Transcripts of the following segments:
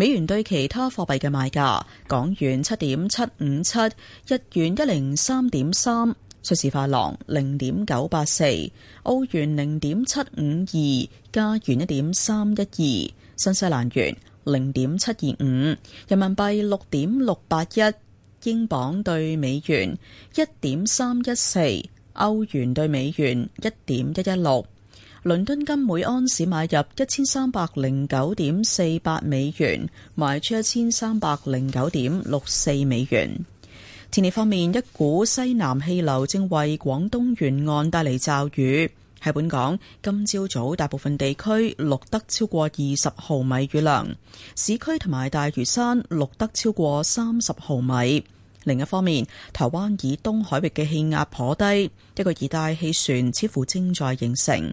美元兌其他貨幣嘅賣價：港元七點七五七，日元一零三點三，瑞士法郎零點九八四，歐元零點七五二，加元一點三一二，新西蘭元零點七二五，人民幣六點六八一，英鎊兌美元一點三一四，歐元兌美元一點一一六。倫敦金每安士買入一千三百零九點四八美元，賣出一千三百零九點六四美元。天氣方面，一股西南氣流正為廣東沿岸帶嚟驟雨。喺本港今朝早，大部分地區錄得超過二十毫米雨量，市區同埋大嶼山錄得超過三十毫米。另一方面，台灣以東海域嘅氣壓頗低，一個熱帶氣旋似乎正在形成。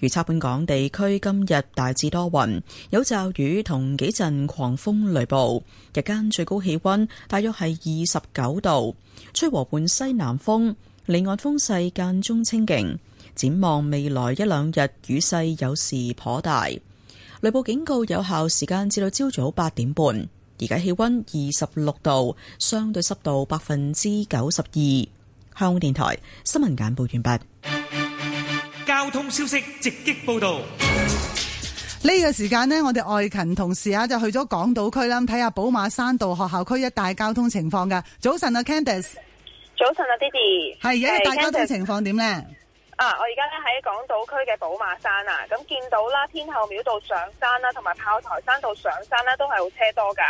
預測本港地區今日大致多雲，有驟雨同幾陣狂風雷暴。日間最高氣溫大約係二十九度，吹和緩西南風，離岸風勢間中清勁。展望未來一兩日雨勢有時頗大，雷暴警告有效時間至到朝早八點半。而家氣溫二十六度，相對濕度百分之九十二。香港電台新聞簡報完畢。交通消息直擊報道，呢個時間呢，我哋外勤同事啊，就去咗港島區啦，睇下寶馬山道學校區一帶交通情況嘅。早晨啊，Candice，早晨啊，Diddy，係而家一帶交通 Candice，情況點呢？啊，我而家咧喺港島區嘅寶馬山啊，咁見到啦，天后廟道上山啦，同埋炮台山道上山咧，都係好車多噶，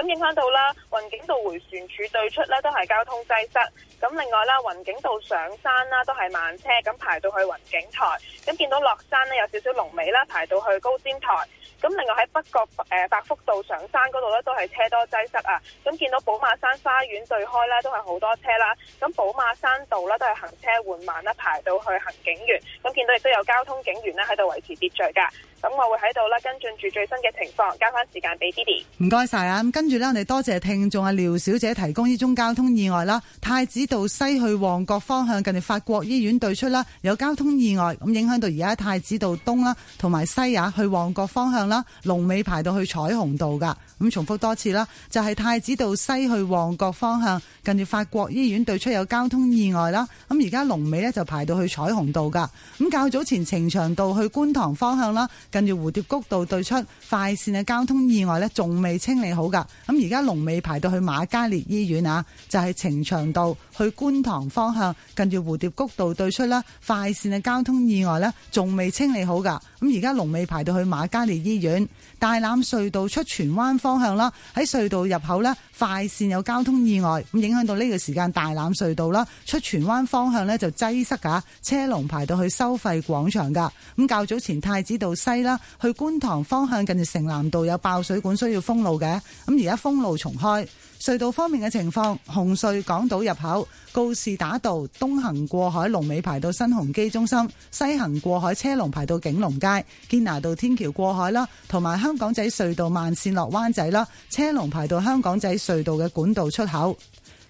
咁影響到啦，雲景道迴旋處對出咧，都係交通擠塞。咁另外啦，雲景道上山啦，都係慢車，咁排到去雲景台，咁見到落山呢，有少少龍尾啦，排到去高尖台。咁另外喺北角誒百福道上山嗰度咧，都係車多擠塞啊。咁見到寶馬山花園對開咧，都係好多車啦。咁寶馬山道咧都係行車緩慢啦，排到去行景園，咁見到亦都有交通警員咧喺度維持秩序㗎。咁我會喺度啦。跟進住最新嘅情況，交翻時間俾 Didi。唔該晒啊！咁跟住呢，我哋多謝聽眾阿廖小姐提供呢宗交通意外啦。太子道西去旺角方向，近住法國醫院對出啦，有交通意外，咁影響到而家太子道東啦，同埋西啊，去旺角方向啦，龍尾排到去彩虹道噶。咁重複多次啦，就係太子道西去旺角方向，近住法國醫院對出有交通意外啦。咁而家龍尾呢，就排到去彩虹道噶。咁較早前呈祥道去觀塘方向啦。跟住蝴蝶谷道對出快線嘅交通意外呢，仲未清理好噶。咁而家龍尾排到去馬嘉烈醫院啊，就係呈祥道去觀塘方向，跟住蝴蝶谷道對出啦，快線嘅交通意外呢，仲未清理好噶。咁而家龍尾排到去馬嘉烈醫院，大欖隧道出荃灣方向啦，喺隧道入口呢，快線有交通意外，咁影響到呢個時間，大欖隧道啦，出荃灣方向呢，就擠塞噶，車龍排到去收費廣場噶。咁較早前太子道西。去觀塘方向近住城南道有爆水管需要封路嘅，咁而家封路重開。隧道方面嘅情況，紅隧港島入口告士打道東行過海龍尾排到新鴻基中心，西行過海車龍排到景隆街堅拿道天橋過海啦，同埋香港仔隧道慢線落灣仔啦，車龍排到香港仔隧道嘅管道出口。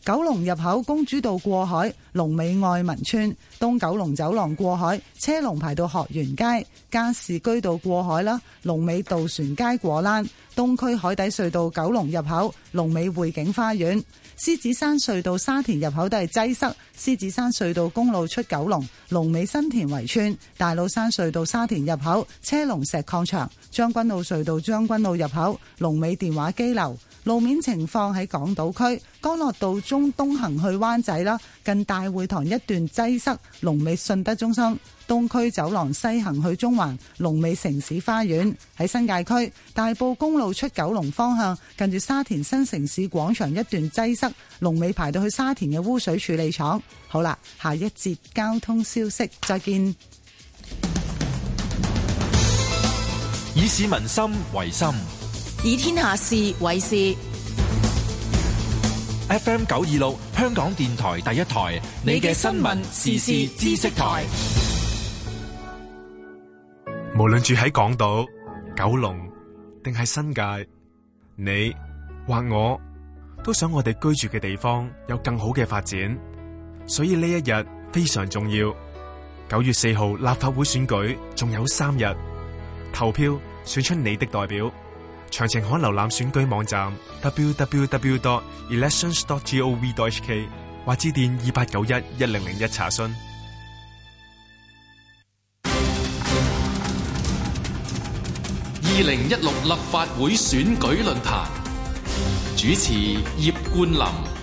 九龍入口公主道過海，龍尾愛民村；東九龍走廊過海，車龍排到學園街；加士居道過海啦，龍尾渡船街果欄；東區海底隧道九龍入口，龍尾匯景花園；獅子山隧道沙田入口都係擠塞；獅子山隧道公路出九龍，龍尾新田圍村；大老山隧道沙田入口，車龍石礦場；將軍澳隧道將軍澳入口，龍尾電話機樓。路面情況喺港島區，干諾道中東行去灣仔啦，近大會堂一段擠塞；龍尾順德中心，東區走廊西行去中環，龍尾城市花園。喺新界區，大埔公路出九龍方向，近住沙田新城市廣場一段擠塞，龍尾排到去沙田嘅污水處理廠。好啦，下一節交通消息，再見。以市民心為心。以天下事為事。FM 九二六，香港電台第一台，你嘅新聞時事知識台。無論住喺港島、九龍定係新界，你或我都想我哋居住嘅地方有更好嘅發展，所以呢一日非常重要。九月四號立法會選舉仲有三日，投票選出你的代表。詳情可瀏覽選舉網站 www.elections.gov.hk，或致電二八九一一零零一查詢。二零一六立法會選舉論壇主持葉：葉冠林。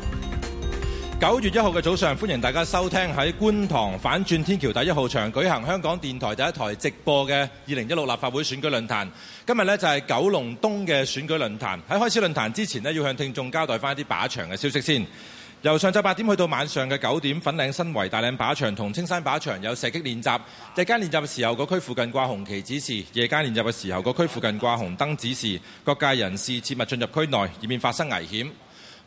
九月一號嘅早上，歡迎大家收聽喺觀塘反轉天橋第一號場舉行香港電台第一台直播嘅二零一六立法會選舉論壇。今日呢，就係九龍東嘅選舉論壇。喺開始論壇之前呢，要向聽眾交代翻一啲靶場嘅消息先。由上晝八點去到晚上嘅九點，粉嶺新圍、大嶺靶場同青山靶場有射擊練習。日間練習嘅時候，個區附近掛紅旗指示；夜間練習嘅時候，個區附近掛紅燈指示。各界人士切勿進入區內，以免發生危險。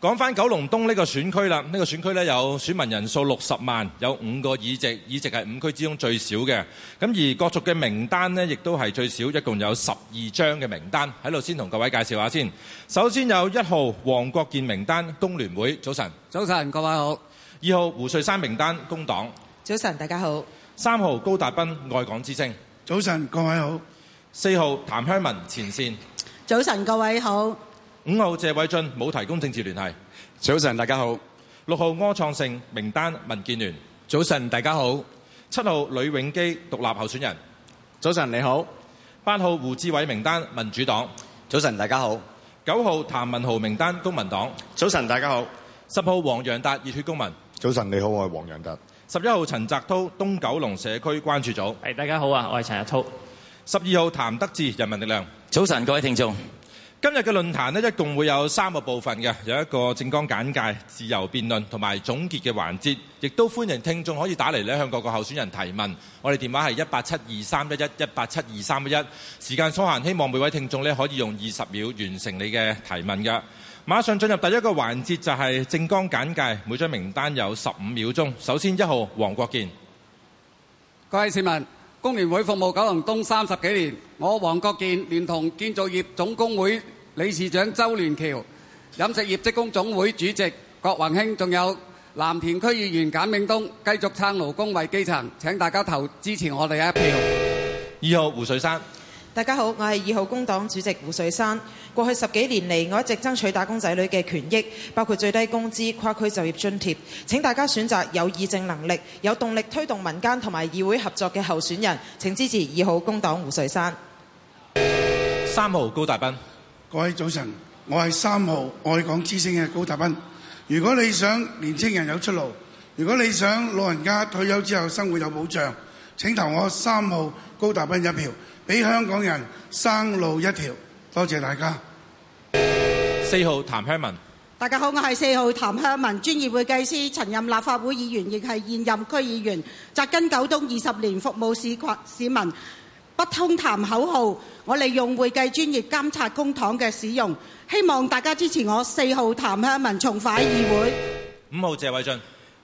講翻九龍東呢個選區啦，呢個選區呢，有選民人數六十萬，有五個議席，議席係五區之中最少嘅。咁而各族嘅名單呢，亦都係最少，一共有十二張嘅名單喺度。先同各位介紹下先。首先有一號黃國健名單，工聯會。早晨，早晨，各位好。二號胡瑞山名單，工黨。早晨，大家好。三號高達斌，愛港之星。早晨，各位好。四號譚香文，前線。早晨，各位好。五號謝偉俊，冇提供政治聯繫。早晨，大家好。六號柯創盛名單，民建聯。早晨，大家好。七號呂永基，獨立候選人。早晨，你好。八號胡志偉名單，民主黨。早晨，大家好。九號譚文豪名單，公民黨。早晨，大家好。十號黃洋達，熱血公民。早晨，你好，我係黃洋達。十一號陳澤濤，東九龍社區關注組。大家好啊，我係陳日濤。十二號譚德志，人民力量。早晨，各位聽眾。今日嘅論壇呢，一共會有三個部分嘅，有一個政綱簡介、自由辯論同埋總結嘅環節，亦都歡迎聽眾可以打嚟呢向各個候選人提問。我哋電話係一八七二三一一一八七二三一一。時間所限，希望每位聽眾呢可以用二十秒完成你嘅提問嘅。馬上進入第一個環節就係政綱簡介，每張名單有十五秒鐘。首先，一號黃國健。各位市民，工聯會服務九龍東三十幾年，我黃國健聯同建造業總工會。理事長周聯橋、飲食業職工總會主席郭宏興，仲有藍田區議員簡永東，繼續撐勞工為基層。請大家投支持我哋一票。二號胡水山，大家好，我係二號工黨主席胡水山。過去十幾年嚟，我一直爭取打工仔女嘅權益，包括最低工資、跨區就業津貼。請大家選擇有議政能力、有動力推動民間同埋議會合作嘅候選人。請支持二號工黨胡水山。三號高大斌。各位早晨，我係三號愛港之星嘅高達斌。如果你想年輕人有出路，如果你想老人家退休之後生活有保障，請投我三號高達斌一票，畀香港人生路一條。多謝大家。四號譚香文。大家好，我係四號譚香文，專業會計師，曾任立法會議員，亦係現任區議員，紮根九東二十年，服務市羣市民。不通談口號，我利用會計專業監察公帑嘅使用，希望大家支持我四號譚香文重返議會。五號謝偉俊，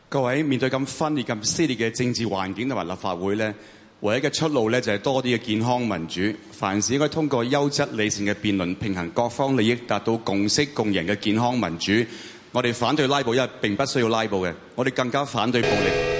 各位面對咁分裂、咁撕裂嘅政治環境同埋立法會呢，唯一嘅出路呢就係多啲嘅健康民主。凡事應該通過優質理性嘅辯論，平衡各方利益，達到共識共贏嘅健康民主。我哋反對拉布，因為並不需要拉布嘅，我哋更加反對暴力。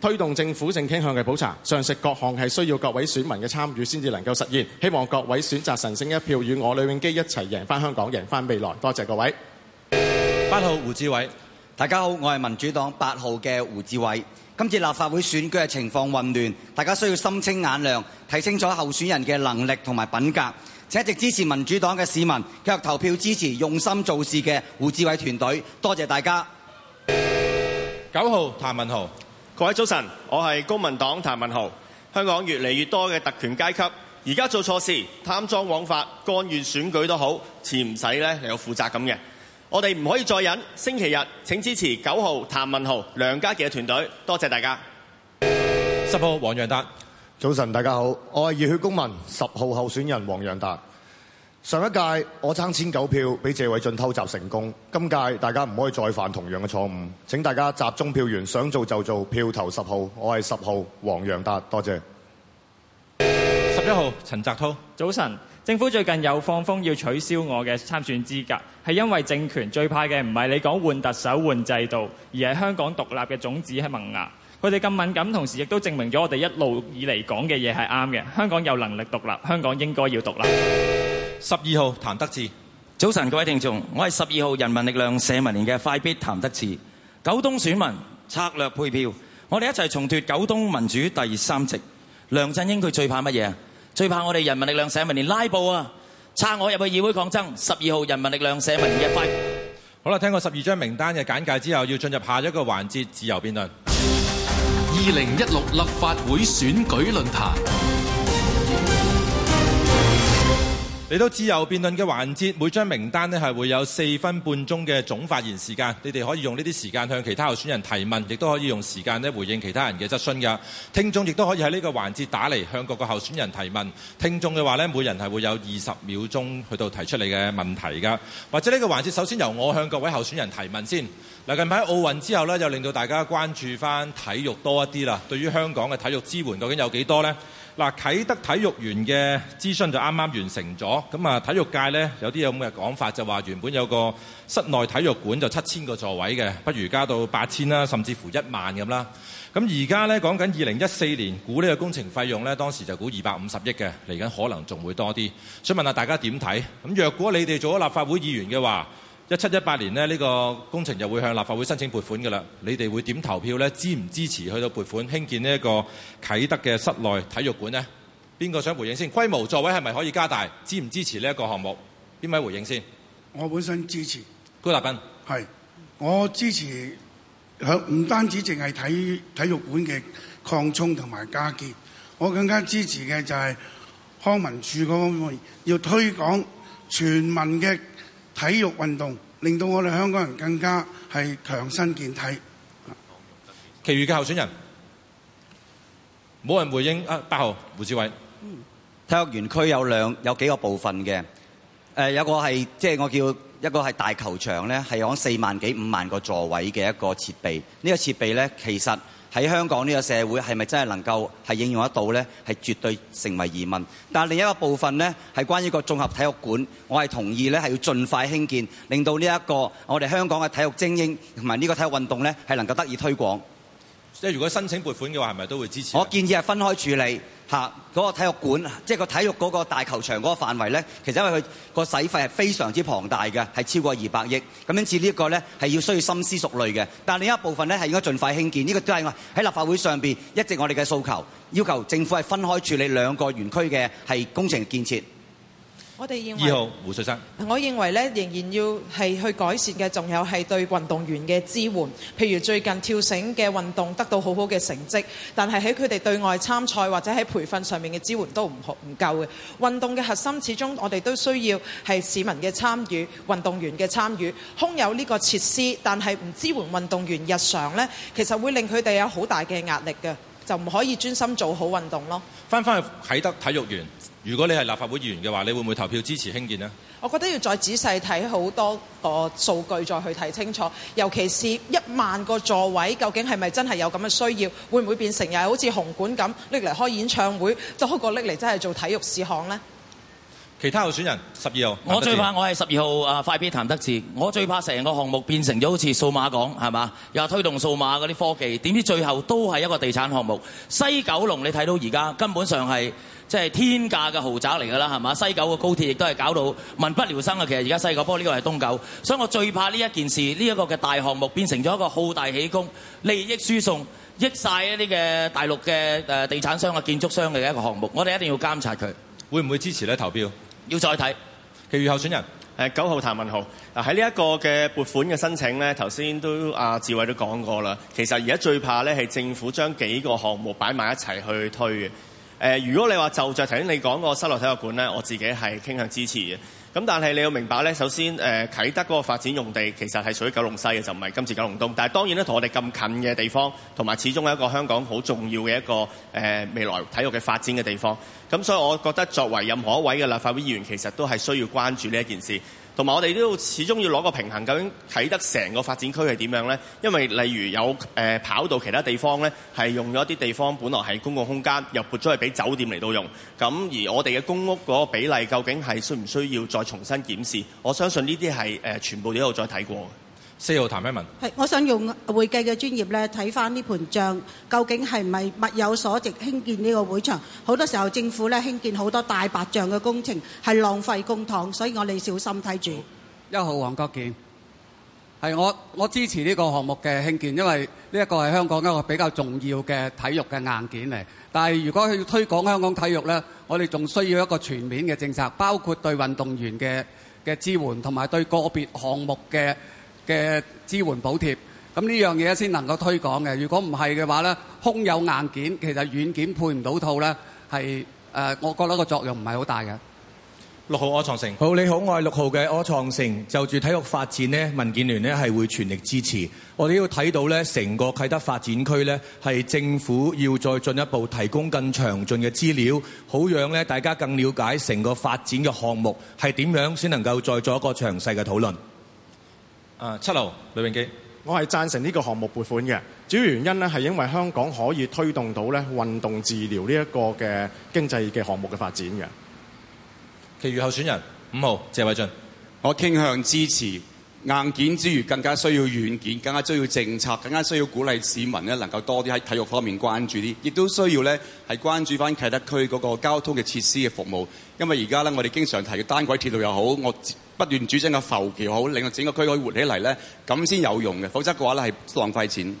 推動政府性傾向嘅普查，上述各項係需要各位選民嘅參與先至能夠實現。希望各位選擇神聖一票，與我李永基一齊贏翻香港，贏翻未來。多謝各位。八號胡志偉，大家好，我係民主黨八號嘅胡志偉。今次立法會選舉嘅情況混亂，大家需要心清眼亮，睇清楚候選人嘅能力同埋品格。請一直支持民主黨嘅市民，繼續投票支持用心做事嘅胡志偉團隊。多謝大家。九號譚文豪。各位早晨，我係公民黨譚文豪。香港越嚟越多嘅特權階級，而家做錯事、貪贓枉法、干預選舉都好，遲唔使咧有負責咁嘅。我哋唔可以再忍。星期日請支持九號譚文豪、梁家傑嘅團隊。多謝大家。十號王楊達，早晨大家好，我係熱血公民十號候選人王楊達。上一屆我爭千九票，俾謝偉俊偷襲成功。今屆大家唔可以再犯同樣嘅錯誤。請大家集中票源，想做就做。票投十號，我係十號黃陽達，多謝。十一號陳澤滔。早晨，政府最近又放風要取消我嘅參選資格，係因為政權最怕嘅唔係你講換特首換制度，而係香港獨立嘅種子喺萌芽。佢哋咁敏感，同時亦都證明咗我哋一路以嚟講嘅嘢係啱嘅。香港有能力獨立，香港應該要獨立。十二號譚德志，早晨各位聽眾，我係十二號人民力量社民連嘅快必譚德志，九東選民策略配票，我哋一齊重奪九東民主第三席。梁振英佢最怕乜嘢？最怕我哋人民力量社民連拉布啊，撐我入去議會抗爭。十二號人民力量社民連嘅快，好啦，聽過十二張名單嘅簡介之後，要進入下一個環節，自由辯論。二零一六立法會選舉論壇。嚟到自由辯論嘅環節，每張名單呢係會有四分半鐘嘅總發言時間。你哋可以用呢啲時間向其他候選人提問，亦都可以用時間呢回應其他人嘅質詢㗎。聽眾亦都可以喺呢個環節打嚟向各個候選人提問。聽眾嘅話呢，每人係會有二十秒鐘去到提出你嘅問題㗎。或者呢個環節，首先由我向各位候選人提問先。嗱，近排奧運之後呢，又令到大家關注翻體育多一啲啦。對於香港嘅體育支援究竟有幾多呢？嗱，啟德體育園嘅諮詢就啱啱完成咗，咁啊，體育界呢，有啲有咁嘅講法，就話原本有個室內體育館就七千個座位嘅，不如加到八千啦，甚至乎一萬咁啦。咁而家呢，講緊二零一四年估呢個工程費用呢，當時就估二百五十億嘅，嚟緊可能仲會多啲。想問下大家點睇？咁若果你哋做咗立法會議員嘅話，一七一八年呢，呢、呢個工程又會向立法會申請撥款㗎啦。你哋會點投票呢？支唔支持去到撥款興建呢一個啟德嘅室內體育館呢？邊個想回應先？規模座位係咪可以加大？支唔支持呢一個項目？邊位回應先？我本身支持。高立斌，係我支持響，唔單止淨係睇體育館嘅擴充同埋加建，我更加支持嘅就係康文署嗰方面要推廣全民嘅。體育運動令到我哋香港人更加係強身健體。其餘嘅候選人，冇人回應。啊，八號胡志偉，嗯，體育園區有兩有幾個部分嘅，誒有一個係即係我叫一個係大球場咧，係講四萬幾五萬個座位嘅一個設備。呢個設備咧其實，喺香港呢個社會係咪真係能夠係應用得到呢？係絕對成為疑問。但另一個部分呢，係關於個綜合體育館，我係同意呢，係要盡快興建，令到呢一個我哋香港嘅體育精英同埋呢個體育運動呢，係能夠得以推廣。即係如果申請撥款嘅話，係是咪是都會支持，啊？我建議係分開處理嚇，嗰、啊那個體育館，即、就是、個體育嗰個大球場嗰個範圍呢，其實因為佢個洗費係非常之龐大嘅，係超過二百億。因此呢個呢係要需要深思熟慮嘅。但另一部分呢，係應該盡快興建。呢、這個都係我喺立法會上面一直我哋嘅訴求，要求政府係分開處理兩個園區嘅係工程建設。我哋認為二號胡瑞生，我認為咧仍然要係去改善嘅，仲有係對運動員嘅支援。譬如最近跳繩嘅運動得到好好嘅成績，但係喺佢哋對外參賽或者喺培訓上面嘅支援都唔好唔夠嘅。運動嘅核心始終我哋都需要係市民嘅參與、運動員嘅參與，空有呢個設施，但係唔支援運動員日常咧，其實會令佢哋有好大嘅壓力嘅，就唔可以專心做好運動咯。翻返去啟德體育園。如果你係立法會議員嘅話，你會唔會投票支持興建呢？我覺得要再仔細睇好多個數據，再去睇清楚，尤其是一萬個座位，究竟係咪真係有咁嘅需要？會唔會變成又係好似紅館咁拎嚟開演唱會，多過拎嚟真係做體育事項呢？其他候選人十二號，我最怕我係十二號啊！快必譚得志，我最怕成個項目變成咗好似數碼港係嘛？又推動數碼嗰啲科技，點知最後都係一個地產項目。西九龍你睇到而家根本上係即係天價嘅豪宅嚟㗎啦，係嘛？西九嘅高鐵亦都係搞到民不聊生嘅。其實而家西九，不過呢個係東九，所以我最怕呢一件事，呢、這、一個嘅大項目變成咗一個好大喜功、利益輸送、益晒一啲嘅大陸嘅地產商啊、建築商嘅一個項目。我哋一定要監察佢，會唔會支持咧？投票。要再睇，其餘候選人，九號譚文豪，嗱喺呢一個嘅撥款嘅申請咧，頭先都阿志偉都講過啦。其實而家最怕咧係政府將幾個項目擺埋一齊去推嘅、呃。如果你話就着頭先你講個室內體育館咧，我自己係傾向支持嘅。咁但係你要明白呢，首先誒啟德嗰個發展用地其實係屬於九龍西嘅，就唔係今次九龍東。但係當然咧，同我哋咁近嘅地方，同埋始終係一個香港好重要嘅一個、呃、未來體育嘅發展嘅地方。咁所以，我覺得作為任何一位嘅立法會議員，其實都係需要關注呢一件事。同埋我哋都始終要攞個平衡，究竟睇得成個發展區係點樣呢？因為例如有、呃、跑道其他地方呢，係用咗一啲地方，本來係公共空間，又撥咗去俾酒店嚟到用。咁而我哋嘅公屋嗰個比例，究竟係需唔需要再重新檢視？我相信呢啲係呃、全部都有再睇過。四號譚一文係，我想用會計嘅專業咧睇翻呢盤帳，究竟係咪物有所值興建呢個會場？好多時候政府咧興建好多大白象嘅工程係浪費公帑，所以我哋小心睇住。一號黃國健係，我我支持呢個項目嘅興建，因為呢一個係香港一個比較重要嘅體育嘅硬件嚟。但係如果佢要推廣香港體育咧，我哋仲需要一個全面嘅政策，包括對運動員嘅嘅支援，同埋對個別項目嘅。嘅支援補貼，咁呢樣嘢先能夠推廣嘅。如果唔係嘅話呢，空有硬件，其實軟件配唔到套呢，係誒，我覺得個作用唔係好大嘅。六號柯創成，好你好，我係六號嘅柯創成。就住體育發展呢，民建聯呢，係會全力支持。我哋要睇到呢，成個啟德發展區呢，係政府要再進一步提供更詳盡嘅資料，好讓呢大家更了解成個發展嘅項目，係點樣先能夠再做一個詳細嘅討論。誒、uh, 七號李永基，我係贊成呢個項目撥款嘅，主要原因呢，係因為香港可以推動到咧運動治療呢一個嘅經濟嘅項目嘅發展嘅。其餘候選人五號謝偉俊，我傾向支持硬件之餘更加需要軟件，更加需要政策，更加需要鼓勵市民呢能夠多啲喺體育方面關注啲，亦都需要呢係關注翻啟德區嗰個交通嘅設施嘅服務，因為而家呢，我哋經常提嘅單軌鐵路又好，我。不斷主政嘅浮橋好，令個整個區可以活起嚟呢，咁先有用嘅，否則嘅話呢係浪費錢。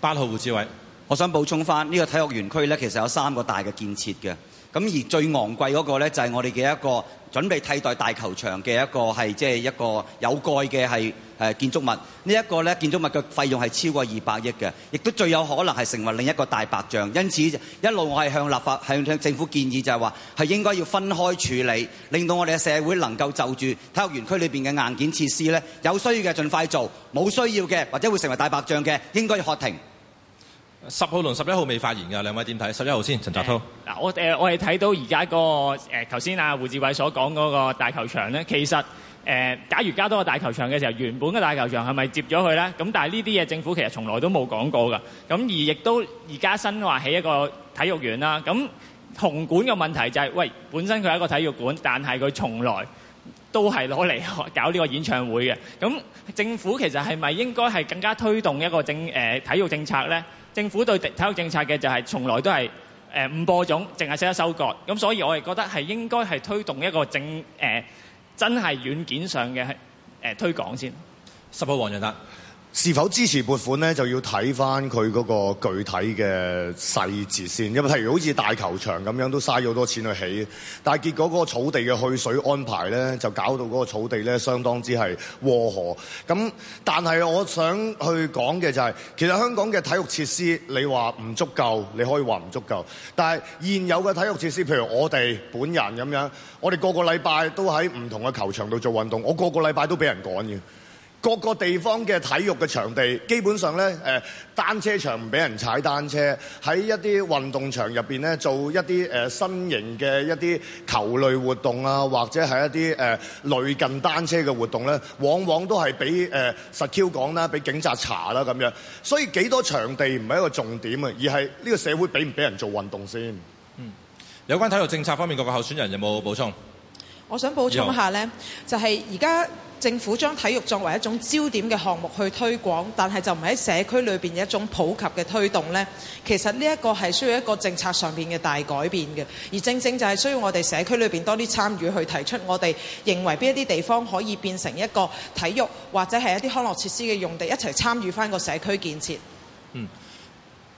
八號胡志偉，我想補充返呢個體育園區呢，其實有三個大嘅建設嘅。咁而最昂貴嗰個呢，就係我哋嘅一個準備替代大球場嘅一個係即係一個有蓋嘅係建築物。呢、這、一個呢，建築物嘅費用係超過二百億嘅，亦都最有可能係成為另一個大白象。因此一路我係向立法向政府建議就係話係應該要分開處理，令到我哋嘅社會能夠就住體育園區裏面嘅硬件設施呢，有需要嘅盡快做，冇需要嘅或者會成為大白象嘅應該要喝停。十號同十一號未發言㗎，兩位點睇？十一號先，陳澤滔嗱，我誒我哋睇到而家、那個誒頭先啊胡志偉所講嗰個大球場咧，其實誒、呃，假如加多個大球場嘅時候，原本嘅大球場係咪接咗佢咧？咁但係呢啲嘢政府其實從來都冇講過㗎。咁而亦都而家新話起一個體育園啦。咁紅館嘅問題就係、是，喂，本身佢係一個體育館，但係佢從來都係攞嚟搞呢個演唱會嘅。咁政府其實係咪應該係更加推動一個政誒、呃、體育政策咧？政府對體育政策嘅就係從來都係誒唔播種，淨係識得收割，咁所以我哋覺得係應該係推動一個政、呃、真係軟件上嘅、呃、推廣先。十號黃潤達。是否支持撥款呢？就要睇翻佢嗰個具體嘅細節先。因為譬如好似大球場咁樣，都嘥咗好多錢去起，但係結果嗰個草地嘅去水安排呢，就搞到嗰個草地呢相當之係窩河。咁但係我想去講嘅就係、是，其實香港嘅體育設施，你話唔足夠，你可以話唔足夠。但係現有嘅體育設施，譬如我哋本人咁樣，我哋個個禮拜都喺唔同嘅球場度做運動，我個個禮拜都俾人趕嘅。各個地方嘅體育嘅場地，基本上呢，誒單車場唔俾人踩單車，喺一啲運動場入面呢，做一啲誒新型嘅一啲球類活動啊，或者係一啲誒類近單車嘅活動呢，往往都係俾誒實 Q 講啦，俾、呃、警察查啦咁樣。所以幾多場地唔係一個重點啊，而係呢個社會俾唔俾人做運動先。嗯，有關體育政策方面，各個候選人有冇補充？我想補充一下呢，後就係而家。政府將體育作為一種焦點嘅項目去推廣，但係就唔喺社區裏面一種普及嘅推動呢。其實呢一個係需要一個政策上面嘅大改變嘅，而正正就係需要我哋社區裏面多啲參與去提出我哋認為邊一啲地方可以變成一個體育或者係一啲康樂設施嘅用地，一齊參與返個社區建設。嗯。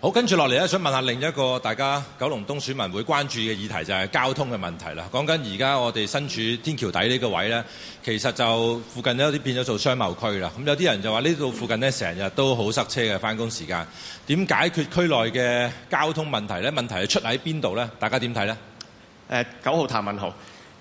好，跟住落嚟咧，想問下另一個大家九龍東選民會關注嘅議題就係交通嘅問題啦。講緊而家我哋身處天橋底呢個位呢，其實就附近都有啲變咗做商貿區啦。咁有啲人就話呢度附近呢，成日都好塞車嘅，翻工時間，點解決區內嘅交通問題呢？問題係出喺邊度呢？大家點睇呢？呃、九號譚文豪。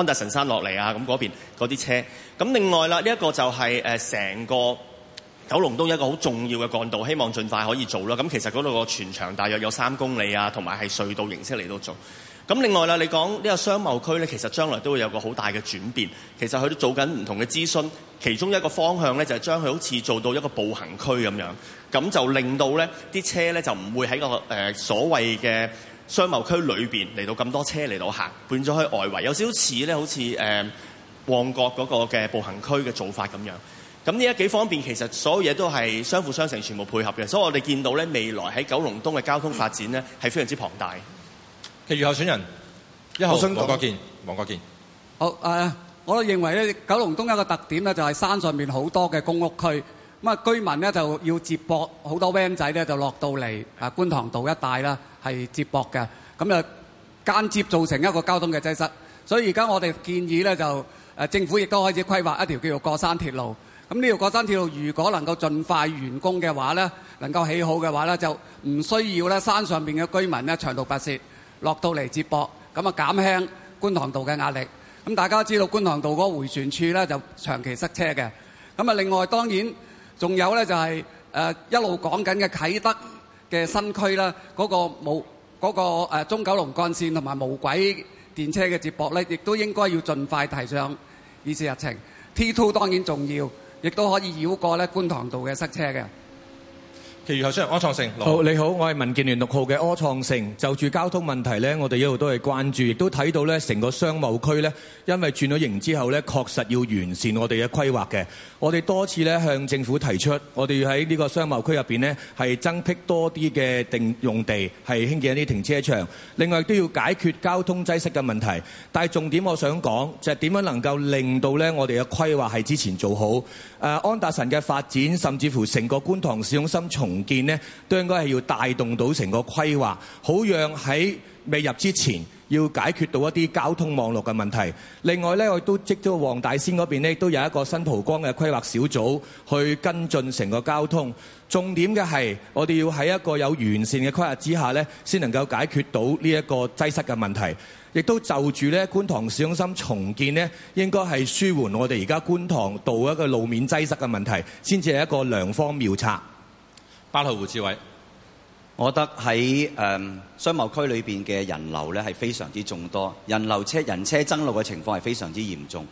安達神山落嚟啊！咁嗰邊嗰啲車，咁另外啦，呢一個就係誒成個九龍東一個好重要嘅幹道，希望盡快可以做啦。咁其實嗰度個全長大約有三公里啊，同埋係隧道形式嚟到做。咁另外啦，你講呢個商貿區呢，其實將來都會有個好大嘅轉變。其實佢都做緊唔同嘅諮詢，其中一個方向呢，就係將佢好似做到一個步行區咁樣，咁就令到呢啲車呢，就唔會喺個誒所謂嘅。商貿區裏邊嚟到咁多車嚟到行，變咗去外圍，有少少似咧，好似誒旺角嗰個嘅步行區嘅做法咁樣。咁呢一幾方面，其實所有嘢都係相輔相成，全部配合嘅。所以我哋見到咧，未來喺九龍東嘅交通發展咧，係、嗯、非常之龐大。其餘候選人，一號黃國健。黃國健。好，誒，我都認為咧，九龍東有個特點咧，就係山上面好多嘅公屋區。咁啊，居民咧就要接駁好多 van 仔咧，就落到嚟啊，觀塘道一帶啦，係接駁嘅。咁就間接造成一個交通嘅擠塞。所以而家我哋建議咧，就誒政府亦都開始規劃一條叫做過山鐵路。咁呢條過山鐵路如果能夠盡快完工嘅話咧，能夠起好嘅話咧，就唔需要咧山上邊嘅居民咧長途跋涉落到嚟接駁，咁啊減輕觀塘道嘅壓力。咁大家知道觀塘道嗰個迴旋處咧就長期塞車嘅。咁啊，另外當然。仲有呢就係誒一路講緊嘅啟德嘅新區啦，嗰個無嗰個誒中九龍幹線同埋無軌電車嘅接駁呢，亦都應該要盡快提上議事日程。T2 當然重要，亦都可以繞過呢觀塘道嘅塞車嘅。你好，柯創盛。好，你好，我係民建聯六號嘅柯創盛。就住交通問題呢，我哋一路都係關注，亦都睇到呢成個商貿區呢，因為轉咗型之後呢，確實要完善我哋嘅規劃嘅。我哋多次呢向政府提出，我哋要喺呢個商貿區入邊呢，係增辟多啲嘅定用地，係興建一啲停車場。另外都要解決交通擠塞嘅問題。但係重點，我想講就係、是、點樣能夠令到呢我哋嘅規劃係之前做好。誒、啊，安達臣嘅發展，甚至乎成個觀塘市中心重。重建呢都應該係要帶動到成個規劃，好讓喺未入之前要解決到一啲交通網絡嘅問題。另外呢，我亦都即咗黃大仙嗰邊呢都有一個新蒲崗嘅規劃小組去跟進成個交通。重點嘅係，我哋要喺一個有完善嘅規劃之下呢先能夠解決到呢一個擠塞嘅問題。亦都就住呢觀塘市中心重建呢，應該係舒緩我哋而家觀塘道一個路面擠塞嘅問題，先至係一個良方妙策。八號胡志偉，我覺得喺商貿區裏面嘅人流呢係非常之眾多，人流車人車爭路嘅情況係非常之嚴重，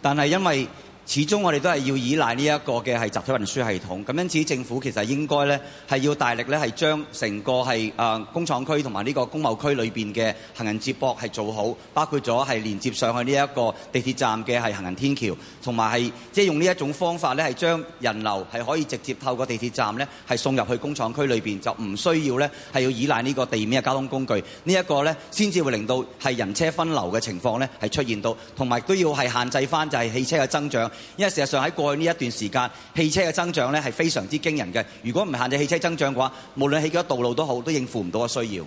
但係因為。始終我哋都係要依賴呢一個嘅係集體運輸系統，咁因此政府其實應該呢係要大力呢係將成個係工廠區同埋呢個工貿區裏面嘅行人接駁係做好，包括咗係連接上去呢一個地鐵站嘅係行人天橋，同埋係即係用呢一種方法呢係將人流係可以直接透過地鐵站呢係送入去工廠區裏面，就唔需要呢係要依賴呢個地面嘅交通工具，呢一個呢先至會令到係人車分流嘅情況呢係出現到，同埋都要係限制返就係汽車嘅增長。因為事實上喺過去呢一段時間，汽車嘅增長呢係非常之驚人嘅。如果唔限制汽車增長嘅話，無論起幾多道路都好，都應付唔到嘅需要。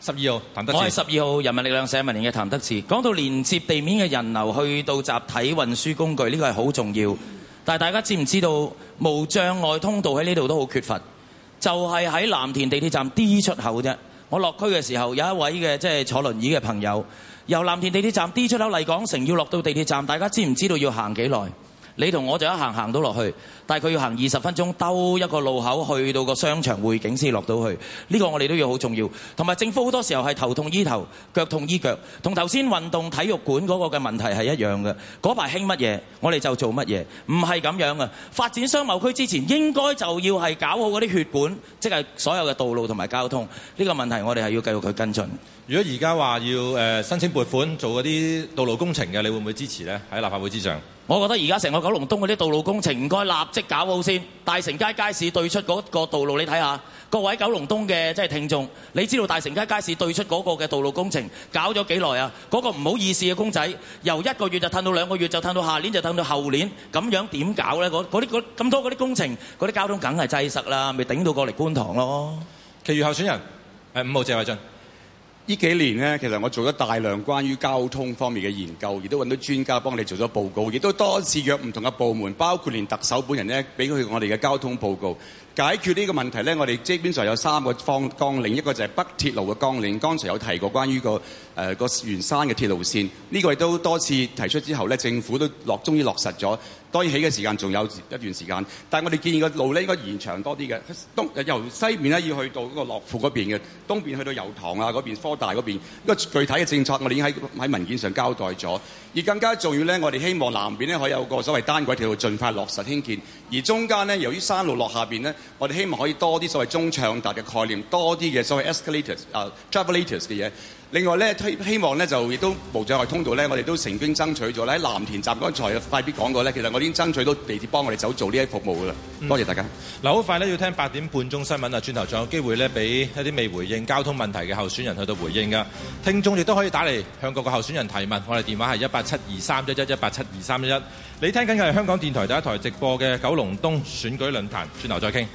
十二號，譚德我係十二號人民力量社民連嘅譚德智。講到連接地面嘅人流去到集體運輸工具，呢個係好重要。但係大家知唔知道，無障礙通道喺呢度都好缺乏，就係喺藍田地鐵站 D 出口啫。我落區嘅時候，有一位嘅即係坐輪椅嘅朋友。由藍田地鐵站 D 出口麗港城，要落到地鐵站，大家知唔知道要行幾耐？你同我就一行行到落去。但係佢要行二十分鐘兜一個路口去到個商場匯景先落到去，呢個我哋都要好重要。同埋政府好多時候係頭痛醫頭，腳痛醫腳，同頭先運動體育館嗰個嘅問題係一樣嘅。嗰排興乜嘢，我哋就做乜嘢，唔係咁樣啊。發展商貿區之前應該就要係搞好嗰啲血管，即係所有嘅道路同埋交通呢個問題，我哋係要繼續去跟進。如果而家話要誒申請撥款做嗰啲道路工程嘅，你會唔會支持咧？喺立法會之上，我覺得而家成個九龍東嗰啲道路工程唔該立。即搞好先，大成街街市對出嗰個道路，你睇下各位九龍東嘅即係聽眾，你知道大成街街市對出嗰個嘅道路工程搞咗幾耐啊？嗰個唔好意思嘅公仔，由一個月就褪到兩個月，就褪到下年，就褪到後年，咁樣點搞呢？嗰嗰啲嗰咁多嗰啲工程，嗰啲交通梗係擠塞啦，咪頂到過嚟觀塘咯。其餘候選人係五號謝偉俊。呢幾年呢，其實我做咗大量關於交通方面嘅研究，亦都揾到專家幫我哋做咗報告，亦都多次約唔同嘅部門，包括連特首本人呢，俾佢我哋嘅交通報告解決呢個問題呢，我哋基本上有三個方綱領，一個就係北鐵路嘅綱領，剛才有提過關於個誒、呃、個原山嘅鐵路線，呢、這個亦都多次提出之後呢，政府都落終於落實咗。當然起嘅時間仲有一段時間，但係我哋建議個路咧應該延長多啲嘅，東由西面咧要去到嗰個樂富嗰邊嘅，東邊去到油塘啊嗰邊,嗰邊科大嗰邊。呢、呢個具體嘅政策我哋已經喺喺文件上交代咗，而更加重要咧，我哋希望南面咧可以有個所謂單軌，條路盡快落實興建，而中間咧由於山路落下邊咧，我哋希望可以多啲所謂中暢達嘅概念，多啲嘅所謂 escalators 啊、uh, travelators 嘅嘢。另外咧，希希望咧就亦都無障礙通道咧，我哋都成功爭取咗咧。喺藍田站嗰度，剛才快啲講過咧。其實我已經爭取到地鐵幫我哋走做呢一服務噶啦。嗯、多謝大家。嗱，好快咧要聽八點半鐘新聞啊！轉頭仲有機會咧，俾一啲未回應交通問題嘅候選人去到回應噶。聽眾亦都可以打嚟向各個候選人提問。我哋電話係一八七二三一一一八七二三一一。你聽緊嘅係香港電台第一台直播嘅九龍東選舉論壇，轉頭再傾。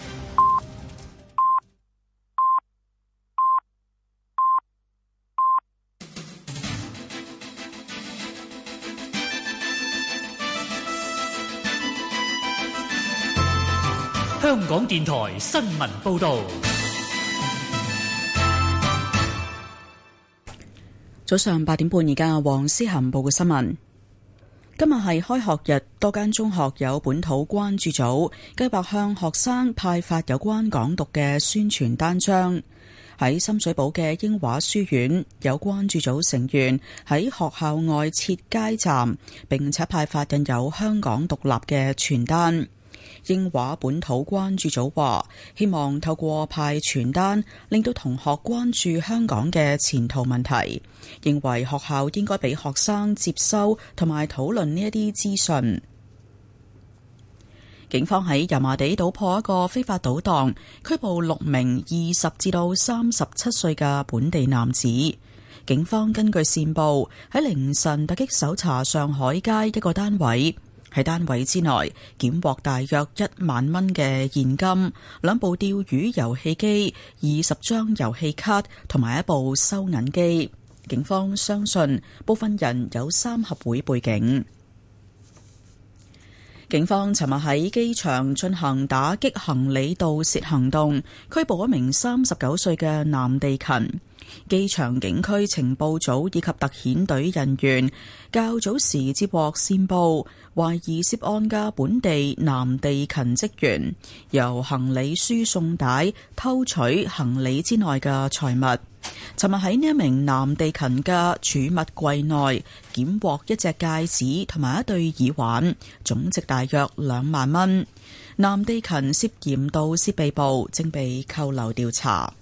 香港電台新聞報道：早上八點半，而家黃思涵報嘅新聞。今日係開學日，多間中學有本土關注組，計劃向學生派發有關港獨嘅宣傳單張。喺深水埗嘅英華書院，有關注組成員喺學校外設街站，並且派發印有香港獨立嘅傳單。英華本土關注組話，希望透過派傳單，令到同學關注香港嘅前途問題。認為學校應該俾學生接收同埋討論呢一啲資訊。警方喺油麻地搗破一個非法賭檔，拘捕六名二十至到三十七歲嘅本地男子。警方根據線報喺凌晨突擊搜查上海街一個單位。喺單位之內，檢獲大約一萬蚊嘅現金、兩部釣魚遊戲機、二十張遊戲卡同埋一部收銀機。警方相信部分人有三合會背景。警方尋日喺機場進行打擊行李盜竊行動，拘捕一名三十九歲嘅男地勤。機場警區情報組以及特遣隊人員較早時接獲線報，懷疑涉案嘅本地男地勤職員由行李輸送帶偷取行李之內嘅財物。尋日喺呢一名男地勤嘅儲物櫃內，檢獲一隻戒指同埋一對耳環，總值大約兩萬蚊。男地勤涉嫌盜竊被捕，正被扣留調查。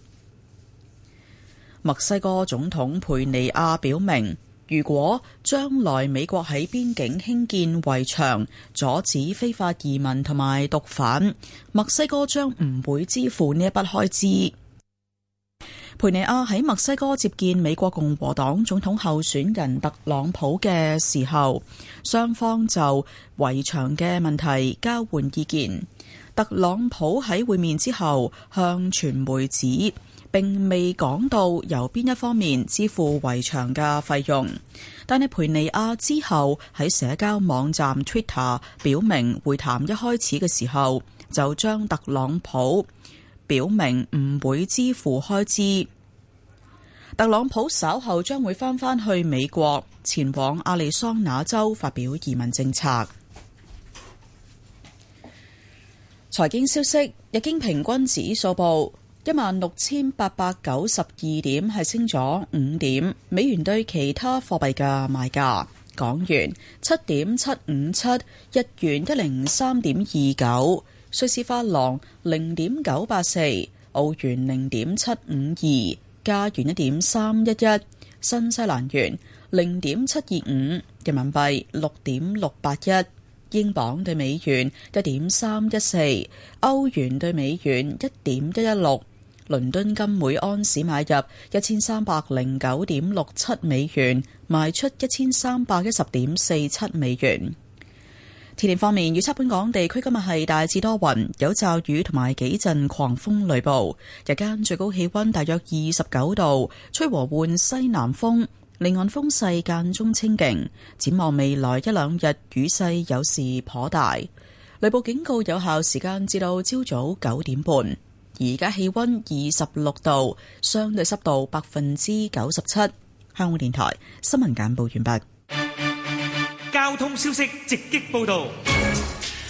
墨西哥總統培尼亞表明，如果將來美國喺邊境興建圍牆，阻止非法移民同埋毒販，墨西哥將唔會支付呢一筆開支。培尼亞喺墨西哥接見美國共和黨總統候選人特朗普嘅時候，雙方就圍牆嘅問題交換意見。特朗普喺會面之後向傳媒指：並未講到由邊一方面支付圍牆嘅費用，但係培尼亞之後喺社交網站 Twitter 表明，會談一開始嘅時候就將特朗普表明唔會支付開支。特朗普稍後將會翻返去美國，前往亞利桑那州發表移民政策。財經消息，日經平均指數報一萬六千八百九十二點係升咗五點。美元對其他貨幣嘅賣價：港元七點七五七，日元一零三點二九，瑞士法郎零點九八四，澳元零點七五二，加元一點三一一，新西蘭元零點七二五，人民幣六點六八一，英鎊對美元一點三一四，歐元對美元一點一一六。倫敦金每安士買入一千三百零九點六七美元，賣出一千三百一十點四七美元。天氣方面預測，預測本港地區今日係大致多雲，有驟雨同埋幾陣狂風雷暴。日間最高氣溫大約二十九度，吹和緩西南風，離岸風勢間中清勁。展望未來一兩日，雨勢有時頗大，雷暴警告有效時間至到朝早九點半。而家氣溫二十六度，相對濕度百分之九十七。香港電台新聞簡報完畢。交通消息直擊報道。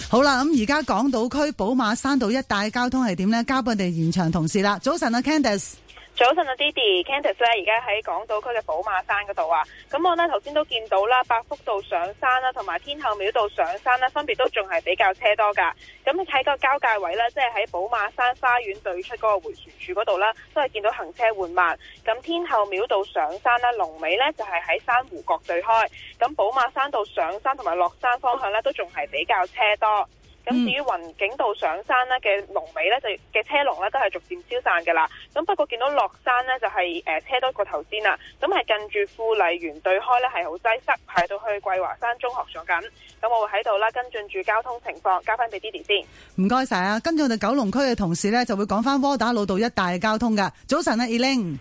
好啦，咁而家港島區寶馬山道一帶交通係點呢？交俾我哋現場同事啦。早晨啊，Candace。早晨啊 Didi，Cantos 咧，而家喺港島區嘅寶馬山嗰度啊，咁我呢頭先都見到啦，百福道上山啦、啊，同埋天后廟道上山呢、啊，分別都仲係比較車多噶。咁你睇嗰個交界位呢，即係喺寶馬山花園對出嗰個回旋處嗰度啦，都係見到行車緩慢。咁天后廟道上山咧、啊，龍尾呢，就係、是、喺珊瑚角對開。咁寶馬山道上山同埋落山方向呢，都仲係比較車多。咁、嗯、至於雲景道上山咧，嘅龍尾咧，就嘅車龍咧都係逐漸消散嘅啦。咁不過見到落山咧就係、是、誒、呃、車多過頭先啦。咁係近住富麗園對開咧係好擠塞，排到去桂華山中學咗緊。咁我會喺度啦跟進住交通情況，交翻俾 Didi 先。唔該晒啊！跟住我哋九龍區嘅同事咧就會講翻窩打老道一帶嘅交通噶。早晨啊，Eling，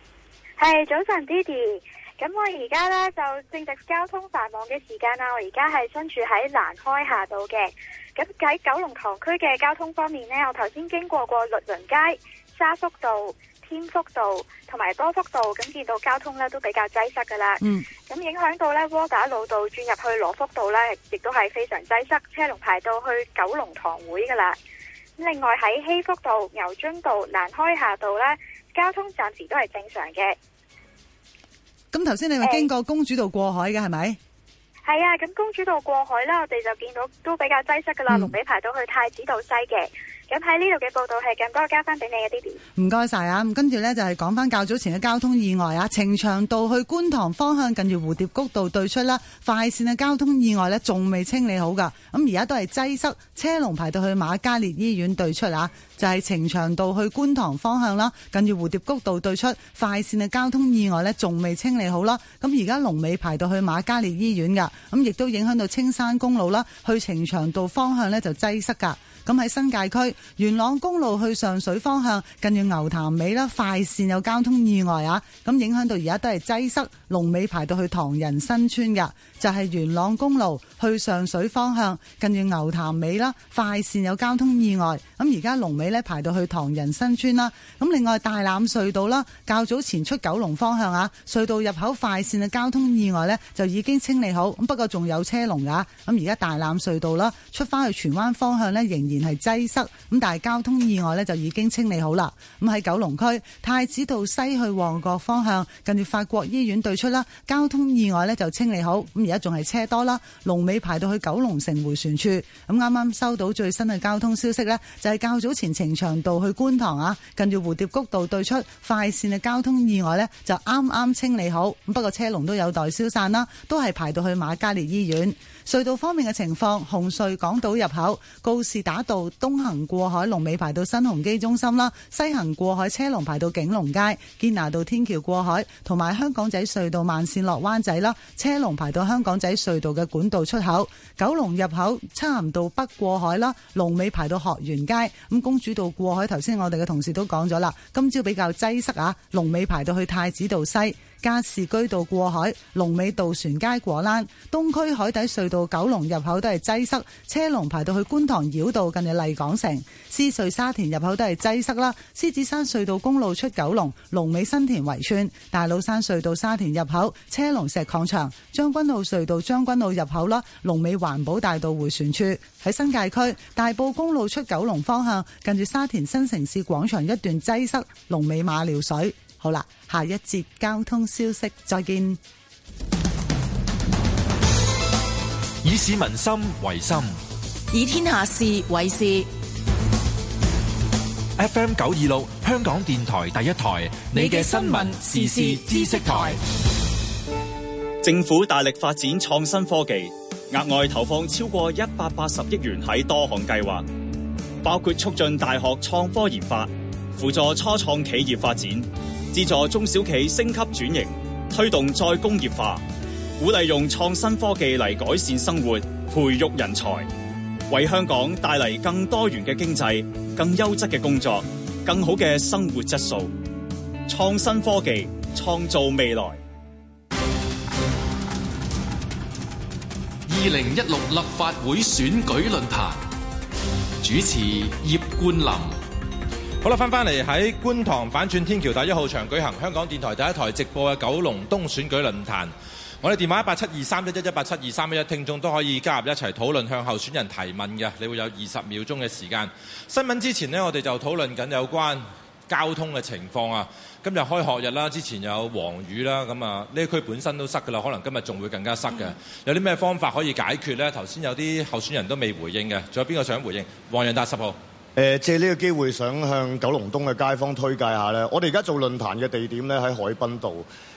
係早晨，Didi。咁我而家咧就正值交通繁忙嘅時間啊，我而家係身處喺蘭開夏道嘅。咁喺九龍塘區嘅交通方面呢，我頭先經過過律倫街、沙福道、天福道同埋多福道，咁見到交通咧都比較擠塞噶啦。嗯。咁影響到咧窩打老道轉入去羅福道咧，亦都係非常擠塞，車龍排到去九龍塘會噶啦。咁另外喺希福道、牛津道、蘭開夏道咧，交通暫時都係正常嘅。咁頭先你咪經過公主道過海嘅係咪？是.係啊，咁公主道過海啦，我哋就見到都比較擠塞㗎喇，龍尾排到去太子道西嘅。咁喺呢度嘅報道係咁，幫我交翻俾你嘅。啲啊唔該晒啊！咁跟住呢，就係講翻較早前嘅交通意外啊，呈祥道去觀塘方向近住蝴蝶谷道對出啦，快線嘅交通意外呢仲未清理好噶。咁而家都係擠塞，車龍排到去馬加烈醫院對出啊，就係呈祥道去觀塘方向啦，近住蝴蝶谷道對出，快線嘅交通意外呢仲未清理好啦。咁而家龍尾排到去馬加烈醫院噶，咁、嗯、亦都影響到青山公路啦，去呈祥道方向呢，就擠塞噶。咁喺新界區元朗公路去上水方向近住牛潭尾啦，快線有交通意外啊！咁影響到而家都係擠塞，龍尾排到去唐人新村㗎，就係元朗公路去上水方向近住牛潭尾啦，快線有交通意外。咁而家龍尾呢，排到去唐人新村啦。咁另外大欖隧道啦，較早前出九龍方向啊，隧道入口快線嘅交通意外呢，就已經清理好，咁不過仲有車龍㗎。咁而家大欖隧道啦，出翻去荃灣方向呢，仍然然係擠塞，咁但係交通意外呢，就已經清理好啦。咁喺九龍區太子道西去旺角方向，近住法國醫院對出啦，交通意外呢，就清理好。咁而家仲係車多啦，龍尾排到去九龍城迴旋處。咁啱啱收到最新嘅交通消息呢，就係、是、較早前呈祥道去觀塘啊，近住蝴蝶谷道對出快線嘅交通意外呢，就啱啱清理好。咁不過車龍都有待消散啦，都係排到去瑪嘉烈醫院。隧道方面嘅情況，紅隧港島入口告士打道東行過海龍尾排到新鴻基中心啦，西行過海車龍排到景隆街、堅拿道天橋過海，同埋香港仔隧道慢線落灣仔啦，車龍排到香港仔隧道嘅管道出口。九龍入口青行道北過海啦，龍尾排到鶴園街。咁公主道過海，頭先我哋嘅同事都講咗啦，今朝比較擠塞啊，龍尾排到去太子道西。加士居道過海、龍尾渡船街果欄、東區海底隧道九龍入口都係擠塞，車龍排到去觀塘繞道近住麗港城、獅隧沙田入口都係擠塞啦。獅子山隧道公路出九龍、龍尾新田圍村、大老山隧道沙田入口、車龍石礦場、將軍澳隧道將軍澳入口啦，龍尾環保大道迴旋處。喺新界區大埔公路出九龍方向近住沙田新城市廣場一段擠塞，龍尾馬料水。好啦，下一節交通消息，再見。以市民心為心，以天下事為事。FM 九二六，香港電台第一台，你嘅新聞時事知識台。政府大力發展創新科技，額外投放超過一百八十億元喺多項計劃，包括促進大學創科研發，輔助初創企業發展。協助中小企升級轉型，推動再工業化，鼓勵用創新科技嚟改善生活、培育人才，為香港帶嚟更多元嘅經濟、更優質嘅工作、更好嘅生活質素。創新科技，創造未來。二零一六立法會選舉論壇主持：葉冠林。好啦，翻返嚟喺觀塘反轉天橋第一號場舉行香港電台第一台直播嘅九龍東選舉論壇。我哋電話一八七二三一一一八七二三一一，聽眾都可以加入一齊討論，向候選人提問嘅，你會有二十秒鐘嘅時間。新聞之前呢，我哋就討論緊有關交通嘅情況啊。今日開學日啦，之前有黃雨啦，咁啊呢區本身都塞噶啦，可能今日仲會更加塞嘅。有啲咩方法可以解決呢？頭先有啲候選人都未回應嘅，仲有邊個想回應？黃洋達十號。誒，借呢個機會，想向九龍東嘅街坊推介一下呢，我哋而家做論壇嘅地點呢喺海濱道。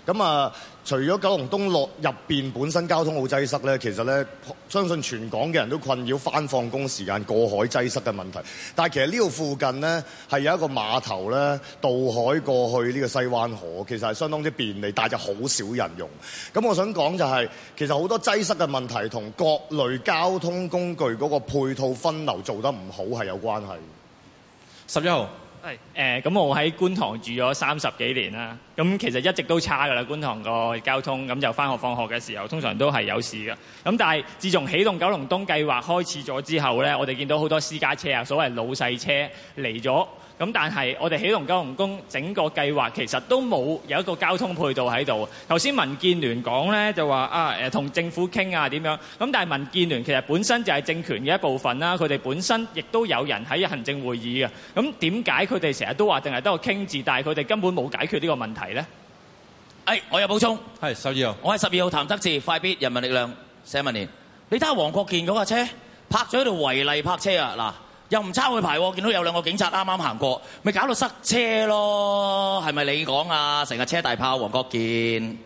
咁啊，除咗九龍東落入邊本身交通好擠塞咧，其實咧相信全港嘅人都困擾翻放工時間過海擠塞嘅問題。但係其實呢度附近咧係有一個碼頭咧渡海過去呢個西灣河，其實係相當之便利，但係就好少人用。咁我想講就係、是，其實好多擠塞嘅問題同各類交通工具嗰個配套分流做得唔好係有關係。十一號。係、呃、咁我喺觀塘住咗三十幾年啦，咁其實一直都差㗎啦，觀塘個交通，咁就返學放學嘅時候，通常都係有事㗎。咁但係自從起動九龍東計劃開始咗之後咧，我哋見到好多私家車啊，所謂老細車嚟咗。咁但係我哋起動九龍東整個計劃其實都冇有一個交通配套喺度。頭先民建聯講咧就話啊誒同政府傾啊點樣？咁但係民建聯其實本身就係政權嘅一部分啦，佢哋本身亦都有人喺行政會議嘅。咁點解佢哋成日都話淨係得個傾字，但係佢哋根本冇解決呢個問題咧？誒，我有補充。係十二號，我係十二號譚德志，快必人民力量寫文聯。你睇下黃國健嗰架車，拍咗喺度違例泊車啊嗱。又唔抄佢排，見到有兩個警察啱啱行過，咪搞到塞車咯？係咪你講啊？成日車大炮，黃國健。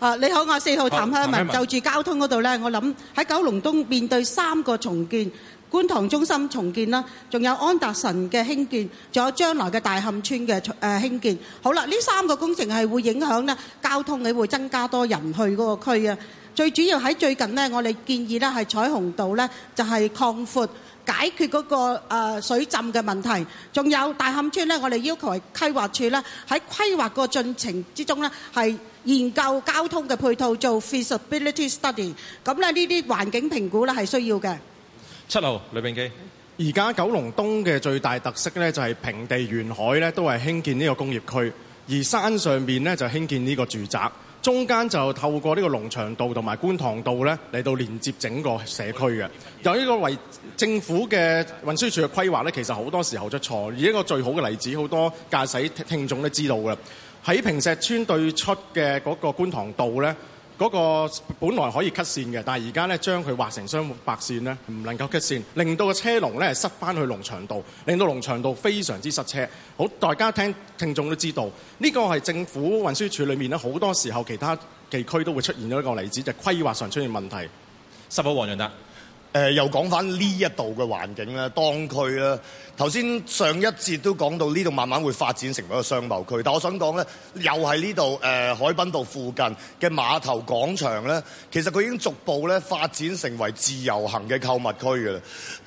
啊，你好，我四號譚香文。就住交通嗰度咧，我諗喺九龍東面對三個重建，觀塘中心重建啦，仲有安達臣嘅興建，仲有將來嘅大磡村嘅誒興建。好啦，呢三個工程係會影響咧交通，你會增加多人去嗰個區啊。最主要喺最近咧，我哋建議咧係彩虹道咧就係擴闊。解決嗰個誒水浸嘅問題，仲有大磡村咧。我哋要求規劃處咧喺規劃個進程之中咧，係研究交通嘅配套做 feasibility study。咁咧呢啲環境評估咧係需要嘅。七號李炳基，而家九龍東嘅最大特色咧就係平地沿海咧都係興建呢個工業區，而山上面咧就興建呢個住宅。中間就透過呢個龍翔道同埋觀塘道咧嚟到連接整個社區嘅。有呢個為政府嘅運輸署嘅規劃咧，其實好多時候出錯。以一個最好嘅例子，好多駕駛聽聽眾都知道嘅。喺坪石邨對出嘅嗰個觀塘道咧。嗰個本來可以 cut 線嘅，但係而家咧將佢畫成雙白線咧，唔能夠 cut 線，令到個車龍咧塞翻去農場道，令到農場道非常之塞車。好，大家聽聽眾都知道，呢、呢個係政府運輸署裏面咧，好多時候其他地區都會出現咗一個例子，就係、規劃上出現問題。辛苦黃潤達誒，又講翻呢一度嘅環境咧，當區咧、啊。頭先上一節都講到呢度慢慢會發展成為一個商貿區，但我想講咧，又係呢度誒，海濱道附近嘅碼頭廣場咧，其實佢已經逐步咧發展成為自由行嘅購物區㗎啦。誒、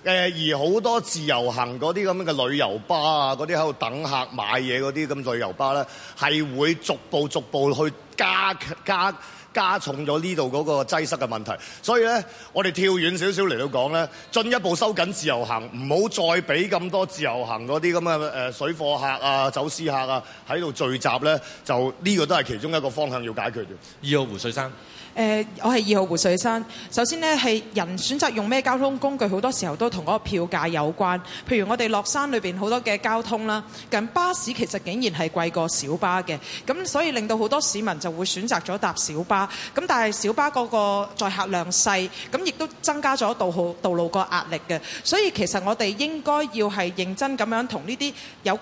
呃、而好多自由行嗰啲咁嘅旅遊巴啊，嗰啲喺度等客買嘢嗰啲咁旅遊巴咧，係會逐步逐步去加加加重咗呢度嗰個擠塞嘅問題，所以咧，我哋跳遠少少嚟到講咧，進一步收緊自由行，唔好再俾咁多。自由行嗰啲咁嘅誒，水貨客啊、走私客啊，喺度聚集咧，就呢個都係其中一個方向要解決嘅。二號胡水生。誒、呃，我係二號胡水山。首先呢，係人選擇用咩交通工具，好多時候都同嗰個票價有關。譬如我哋落山裏面好多嘅交通啦，近巴士其實竟然係貴過小巴嘅，咁所以令到好多市民就會選擇咗搭小巴。咁但係小巴嗰個載客量細，咁亦都增加咗道道路個壓力嘅。所以其實我哋應該要係認真咁樣同呢啲有，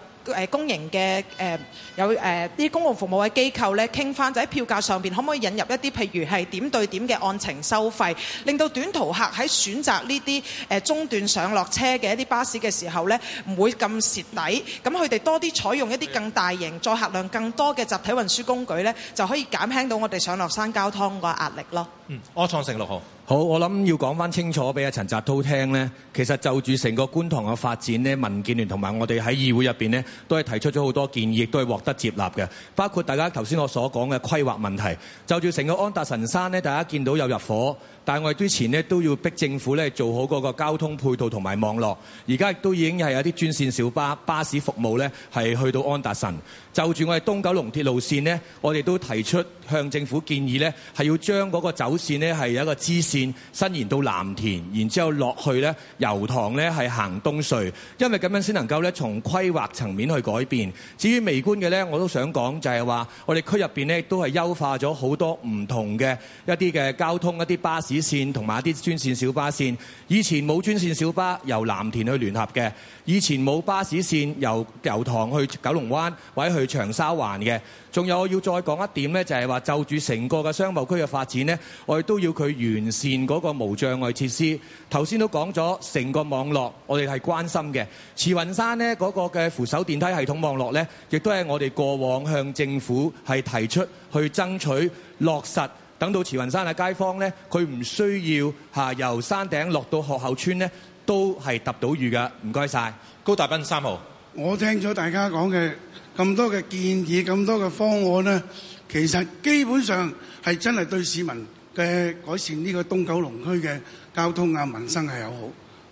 公營嘅、呃、有誒啲、呃、公共服務嘅機構咧，傾翻就喺票價上面，可唔可以引入一啲譬如係點對點嘅按程收費，令到短途客喺選擇呢啲、呃、中段上落車嘅一啲巴士嘅時候咧，唔會咁蝕底。咁佢哋多啲採用一啲更大型載客量更多嘅集體運輸工具咧，就可以減輕到我哋上落山交通個壓力咯。嗯，柯創盛六號。好，我諗要講返清楚俾阿陳澤濤聽，呢其實就住成個觀塘嘅發展，呢民建聯同埋我哋喺議會入面，呢都係提出咗好多建議，亦都係獲得接納嘅。包括大家頭先我所講嘅規劃問題，就住成個安達臣山，呢大家見到有入火伙。但係我哋之前咧都要逼政府咧做好嗰個交通配套同埋網絡，而家亦都已經係有啲專線小巴巴士服務咧，係去到安達臣。就住我哋東九龍鐵路線咧，我哋都提出向政府建議咧，係要將嗰個走線咧係有一個支線伸延到藍田，然之後落去咧油塘咧係行東隧。因為咁樣先能夠咧從規劃層面去改變，至於微觀嘅咧，我都想講就係話我哋區入邊咧都係優化咗好多唔同嘅一啲嘅交通一啲巴士。巴士線同埋啲專線小巴線，以前冇專線小巴由藍田去聯合嘅，以前冇巴士線由油塘去九龍灣或者去長沙灣嘅。仲有我要再講一點呢，就係話就住成個嘅商貿區嘅發展呢，我哋都要佢完善嗰個無障礙設施。頭先都講咗成個網絡，我哋係關心嘅。慈雲山呢嗰個嘅扶手電梯系統網絡呢，亦都係我哋過往向政府係提出去爭取落實。等到慈雲山嘅街坊咧，佢唔需要嚇由山頂落到學校村咧，都係揼到雨噶。唔該曬，高達斌三號。我聽咗大家講嘅咁多嘅建議、咁多嘅方案咧，其實基本上係真係對市民嘅改善呢個東九龍區嘅交通啊、民生係有好。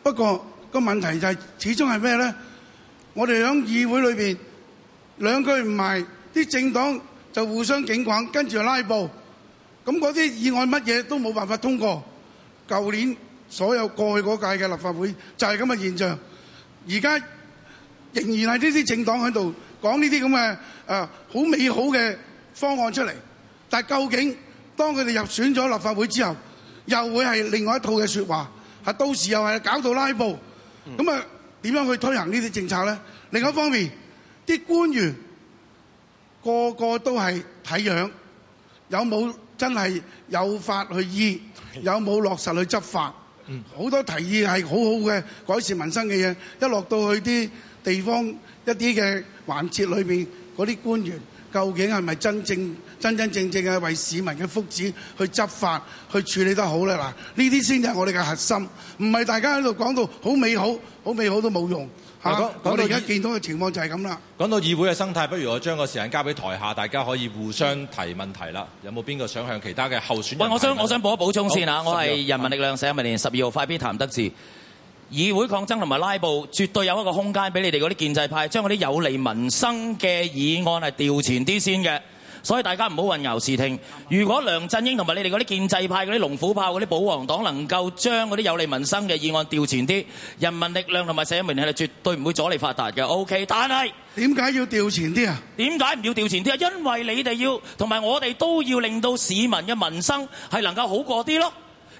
不過個問題就係始終係咩咧？我哋喺議會裏邊兩區唔埋啲政黨就互相警趕，跟住拉布。咁嗰啲意外乜嘢都冇辦法通過，舊年所有過去嗰屆嘅立法會就係咁嘅現象。而家仍然係呢啲政黨喺度講呢啲咁嘅誒好美好嘅方案出嚟，但係究竟當佢哋入選咗立法會之後，又會係另外一套嘅説話，係到時又係搞到拉布，咁啊點樣去推行呢啲政策咧？另一方面，啲官員個個都係睇樣，有冇？真係有法去醫，有冇落實去執法？好多提議係好好嘅改善民生嘅嘢，一落到去啲地方一啲嘅環節裏面，嗰啲官員究竟係咪真正真真正正嘅為市民嘅福祉去執法去處理得好咧？嗱，呢啲先至係我哋嘅核心，唔係大家喺度講到好美好好美好都冇用。我我哋而家見到嘅情況就係咁啦。講到議會嘅生態，不如我將個時間交俾台下，大家可以互相提問題啦。有冇邊個想向其他嘅候選問？喂，我想我想補一補充先嚇、啊，我係人民力量社民連十二號快必譚德志。議會抗爭同埋拉布，絕對有一個空間俾你哋嗰啲建制派，將嗰啲有利民生嘅議案係調前啲先嘅。所以大家唔好混淆視聽。如果梁振英同埋你哋嗰啲建制派、嗰啲龍虎炮、嗰啲保皇黨，能夠將嗰啲有利民生嘅議案調前啲，人民力量同埋社民係絕對唔會阻你發達嘅。OK，但係點解要調前啲啊？點解唔要調前啲啊？因為你哋要，同埋我哋都要令到市民嘅民生係能夠好過啲咯，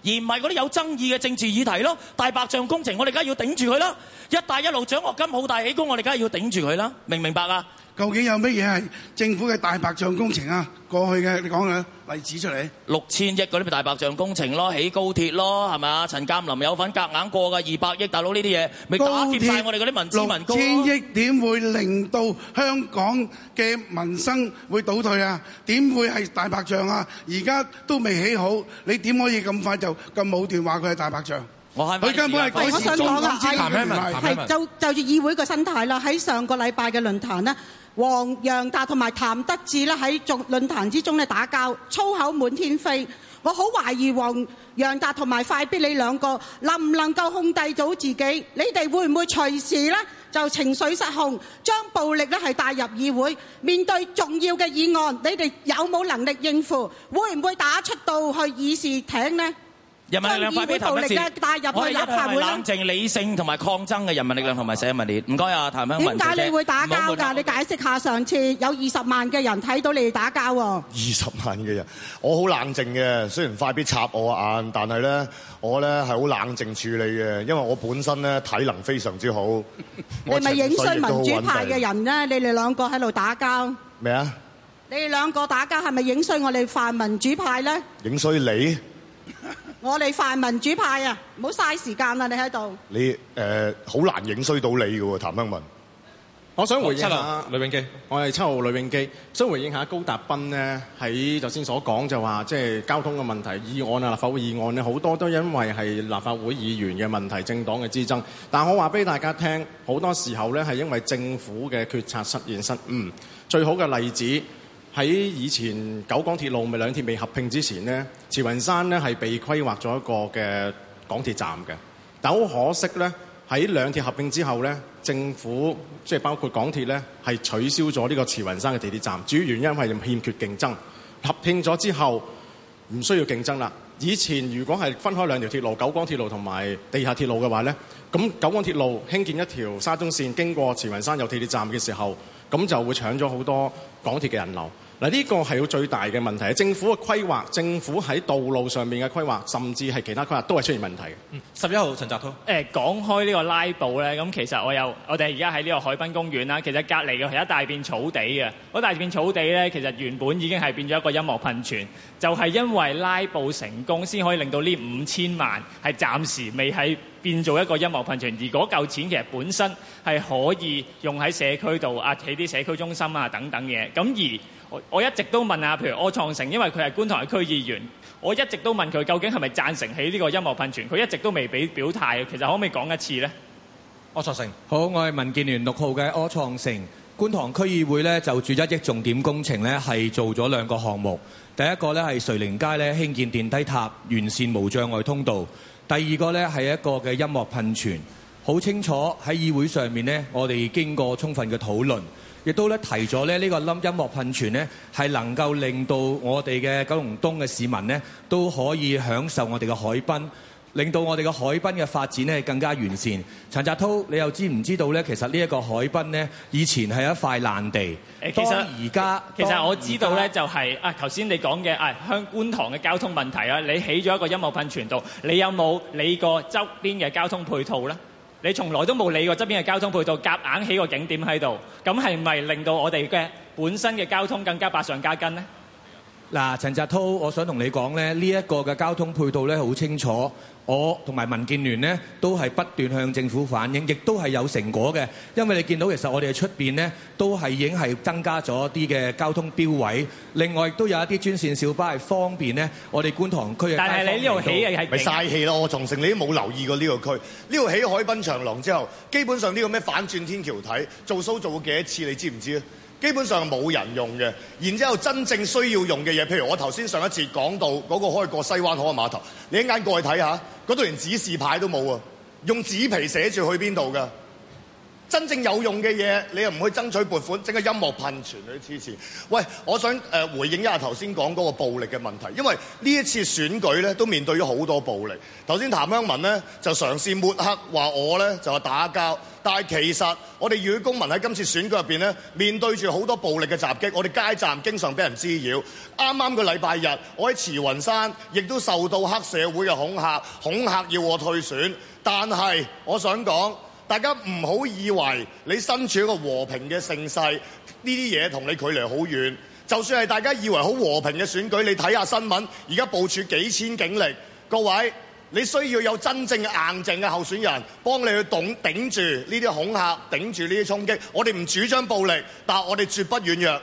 而唔係嗰啲有爭議嘅政治議題咯。大白象工程，我哋梗係要頂住佢啦。一帶一路獎學金好大喜功，我哋梗係要頂住佢啦。明唔明白啊？究竟有乜嘢係政府嘅大白象工程啊？過去嘅你講嘅例子出嚟，六千億嗰啲咪大白象工程咯，起高鐵咯，係咪啊？陳鑑林有份夾硬過㗎，二百億大佬呢啲嘢咪打劫曬我哋嗰啲民脂民膏咯？六千億點會令到香港嘅民生會倒退啊？點會係大白象啊？而家都未起好，你點可以咁快就咁武斷話佢係大白象？我根本係開始中肯之談咧，就就住議會個生態啦。喺上個禮拜嘅論壇咧。黃洋達同埋譚得志咧喺眾論壇之中咧打交，粗口滿天飛。我好懷疑黃洋達同埋快必你兩個能唔能夠控制到自己？你哋會唔會隨時咧就情緒失控，將暴力咧係帶入議會？面對重要嘅議案，你哋有冇能力應付？會唔會打出到去議事廳咧？人民力量帶入去立法會。冷靜、理性同埋抗爭嘅人民力量同埋社民連，唔該啊，譚生民主派，唔好咁。點解你會打交㗎？你解釋下上次有二十萬嘅人睇到你哋打交喎。二十萬嘅人，我好冷靜嘅。雖然快必插我眼，但係咧，我咧係好冷靜處理嘅，因為我本身咧體能非常之好。你咪影衰民主派嘅人咧？你哋兩個喺度打交，咩啊？你哋兩個打交係咪影衰我哋泛民主派咧？影衰你。我哋泛民主派啊，唔好嘥時間啦！你喺度，你誒好、呃、難影衰到你㗎喎，譚香文，我想回應一下李永基，我係七號李永基，想回應一下高達斌呢，喺頭先所講就話，即、就、係、是、交通嘅問題、議案啊、立法會議案呢，好多都因為係立法會議員嘅問題、政黨嘅紛爭。但我話俾大家聽，好多時候呢，係因為政府嘅決策實現失誤、嗯。最好嘅例子。喺以前九廣鐵路咪兩鐵未合併之前呢，慈雲山呢係被規劃咗一個嘅港鐵站嘅。但好可惜呢，喺兩鐵合併之後呢，政府即係包括港鐵呢，係取消咗呢個慈雲山嘅地鐵站。主要原因係欠缺競爭，合併咗之後唔需要競爭啦。以前如果係分開兩條鐵路，九廣鐵路同埋地下鐵路嘅話呢，咁九廣鐵路興建一條沙中線經過慈雲山有地鐵，鐵站嘅時候，咁就會搶咗好多港鐵嘅人流。呢、這個係要最大嘅問題，政府嘅規劃，政府喺道路上面嘅規劃，甚至係其他規劃都係出現問題。十一、嗯、號陳澤滔，誒講開呢個拉布咧，咁其實我又我哋而家喺呢個海濱公園啦，其實隔離嘅係一大片草地嘅，嗰大片草地咧，其實原本已經係變咗一個音樂噴泉，就係、是、因為拉布成功，先可以令到呢五千萬係暫時未喺。變做一個音樂噴泉，而嗰嚿錢其實本身係可以用喺社區度，壓起啲社區中心啊等等嘢。咁而我我一直都問啊，譬如柯創盛，因為佢係觀塘嘅區議員，我一直都問佢究竟係咪贊成起呢個音樂噴泉，佢一直都未俾表態。其實可唔可以講一次呢？柯創盛，好，我係民建聯六號嘅柯創盛，觀塘區議會呢，就住一億重點工程呢，係做咗兩個項目，第一個呢，係瑞寧街呢，興建電梯塔，完善無障礙通道。第二個呢係一個嘅音樂噴泉，好清楚喺議會上面呢，我哋經過充分嘅討論，亦都提咗呢個音音樂噴泉呢，係能夠令到我哋嘅九龍東嘅市民呢，都可以享受我哋嘅海濱。令到我哋嘅海濱嘅發展咧更加完善。陳澤滔，你又知唔知道咧？其實呢一個海濱咧，以前係一塊爛地。其實而家其實我知道咧、就是，就係啊頭先你講嘅啊向觀塘嘅交通問題啊，你起咗一個音樂噴泉度，你有冇理過周邊嘅交通配套咧？你從來都冇理過周邊嘅交通配套，夾硬起個景點喺度，咁係咪令到我哋嘅本身嘅交通更加百上加斤咧？嗱，陳澤濤，我想同你講咧，呢、這、一個嘅交通配套咧好清楚，我同埋民建聯呢，都係不斷向政府反映，亦都係有成果嘅。因為你見到其實我哋嘅出面呢，都係已經係增加咗一啲嘅交通標位，另外亦都有一啲專線小巴係方便呢我哋觀塘區嘅。但係你呢度起係咪嘥氣咯，我從成你都冇留意過呢個區，呢度起海濱長廊之後，基本上呢個咩反轉天橋體做 show 做過幾多次你知唔知？基本上冇人用嘅，然之後真正需要用嘅嘢，譬如我頭先上一節講到嗰個開過西灣河嘅碼頭，你一陣間過去睇下，嗰度連指示牌都冇喎，用紙皮寫住去邊度㗎？真正有用嘅嘢，你又唔去爭取撥款，整個音樂噴泉去支持。喂，我想、呃、回應一下頭先講嗰個暴力嘅問題，因為呢一次選舉咧都面對咗好多暴力。頭先譚香文呢就嘗試抹黑，話我呢就話打交。但係其實我哋與公民喺今次選舉入面呢，面對住好多暴力嘅襲擊，我哋街站經常俾人滋擾。啱啱個禮拜日，我喺慈雲山亦都受到黑社會嘅恐嚇，恐嚇要我退選。但係我想講。大家唔好以為你身處一個和平嘅盛世，呢啲嘢同你距離好遠。就算係大家以為好和平嘅選舉，你睇下新聞，而家部署幾千警力。各位，你需要有真正嘅硬淨嘅候選人，幫你去懂頂住呢啲恐嚇，頂住呢啲衝擊。我哋唔主張暴力，但我哋絕不軟弱。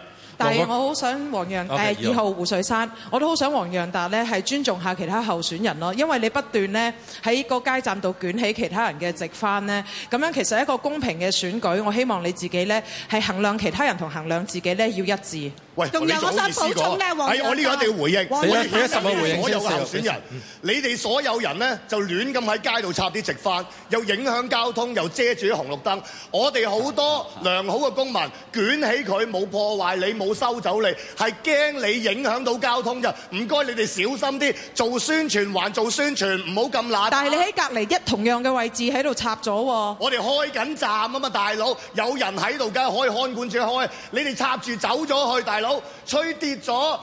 係，我好想黃洋誒二號胡、呃、水山，我都好想黃洋達呢係尊重下其他候選人咯。因為你不斷呢喺個街站度捲起其他人嘅直幡。呢咁樣其實一個公平嘅選舉，我希望你自己呢係衡量其他人同衡量自己呢，要一致。喂，仲有想補充咩？黃志光，我呢個一定要回應，我哋一定要回應所有候選人。你哋所有人咧就亂咁喺街度插啲直幡，又影響交通，又遮住啲紅綠燈。我哋好多良好嘅公民捲起佢冇破壞，你冇收走你，係驚你影響到交通嘅。唔該，你哋小心啲，做宣傳還做宣傳，唔好咁懶。但係你喺隔離一同樣嘅位置喺度插咗喎。我哋開緊站啊嘛，大佬，有人喺度，梗係可以看管住開。你哋插住走咗去大，吹跌咗，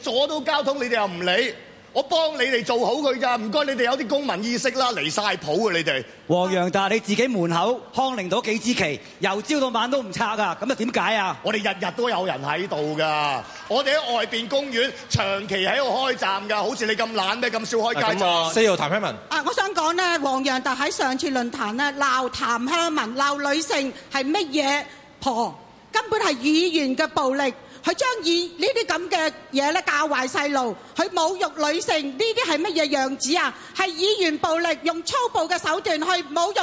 阻到交通，你哋又唔理。我幫你哋做好佢㗎，唔該你哋有啲公民意識啦。離晒譜㗎，你哋黃楊達你自己門口康寧到幾支旗，由朝到晚都唔拆㗎。咁啊，點解啊？我哋日日都有人喺度㗎。我哋喺外邊公園長期喺度開站㗎，好似你咁懶咩咁少開街站。啊啊、四號譚香文啊，我想講呢，黃楊達喺上次論壇呢鬧譚香文鬧女性係乜嘢婆，根本係語言嘅暴力。佢將以呢啲咁嘅嘢咧教壞細路，佢侮辱女性，呢啲係乜嘢樣子啊？係以言暴力，用粗暴嘅手段去侮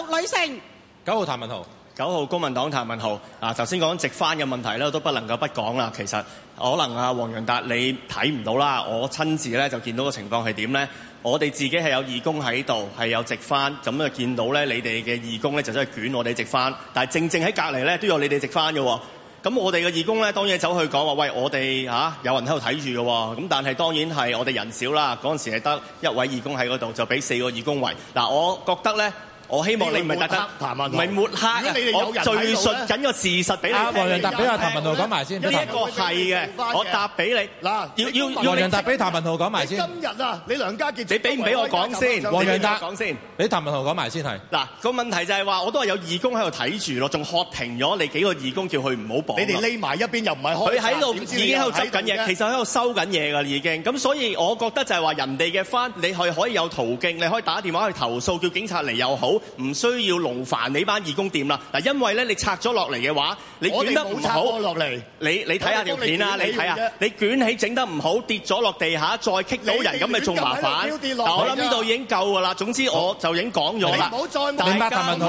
辱女性。九號譚文豪，九號公民黨譚文豪啊！頭先講直翻嘅問題咧，都不能夠不講啦。其實可能啊，黃潤達你睇唔到啦，我親自咧就見到個情況係點咧？我哋自己係有義工喺度，係有直翻，咁啊見到咧你哋嘅義工咧就真係捲我哋直翻，但係正正喺隔離咧都有你哋直翻嘅喎。咁我哋嘅義工呢，當然走去講話，喂，我哋嚇、啊、有人喺度睇住㗎喎。咁但係當然係我哋人少啦，嗰陣時係得一位義工喺嗰度，就畀四個義工圍。嗱、啊，我覺得呢。我希望你唔係抹黑，唔係抹黑。我最信緊個事實俾你聽。黃洋達，俾阿譚文豪講埋先。呢個係嘅，我答俾你嗱。要要黃洋達俾譚文豪講埋先。今日啊，你梁家傑，你俾唔俾我講先？黃洋達講先，你譚文豪講埋先係。嗱個問題就係話，我都係有義工喺度睇住咯，仲喝停咗你幾個義工叫佢唔好播。你哋匿埋一邊又唔係開？佢喺度已經喺度執緊嘢，其實喺度收緊嘢㗎已經。咁所以我覺得就係話，人哋嘅翻你係可以有途徑，你可以打電話去投訴，叫警察嚟又好。唔需要勞煩你班義工掂啦。嗱，因為咧你拆咗落嚟嘅話，你捲得唔好，你你睇下條片啦，你睇下你捲起整得唔好，跌咗落地下再棘到人，咁咪仲麻煩。嗱，我諗呢度已經夠㗎啦。總之我就已經講咗啦。大家唔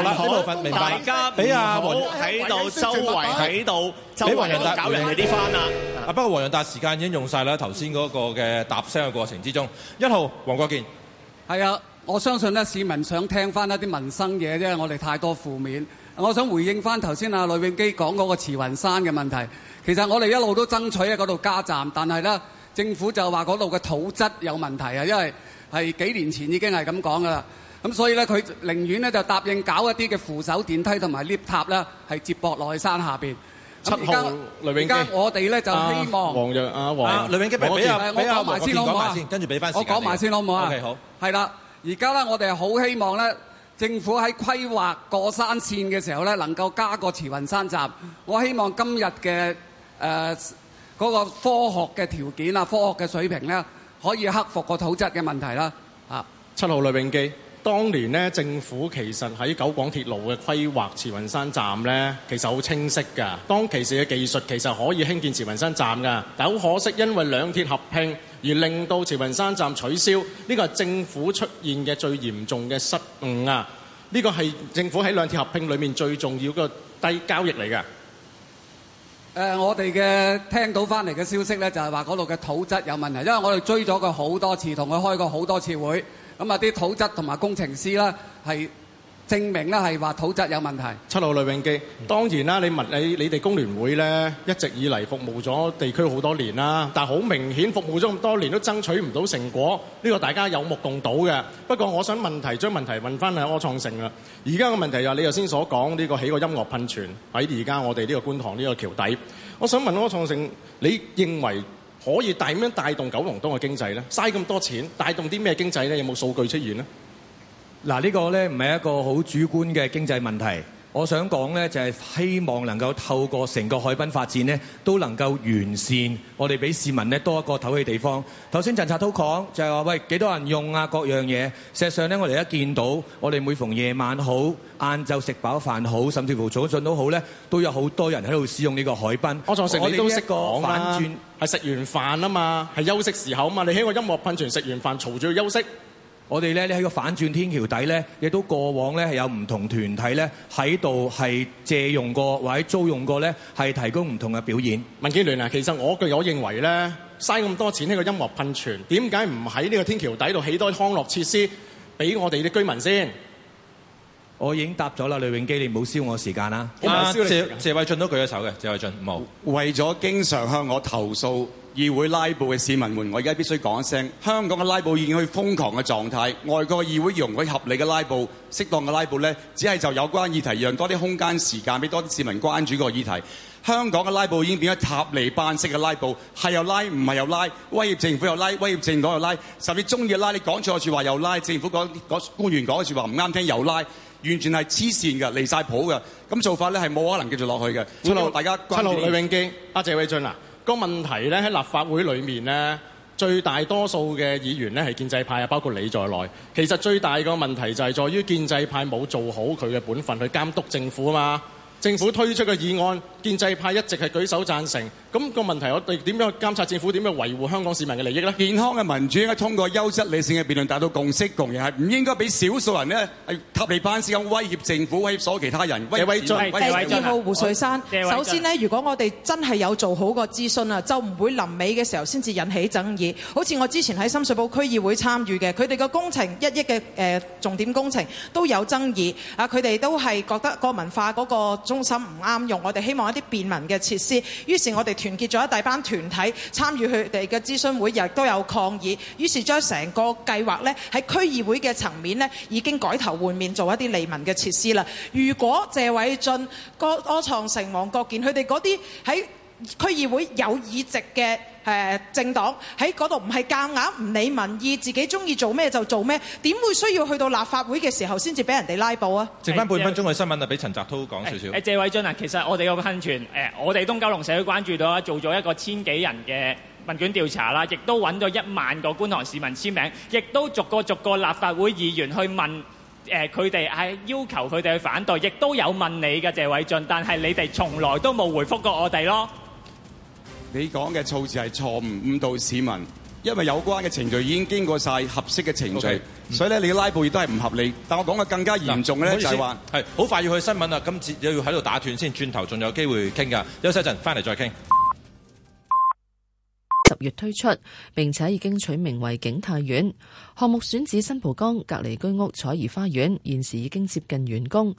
好喺度，周圍喺度，周圍搞人哋啲番啦。啊，不過黃洋達時間已經用曬啦，頭先嗰個嘅搭聲嘅過程之中，一號黃國健，係啊。我相信咧，市民想聽翻一啲民生嘢啫。因為我哋太多負面，我想回應翻頭先阿呂永基講嗰個慈雲山嘅問題。其實我哋一路都爭取喺嗰度加站，但係呢政府就話嗰度嘅土質有問題啊，因為係幾年前已經係咁講噶啦。咁所以咧，佢寧願咧就答應搞一啲嘅扶手電梯同埋 lift 塔咧，係接駁落去山下邊。七號，呂永基，我哋咧就希望，黃洋啊，黃，呂永基，啊，呂永基，不如俾啊俾啊，俾我講埋先好唔好？我講埋先，好唔好跟住俾翻我講埋先，好唔好啊？OK 好，係啦。而家我哋好希望呢政府喺規劃過山線嘅時候呢能夠加個慈雲山站。我希望今日嘅、呃嗰個、科學嘅條件啊、科學嘅水平呢可以克服個土質嘅問題啦。七號呂永基，當年呢政府其實喺九廣鐵路嘅規劃慈雲山站呢其實好清晰㗎。當其時嘅技術其實可以興建慈雲山站㗎，但係好可惜，因為兩鐵合併。而令到慈雲山站取消，呢個係政府出現嘅最嚴重嘅失誤啊！呢個係政府喺兩鐵合併裏面最重要嘅低交易嚟嘅。誒，我哋嘅聽到返嚟嘅消息呢，就係話嗰度嘅土質有問題，因為我哋追咗佢好多次，同佢開過好多次會，咁啊啲土質同埋工程師呢係。證明咧係話土質有問題。七號呂永基，當然啦，你問你你哋工聯會咧，一直以嚟服務咗地區好多年啦，但係好明顯服務咗咁多年都爭取唔到成果，呢個大家有目共睹嘅。不過我想問題將問題問翻係柯創盛啦。而家嘅問題就係你頭先所講呢個起個音樂噴泉喺而家我哋呢個觀塘呢個橋底，我想問柯創盛，你認為可以點樣帶動九龍東嘅經濟咧？嘥咁多錢帶動啲咩經濟咧？有冇數據出現咧？嗱，呢個呢唔係一個好主觀嘅經濟問題。我想講呢，就係希望能夠透過成個海濱發展呢，都能夠完善我哋俾市民呢多一個唞氣地方。頭先陳策滔講就係話：喂，幾多人用呀？各樣嘢。事實上呢，我哋而家見到，我哋每逢夜晚好、晏晝食飽飯好，甚至乎早上都好呢，都有好多人喺度使用呢個海濱。我仲食，我哋都食過飯轉，係食完飯啊嘛，係休息時候啊嘛，你喺個音樂噴泉食完飯嘈住休息。我哋呢喺個反轉天橋底呢，亦都過往呢，係有唔同團體呢，喺度係借用過或者租用過呢，係提供唔同嘅表演。民建聯啊，其實我據我認為呢，嘥咁多錢呢個音樂噴泉，點解唔喺呢個天橋底度起多啲康樂設施俾我哋啲居民先？我已經答咗啦，李永基，你唔好燒我時間啦。啊，謝謝偉俊都舉咗手嘅，謝偉俊冇。俊好為咗經常向我投訴。議會拉布嘅市民們，我而家必須講一聲，香港嘅拉布已經去瘋狂嘅狀態。外國議會容許合理嘅拉布、適當嘅拉布咧，只係就有關議題，讓多啲空間、時間俾多啲市民關注個議題。香港嘅拉布已經變咗塔利班式嘅拉布，係又拉，唔係又拉，威脅政府又拉，威脅政黨又拉，甚至中意拉你講錯說話又拉，政府講官員講嘅說話唔啱聽又拉，完全係黐線㗎，離晒譜㗎。咁做法咧係冇可能繼續落去嘅。七號，號，大家關注七號李永基，阿謝偉俊啊。個問題咧喺立法會裏面咧，最大多數嘅議員咧係建制派啊，包括你在內。其實最大個問題就係在於建制派冇做好佢嘅本分去監督政府啊嘛。政府推出嘅議案，建制派一直係舉手贊成。咁個問題，我哋點樣監察政府？點樣維護香港市民嘅利益咧？健康嘅民主應該通過優質理性嘅辯論，達到共識共贏，係唔應該俾少數人咧係塔利班式咁威脅政府，威脅所有其他人。謝偉俊，謝偉俊，好胡翠珊。首先咧，如果我哋真係有做好個諮詢啊，就唔會臨尾嘅時候先至引起爭議。好似我之前喺深水埗區議會參與嘅，佢哋個工程一億嘅誒重點工程都有爭議。啊，佢哋都係覺得個文化嗰個。中心唔啱用，我哋希望一啲便民嘅設施。於是，我哋團結咗一大班團體，參與佢哋嘅諮詢會，亦都有抗議。於是，將成個計劃呢，喺區議會嘅層面呢，已經改頭換面，做一啲利民嘅設施啦。如果謝偉俊、柯創盛、黃國健佢哋嗰啲喺區議會有議席嘅，誒、呃、政黨喺嗰度唔係夾硬唔理民意，自己中意做咩就做咩，點會需要去到立法會嘅時候先至俾人哋拉布啊？剩翻半分鐘嘅新聞啊，俾、欸、陳澤濤講少少。誒、欸欸、謝偉俊啊，其實我哋個噴泉誒、欸，我哋東九龍社會關注到啊，做咗一個千幾人嘅問卷調查啦，亦都揾咗一萬個觀塘市民簽名，亦都逐個逐個立法會議員去問誒佢哋係要求佢哋去反對，亦都有問你嘅謝偉俊，但係你哋從來都冇回覆過我哋咯。你講嘅措辭係錯誤誤導市民，因為有關嘅程序已經經過晒合適嘅程序，Okay. 所以咧你嘅拉布亦都係唔合理。但我講嘅更加嚴重咧就係，係好、嗯嗯、快要去新聞啦，今次又要喺度打斷先，轉頭仲有機會傾㗎。休息一陣，翻嚟再傾。十月推出，並且已經取名為景泰苑項目選，選址新蒲崗隔離居屋彩怡花園，現時已經接近完工。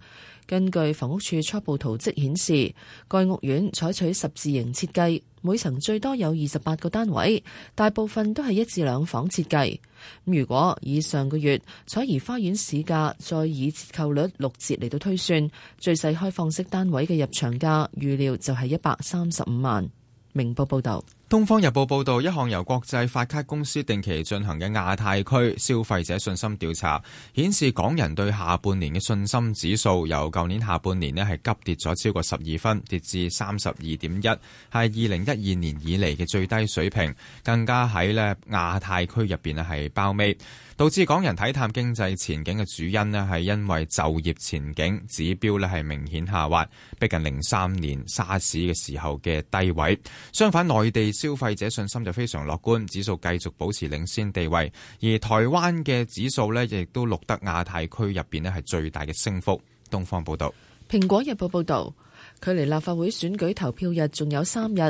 根據房屋處初步圖則顯示，該屋苑採取十字形設計，每層最多有二十八個單位，大部分都係一至兩房設計。如果以上個月彩怡花園市價再以折扣率六折嚟到推算，最細開放式單位嘅入場價預料就係一百三十五萬。明報報道。《東方日報》報道，一項由國際發卡公司定期進行嘅亞太區消費者信心調查，顯示港人對下半年嘅信心指數由舊年下半年咧係急跌咗超過十二分，跌至三十二點一，係二零一二年以嚟嘅最低水平，更加喺咧亞太區入邊咧係包尾，導致港人睇淡經濟前景嘅主因咧係因為就業前景指標咧係明顯下滑，逼近零三年沙士嘅時候嘅低位。相反，內地。消費者信心就非常樂觀，指數繼續保持領先地位。而台灣嘅指數呢，亦都錄得亞太區入面呢係最大嘅升幅。東方報道，《蘋果日報》報導，距離立法會選舉投票日仲有三日，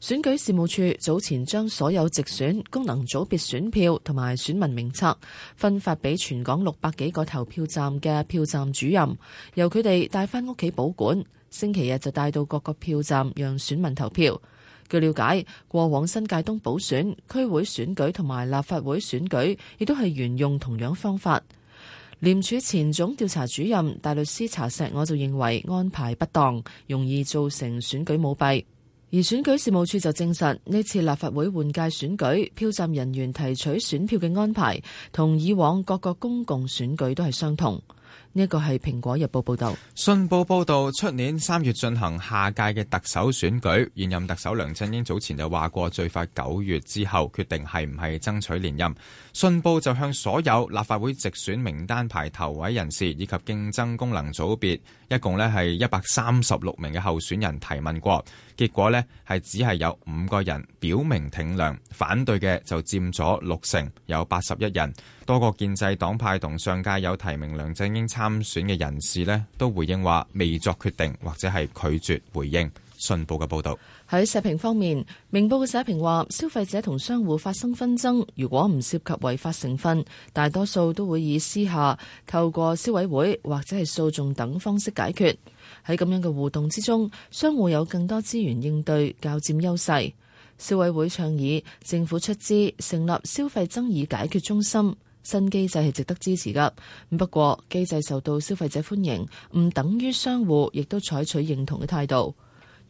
選舉事務處早前將所有直選功能組別選票同埋選民名冊分發俾全港六百幾個投票站嘅票站主任，由佢哋帶返屋企保管，星期日就帶到各個票站讓選民投票。據了解，過往新界東補選、區會選舉同埋立法會選舉，亦都係沿用同樣方法。廉署前總調查主任大律師查錫我就認為安排不當，容易造成選舉舞弊。而選舉事務處就證實，呢次立法會換屆選舉，票站人員提取選票嘅安排，同以往各個公共選舉都係相同。呢個係《蘋果日報》報道，《信報》報道，出年三月進行下屆嘅特首選舉，現任特首梁振英早前就話過，最快九月之後決定係唔係爭取連任。信報就向所有立法會直選名單排頭位人士以及競爭功能組別，一共呢係一百三十六名嘅候選人提問過，結果呢，係只係有五個人表明挺梁，反對嘅就佔咗六成，有八十一人。多個建制黨派同上屆有提名梁振英參選嘅人士呢，都回應話未作決定或者係拒絕回應信報嘅報導。喺社評方面，明報嘅社評話：消費者同商戶發生紛爭，如果唔涉及違法成分，大多數都會以私下透過消委會或者係訴訟等方式解決。喺咁樣嘅互動之中，商戶有更多資源應對，較佔優勢。消委會倡議政府出資成立消費爭議解決中心，新機制係值得支持㗎。不過機制受到消費者歡迎，唔等於商戶亦都採取認同嘅態度。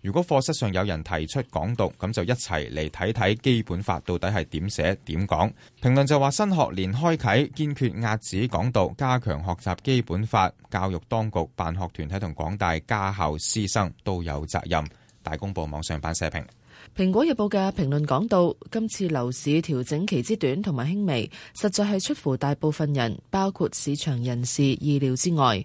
如果課室上有人提出港獨，咁就一齊嚟睇睇基本法到底係點寫點講。評論就話新學年開啟堅決壓止港獨，加強學習基本法。教育當局、辦學團體同廣大家校師生都有責任。大公報網上版社評。蘋果日報嘅評論講到，今次樓市調整期之短同埋輕微，實在係出乎大部分人，包括市場人士意料之外。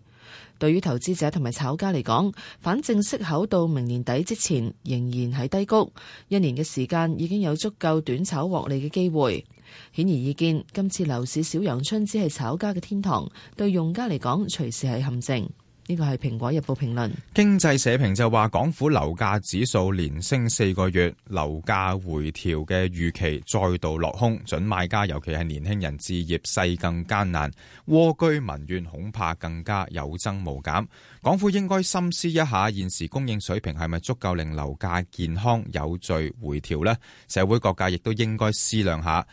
對於投資者同埋炒家嚟講，反正息口到明年底之前仍然喺低谷，一年嘅時間已經有足夠短炒獲利嘅機會。顯而易見，今次樓市小陽春只係炒家嘅天堂，對用家嚟講隨時係陷阱。呢個係《是蘋果日報》評論，經濟社評就話，港府樓價指數連升四個月，樓價回調嘅預期再度落空，準買家尤其係年輕人置業勢更艱難，蝸居民怨恐怕更加有增無減。港府應該深思一下，現時供應水平係咪足夠令樓價健康有序回調咧？社會各界亦都應該思量一下，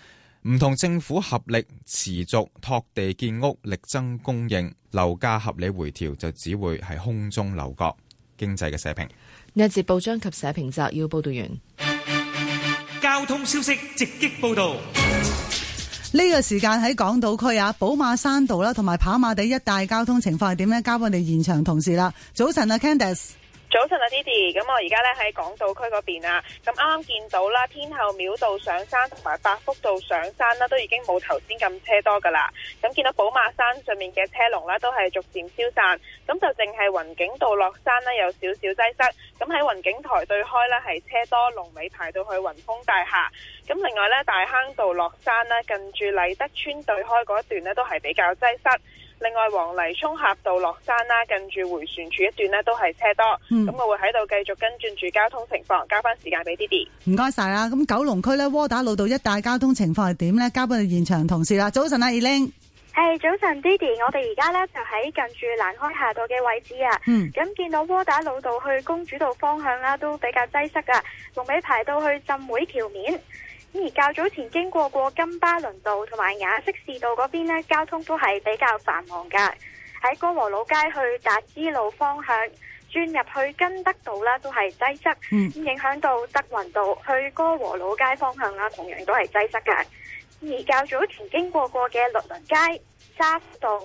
唔同政府合力持續托地建屋，力增供應。樓價合理回調就只會係空中樓閣，經濟嘅社評。日節報章及社評摘要報道完。交通消息直擊報道。呢個時間喺港島區啊，寶馬山道啦，同埋跑馬地一帶交通情況係點呢？交俾我哋現場同事啦。早晨啊，Candice。Cand 早晨啊，Didi，咁我而家咧喺港島區嗰邊啊，咁啱啱見到啦，天后廟道上山同埋百福道上山啦，都已經冇頭先咁車多噶啦。咁見到寶馬山上面嘅車龍呢，都係逐漸消散，咁就淨係雲景道落山呢，有少少擠塞。咁喺雲景台對開呢，係車多，龍尾排到去雲峰大廈。咁另外呢，大坑道落山呢，近住禮德村對開嗰一段呢，都係比較擠塞。另外，黃泥涌峽道落山啦，近住回旋處一段呢，都係車多，咁、嗯、我會喺度繼續跟進住交通情況，交翻時間俾 Didi。唔該晒啊！咁九龍區呢，窩打老道一帶交通情況係點呢？交俾你現場同事啦。早晨啊，Eling。係，係、hey, 早晨 Didi。我哋而家呢就喺近住蘭開夏道嘅位置啊。嗯。咁見到窩打老道去公主道方向啦，都比較擠塞啊。龍尾排到去浸會橋面。而較早前經過過金巴倫道同埋雅息士道嗰邊咧，交通都係比較繁忙噶。喺歌和老街去達之路方向，轉入去根德道啦，都係擠塞。咁影響到德雲道去歌和老街方向啦，同樣都係擠塞嘅。而較早前經過過嘅綠林街沙道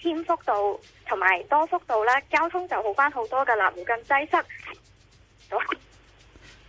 天福道、添福道同埋多福道啦，交通就好翻好多噶啦，冇咁擠塞。好。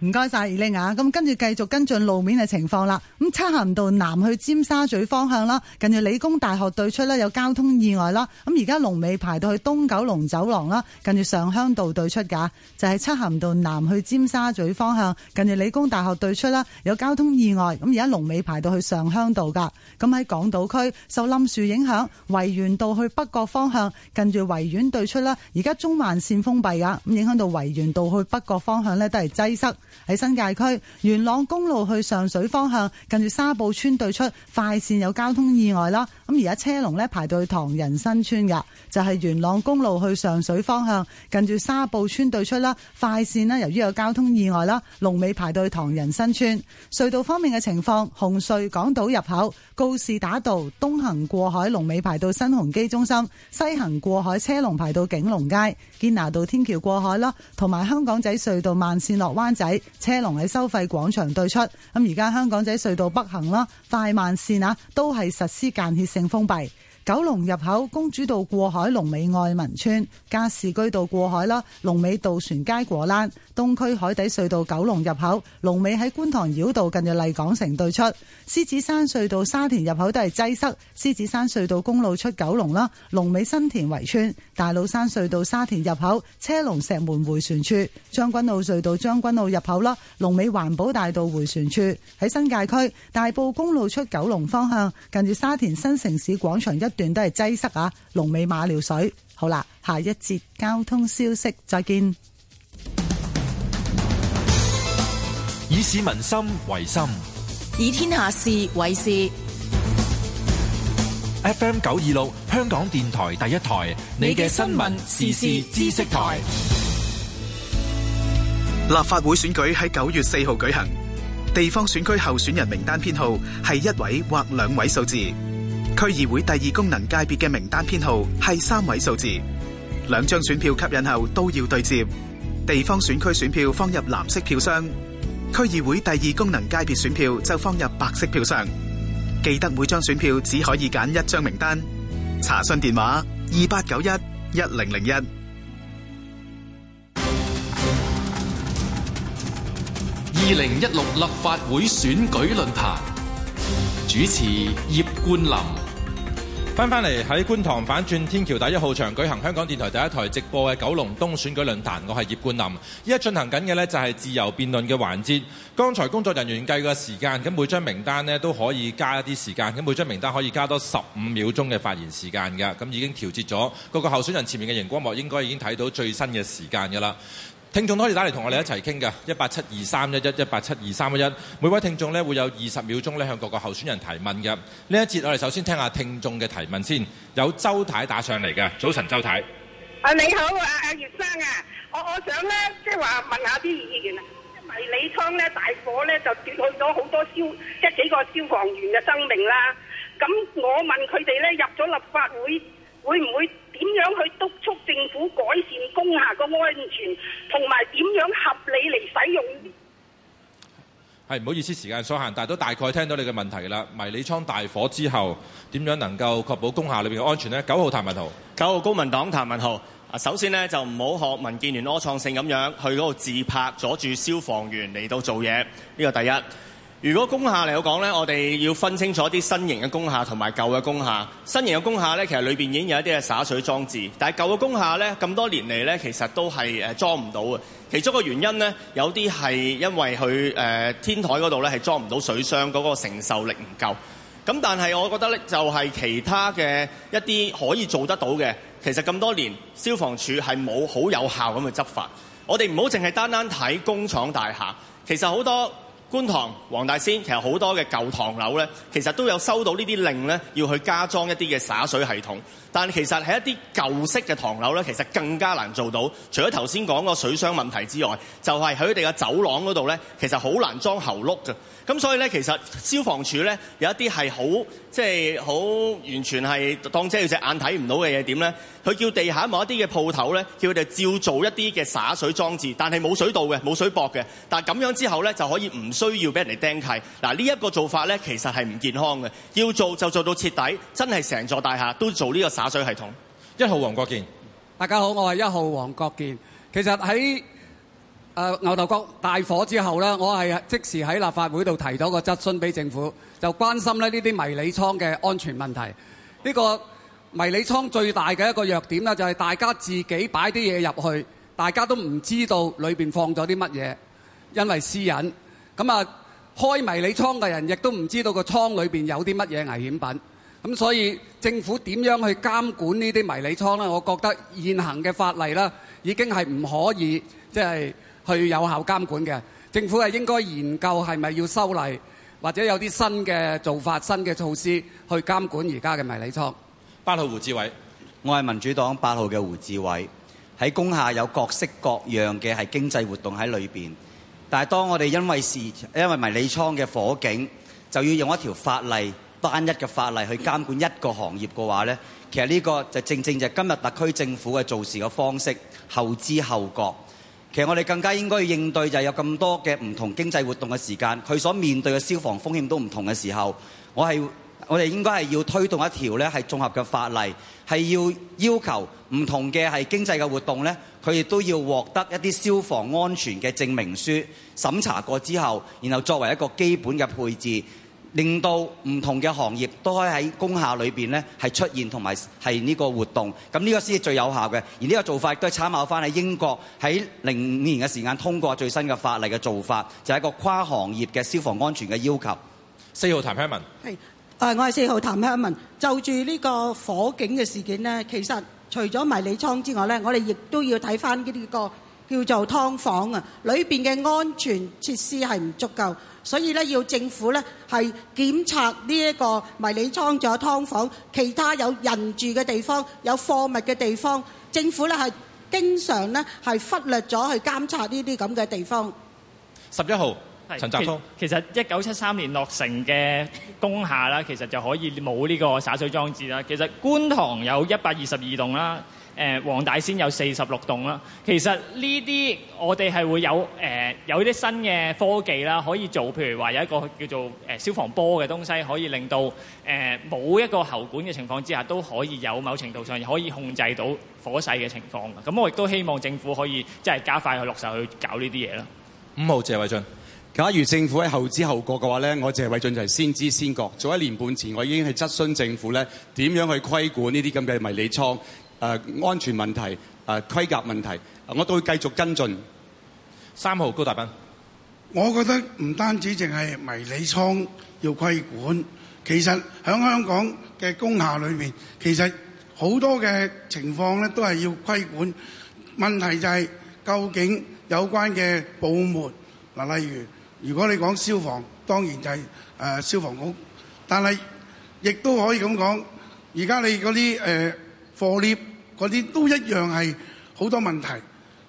唔該晒爾玲啊。咁跟住繼續跟進路面嘅情況啦。咁漆咸道南去尖沙咀方向啦，近住理工大學對出啦，有交通意外啦。咁而家龍尾排到去東九龍走廊啦，近住上鄉道對出噶，就係漆咸道南去尖沙咀方向，近住理工大學對出啦有交通意外。咁而家龍尾排到去上鄉道噶。咁喺港島區受冧樹影響，維園道去北角方向近住維園對出啦，而家中環線封閉噶，咁影響到維園道去北角方向呢，都係擠塞。喺新界區元朗公路去上水方向近住沙埔村對出快線有交通意外啦，咁而家車龍呢排到去唐人新村噶，就係元朗公路去上水方向近住沙埔村對出啦，快線呢由於有交通意外啦，龍尾排到去唐人新村。隧道方面嘅情況，紅隧港島入口告士打道東行過海龍尾排到新鴻基中心，西行過海車龍排到景隆街堅拿道天橋過海啦，同埋香港仔隧道慢線落灣仔。車龍喺收費廣場對出，咁而家香港仔隧道北行啦，快慢線啊，都係實施間歇性封閉。九龍入口公主道過海，龍尾愛民村；加士居道過海啦，龍尾渡船街果欄。東區海底隧道九龍入口，龍尾喺觀塘繞道近住麗港城對出。獅子山隧道沙田入口都係擠塞，獅子山隧道公路出九龍啦，龍尾新田圍村。大老山隧道沙田入口車龍，石門回旋處將軍澳隧道將軍澳入口啦，龍尾環保大道回旋處喺新界區大埔公路出九龍方向，近住沙田新城市廣場一。段都係擠塞啊，龍尾馬料水。好啦，下一節交通消息再見。以市民心為心，以天下事為事。FM 九二六，香港電台第一台，你嘅新聞時事知識台。立法會選舉喺九月四號舉行，地方選區候選人名單編號係一位或兩位數字。區議會第二功能界別嘅名單編號係三位數字，兩張選票吸引後都要對接。地方選區選票放入藍色票箱，區議會第二功能界別選票就放入白色票箱。記得每張選票只可以揀一張名單。查詢電話：二八九一一零零一。二零一六立法會選舉論壇。主持葉冠霖，翻返嚟喺觀塘反轉天橋第一號場舉行香港電台第一台直播嘅九龍東選舉論壇，我係葉冠霖。依家進行緊嘅呢就係自由辯論嘅環節。剛才工作人員計嘅時間，咁每張名單呢都可以加一啲時間，咁每張名單可以加多十五秒鐘嘅發言時間噶。咁已經調節咗，各個候選人前面嘅熒光幕應該已經睇到最新嘅時間噶啦。聽眾可以打嚟同我哋一齊傾㗎，一八七二三一一一八七二三一一。每位聽眾咧會有二十秒鐘咧向各個候選人提問㗎。呢一節我哋首先聽下聽眾嘅提問先。有周太打上嚟㗎，早晨，周太。啊你好，啊，阿葉生啊，我我想咧即係話問，問下啲議員啊，迷你倉咧大火咧就奪去咗好多消即係幾個消防員嘅生命啦。咁我問佢哋咧入咗立法會會唔會？點樣去督促政府改善工廈個安全，同埋點樣合理嚟使用？係唔好意思，時間所限，但係都大概聽到你嘅問題啦。迷你倉大火之後，點樣能夠確保工廈裏邊嘅安全呢？九號譚文豪，九號公民黨譚文豪。啊，首先呢就唔好學民建聯柯創盛咁樣去嗰度自拍阻住消防員嚟到做嘢，呢個第一。如果工廈嚟講咧，我哋要分清楚啲新型嘅工廈同埋舊嘅工廈。新型嘅工廈咧，其實裏面已經有一啲嘅灑水裝置，但係舊嘅工廈咧，咁多年嚟咧，其實都係、呃、裝唔到嘅。其中個原因咧，有啲係因為佢誒、呃、天台嗰度咧係裝唔到水箱，嗰、嗰個承受力唔夠。咁但係我覺得咧，就係、係、其他嘅一啲可以做得到嘅，其實咁多年消防處係冇好有效咁去執法。我哋唔好淨係單單睇工廠大廈，其實好多。觀塘、黃大仙其實好多嘅舊唐樓咧，其實都有收到呢啲令咧，要去加裝一啲嘅灑水系統。但係其實喺一啲舊式嘅唐樓咧，其實更加難做到。除咗頭先講個水箱問題之外，就係喺佢哋嘅走廊嗰度咧，其實好難裝喉碌㗎。咁所以咧，其實消防處咧有一啲係好即係好完全係當即係隻眼睇唔到嘅嘢點咧？佢叫地下某一啲嘅鋪頭咧，叫佢哋照做一啲嘅灑水裝置，但係冇水道嘅，冇水駁嘅。但係咁樣之後咧，就可以唔。需要俾人哋釘契嗱，呢、這、一個做法呢，其實係唔健康嘅。要做就做到徹底，真係成座大廈都做呢個灑水系統。一號黃國健，大家好，我係一號黃國健。其實喺、呃、牛頭角大火之後呢，我係即時喺立法會度提咗個質詢俾政府，就關心咧呢啲迷你倉嘅安全問題。呢、這個迷你倉最大嘅一個弱點呢，就係大家自己擺啲嘢入去，大家都唔知道裏邊放咗啲乜嘢，因為私隱。咁啊，開迷你倉嘅人亦都唔知道個倉裏面有啲乜嘢危險品，咁所以政府點樣去監管呢啲迷你倉咧？我覺得現行嘅法例咧，已經係唔可以即係去有效監管嘅。政府係應該研究係咪要修例，或者有啲新嘅做法、新嘅措施去監管而家嘅迷你倉。八號胡志偉，我係民主黨八號嘅胡志偉，喺工廈有各式各樣嘅係經濟活動喺裏面。但係當我哋因為是因為迷你倉嘅火警，就要用一條法例，單一嘅法例去監管一個行業嘅話呢，其實呢個就正正就係今日特區政府嘅做事嘅方式，後知後覺。其實我哋更加應該要應對就係有咁多嘅唔同經濟活動嘅時間，佢所面對嘅消防風險都唔同嘅時候，我係。我哋應該係要推動一條咧係綜合嘅法例，係要要求唔同嘅係經濟嘅活動咧，佢亦都要獲得一啲消防安全嘅證明書審查過之後，然後作為一個基本嘅配置，令到唔同嘅行業都可以喺工廈裏面咧係出現同埋係呢個活動。咁、這、呢個先係最有效嘅，而呢個做法都係參考翻喺英國喺零五年嘅時間通過最新嘅法例嘅做法，就係、是、一個跨行業嘅消防安全嘅要求。四號譚香文，係。誒，我係四號譚香文。就住呢個火警嘅事件咧，其實除咗迷你倉之外咧，我哋亦都要睇返呢個叫做劏房啊，裏面嘅安全設施係唔足夠，所以咧要政府咧係檢查呢個迷你倉仲有劏房，其他有人住嘅地方、有貨物嘅地方，政府咧係經常咧係忽略咗去監察呢啲咁嘅地方。十一號。係其實一九七三年落成嘅工廈啦，其實就可以冇呢個灑水裝置啦。其實觀塘有一百二十二棟啦，誒黃大仙有四十六棟啦。其實呢啲我哋係會有誒有啲新嘅科技啦，可以做譬如話有一個叫做誒消防波嘅東西，可以令到誒冇一個喉管嘅情況之下，都可以有某程度上可以控制到火勢嘅情況嘅。咁我亦都希望政府可以即係加快去落手去搞呢啲嘢啦。五號謝偉俊。假如政府喺後知後覺嘅話咧，我謝偉俊就係先知先覺。早一年半前，我已經係質詢政府咧點樣去規管呢啲咁嘅迷你倉誒、呃、安全問題誒、呃、規格問題，我都會繼續跟進。三號高達斌，我覺得唔單止淨係迷你倉要規管，其實喺香港嘅工廈裏面，其實好多嘅情況咧都係要規管。問題就係究竟有關嘅部門嗱，例如。如果你講消防，當然就係誒消防局，但係亦都可以咁講。而家你嗰啲誒貨 lift 嗰啲都一樣係好多問題，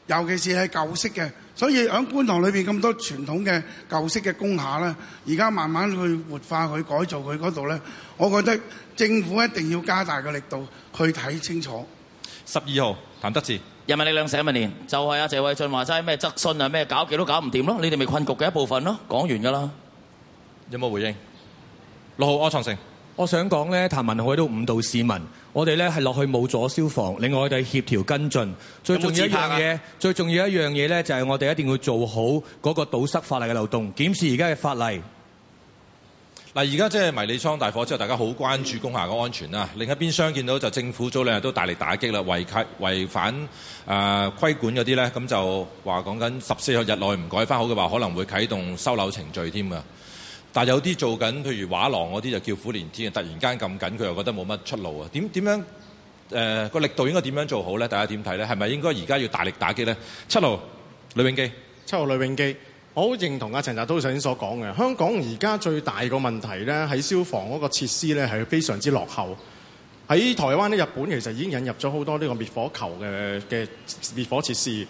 尤其是係舊式嘅。所以喺觀塘裏邊咁多傳統嘅舊式嘅工廈咧，而家慢慢去活化、去改造佢嗰度咧，我覺得政府一定要加大個力度去睇清楚。十二號，譚德志。人民力量寫萬年，就係啊謝偉俊話齋，咩質詢啊咩搞極都搞唔掂咯，你哋咪困局嘅一部分咯。講完噶啦，有冇回應？六號柯創盛，我想講咧，譚文豪都誤導市民，我哋咧係落去冇阻消防，另外我哋係協調跟進，最重要一樣嘢，最重要一樣嘢咧就係我哋一定要做好嗰個堵塞法例嘅漏洞，檢視而家嘅法例。嗱而家即係迷你倉大火之後，大家好關注工廈個安全啦。另一邊廂見到就政府早兩日都大力打擊啦，違規違反誒規、呃、管嗰啲咧，咁就話講緊十四日內唔改翻好嘅話，可能會啟動收樓程序添㗎。但係有啲做緊，譬如畫廊嗰啲就叫苦連天，突然間咁緊，佢又覺得冇乜出路啊。點點樣誒個、呃、力度應該點樣做好咧？大家點睇咧？係咪應該而家要大力打擊咧？七號呂永基，七號呂永基。我好認同啊，陳澤滔上先所講嘅，香港而家最大個問題呢，喺消防嗰個設施呢，係非常之落後。喺台灣呢，日本其實已經引入咗好多呢個滅火球嘅嘅滅火設施。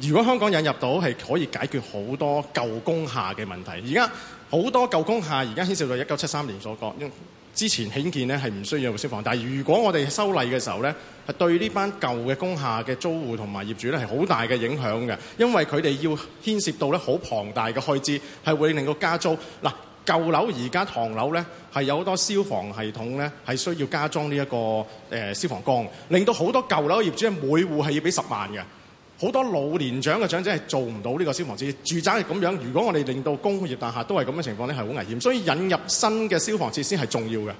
如果香港引入到，係可以解決好多舊工廈嘅問題。而家好多舊工廈，而家牽涉到一九七三年所講。因之前興建呢係唔需要有消防，但係如果我哋修例嘅時候呢，係對呢班舊嘅工廈嘅租戶同埋業主咧係好大嘅影響嘅，因為佢哋要牽涉到好龐大嘅開支，係會令到加租。嗱舊樓而家唐樓呢，係有好多消防系統呢係需要加裝呢一個消防缸，令到好多舊樓業主係每戶係要畀十萬嘅。好多老年長嘅長者係做唔到呢個消防設置，住宅係咁樣。如果我哋令到工業大廈都係咁嘅情況咧，係好危險。所以引入新嘅消防設施係重要嘅。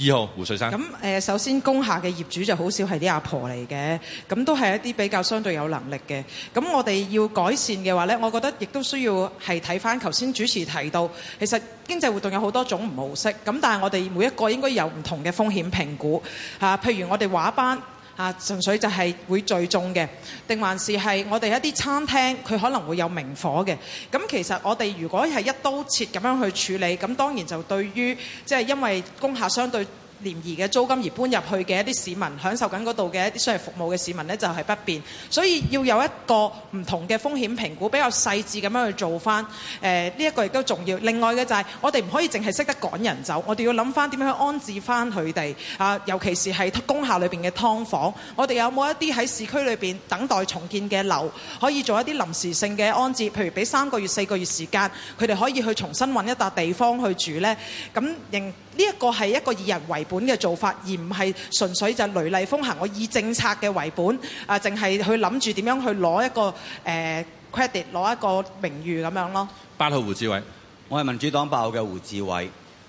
二號胡瑞生。咁誒，首先工廈嘅業主就好少係啲阿婆嚟嘅，咁都係一啲比較相對有能力嘅。咁我哋要改善嘅話咧，我覺得亦都需要係睇翻頭先主持提到，其實經濟活動有好多種模式，咁但係我哋每一個應該有唔同嘅風險評估嚇。譬如我哋畫班。嚇，純粹就係會聚眾嘅，定還是係我哋一啲餐廳佢可能會有明火嘅？咁其實我哋如果係一刀切咁樣去處理，咁當然就對於即係因為工廈相對。廉宜嘅租金而搬入去嘅一啲市民，享受緊嗰度嘅一啲商業服務嘅市民咧，就係不便，所以要有一個唔同嘅風險評估，比較細緻咁樣去做翻。誒，呢一個亦都重要。另外嘅就係我哋唔可以淨係識得趕人走，我哋要諗翻點樣去安置翻佢哋啊。尤其是係工廈裏邊嘅劏房，我哋有冇一啲喺市區裏邊等待重建嘅樓，可以做一啲臨時性嘅安置，譬如俾三個月四個月時間，佢哋可以去重新揾一笪地方去住咧。咁認。呢一個係一個以人為本嘅做法，而唔係純粹就雷厲風行。我以政策嘅為本，啊、呃，淨係去諗住點樣去攞一個誒、呃、credit，攞一個名譽咁樣咯。八號胡志偉，我係民主黨八號嘅胡志偉。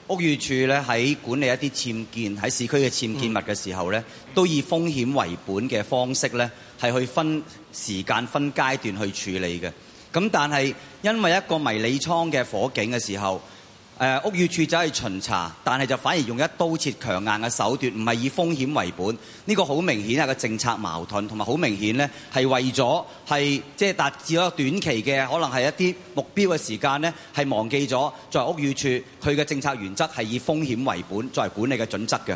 屋宇署咧喺管理一啲僭建喺市區嘅僭建物嘅時候咧，嗯、都以風險為本嘅方式咧，係去分時間分階段去處理嘅。咁但係因為一個迷你倉嘅火警嘅時候。誒，屋宇署就係巡查，但係就反而用一刀切強硬嘅手段，唔係以風險為本。呢、這個好明顯係個政策矛盾，同埋好明顯呢係為咗係即係達至一個短期嘅，可能係一啲目標嘅時間呢係忘記咗作為屋宇署佢嘅政策原則係以風險為本作為管理嘅準則嘅。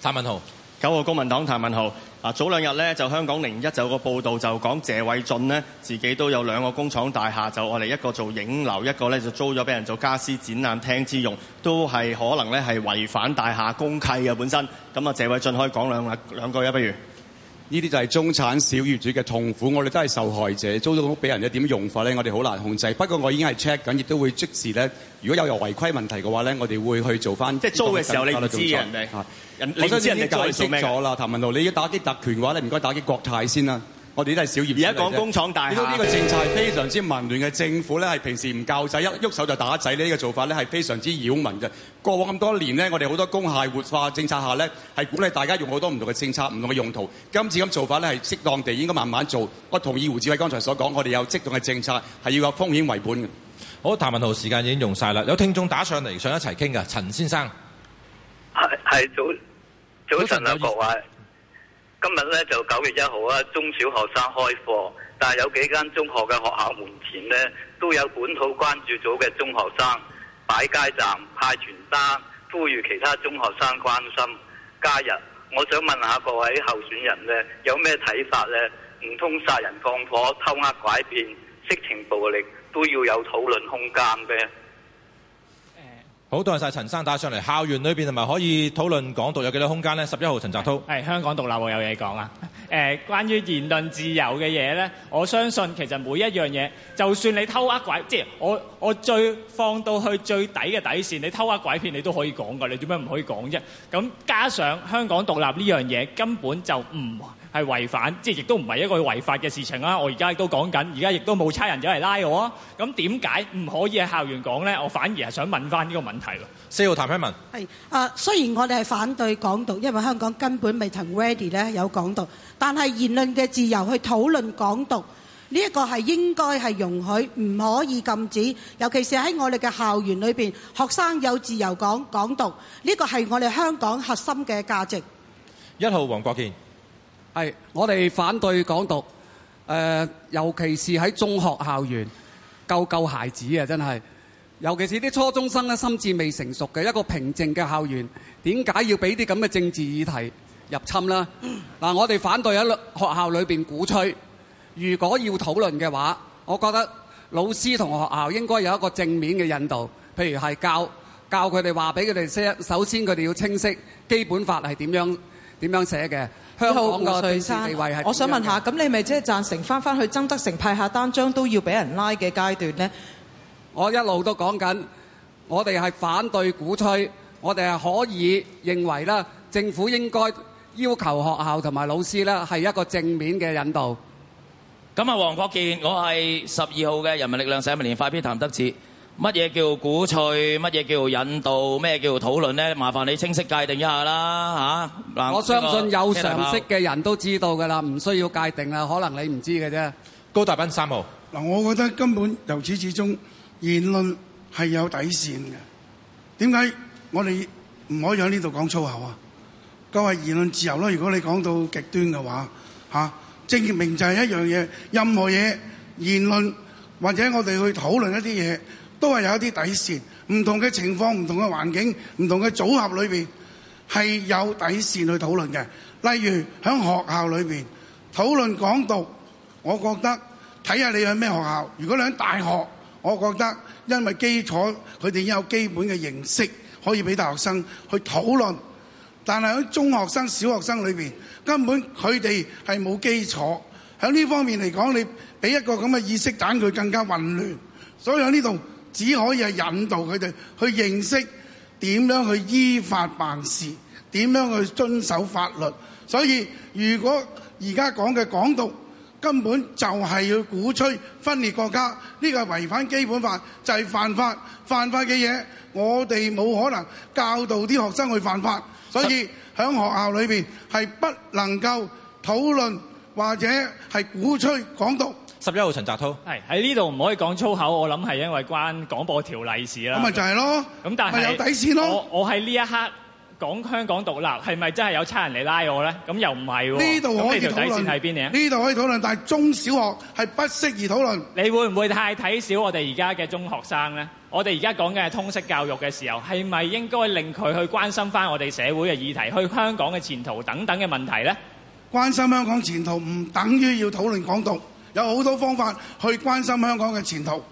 譚文豪。九號公民黨譚文豪早兩日呢，就香港零一就有個報道，就講謝偉俊呢，自己都有兩個工廠大廈，就我哋一個做影樓，一個呢就租咗俾人做家私展覽廳之用，都係可能呢係違反大廈公契嘅本身。咁啊，謝偉俊可以講兩兩句嘢不如。呢啲就係中產小業主嘅痛苦，我哋都係受害者，租到屋俾人一點用法呢，我哋好難控制。不過我已經係 check 緊，亦都會即時呢，如果有任何違規問題嘅話呢，我哋會去做翻、這個。即係租嘅時候，等等你知道做人哋。啊、你我相信你知道解釋咗啦，譚文豪，你要打擊特權嘅話呢，唔該打擊國泰先啦。我哋都係小業，講而家講工廠大。你都呢個政策係非常之混亂嘅，政府咧係平時唔教仔，一喐手就打仔呢，這個做法咧係非常之擾民嘅。過往咁多年呢，我哋好多工廈活化政策下咧，係鼓勵大家用好多唔同嘅政策、唔同嘅用途。今次咁做法咧係適當地應該慢慢做。我同意胡志偉剛才所講，我哋有積極嘅政策係要有風險為本嘅。好，譚文豪時間已經用晒啦，有聽眾打上嚟想一齊傾嘅，陳先生。係早，早晨啊，各位。今日咧就九月一號啊，中小學生開課，但係有幾間中學嘅學校門前咧，都有本土關注組嘅中學生擺街站派傳單，呼籲其他中學生關心。加入我想問下各位候選人咧，有咩睇法咧？唔通殺人放火、偷呃拐騙、色情暴力都要有討論空間嘅？好，多謝曬陳生打上嚟。校園裏面，同埋可以討論港獨有幾多空間咧？十一號陳澤濤，係香港獨立我有嘢講啊！誒、呃，關於言論自由嘅嘢呢，我相信其實每一樣嘢，就算你偷呃鬼，即係我我最放到去最底嘅底線，你偷呃鬼片你都可以講㗎，你做咩唔可以講啫？咁加上香港獨立呢樣嘢，根本就唔係違反，即係亦都唔係一個違法嘅事情啊。我而家亦都講緊，而家亦都冇差人走嚟拉我。啊。咁點解唔可以喺校園講咧？我反而係想問翻呢個問題咯。四號譚香文係啊，雖然我哋係反對港獨，因為香港根本未曾 ready 咧有港獨，但係言論嘅自由去討論港獨呢一、呢個係應該係容許，唔可以禁止。尤其是喺我哋嘅校園裏邊，學生有自由講港，港獨，呢個係我哋香港核心嘅價值。一號黃國健。係，我哋反對港獨。誒、呃，尤其是喺中學校園，救救孩子啊！真係，尤其是啲初中生咧，心智未成熟嘅一個平靜嘅校園，點解要俾啲咁嘅政治議題入侵呢？嗱、 啊，我哋反對喺學校裏面鼓吹。如果要討論嘅話，我覺得老師同學校應該有一個正面嘅引導，譬如係教教佢哋話俾佢哋識。首先，佢哋要清晰基本法係點樣點樣寫嘅。香港嘅政治地位。我想問下，咁你咪即係贊成翻翻去曾德成派下單張都要俾人拉嘅階段呢？我一路都講緊，我哋係反對鼓吹，我哋係可以認為啦，政府應該要求學校同埋老師咧，係一個正面嘅引導。咁啊，黃國健，我係十二號嘅人民力量社民連快必譚得志。乜嘢叫鼓吹？乜嘢叫引導？咩叫討論咧？麻煩你清晰界定一下啦，嚇！我相信有常識嘅人都知道㗎啦，唔需要界定啦。可能你唔知嘅啫。高大斌三號嗱，我覺得根本由始至終言論係有底線嘅。點解我哋唔可以喺呢度講粗口啊？各位，言論自由咯。如果你講到極端嘅話，嚇，證明就係一樣嘢。任何嘢言論或者我哋去討論一啲嘢。都係有一啲底線，唔同嘅情況、唔同嘅環境、唔同嘅組合裏邊係有底線去討論嘅。例如喺學校裏邊討論港獨，我覺得睇下你喺咩學校。如果你喺大學，我覺得因為基礎佢哋已經有基本嘅認識，可以俾大學生去討論。但係喺中學生、小學生裏邊，根本佢哋係冇基礎。喺呢方面嚟講，你俾一個咁嘅意識，等佢更加混亂。所以喺呢度。只可以係引導佢哋去認識點樣去依法辦事，點樣去遵守法律。所以，如果而家講嘅港獨根本就係要鼓吹分裂國家，呢個係違反基本法，就係犯法、犯法嘅嘢。我哋冇可能教導啲學生去犯法，所以喺學校裏面係不能夠討論或者係鼓吹港獨。十一號陳澤濤係喺呢度唔可以講粗口，我諗係因為關廣播條例事啦。咁咪就係咯，咁但係有底線咯。我我喺呢一刻講香港獨立，係咪真係有差人嚟拉我咧？咁又唔係喎。呢度可以討論，條底線喺邊度呢？呢度可以討論，但係中小學係不適宜討論。你會唔會太睇小我哋而家嘅中學生咧？我哋而家講嘅係通識教育嘅時候，係咪應該令佢去關心翻我哋社會嘅議題、去香港嘅前途等等嘅問題咧？關心香港前途唔等於要討論港獨。有好多方法去關心香港嘅前途。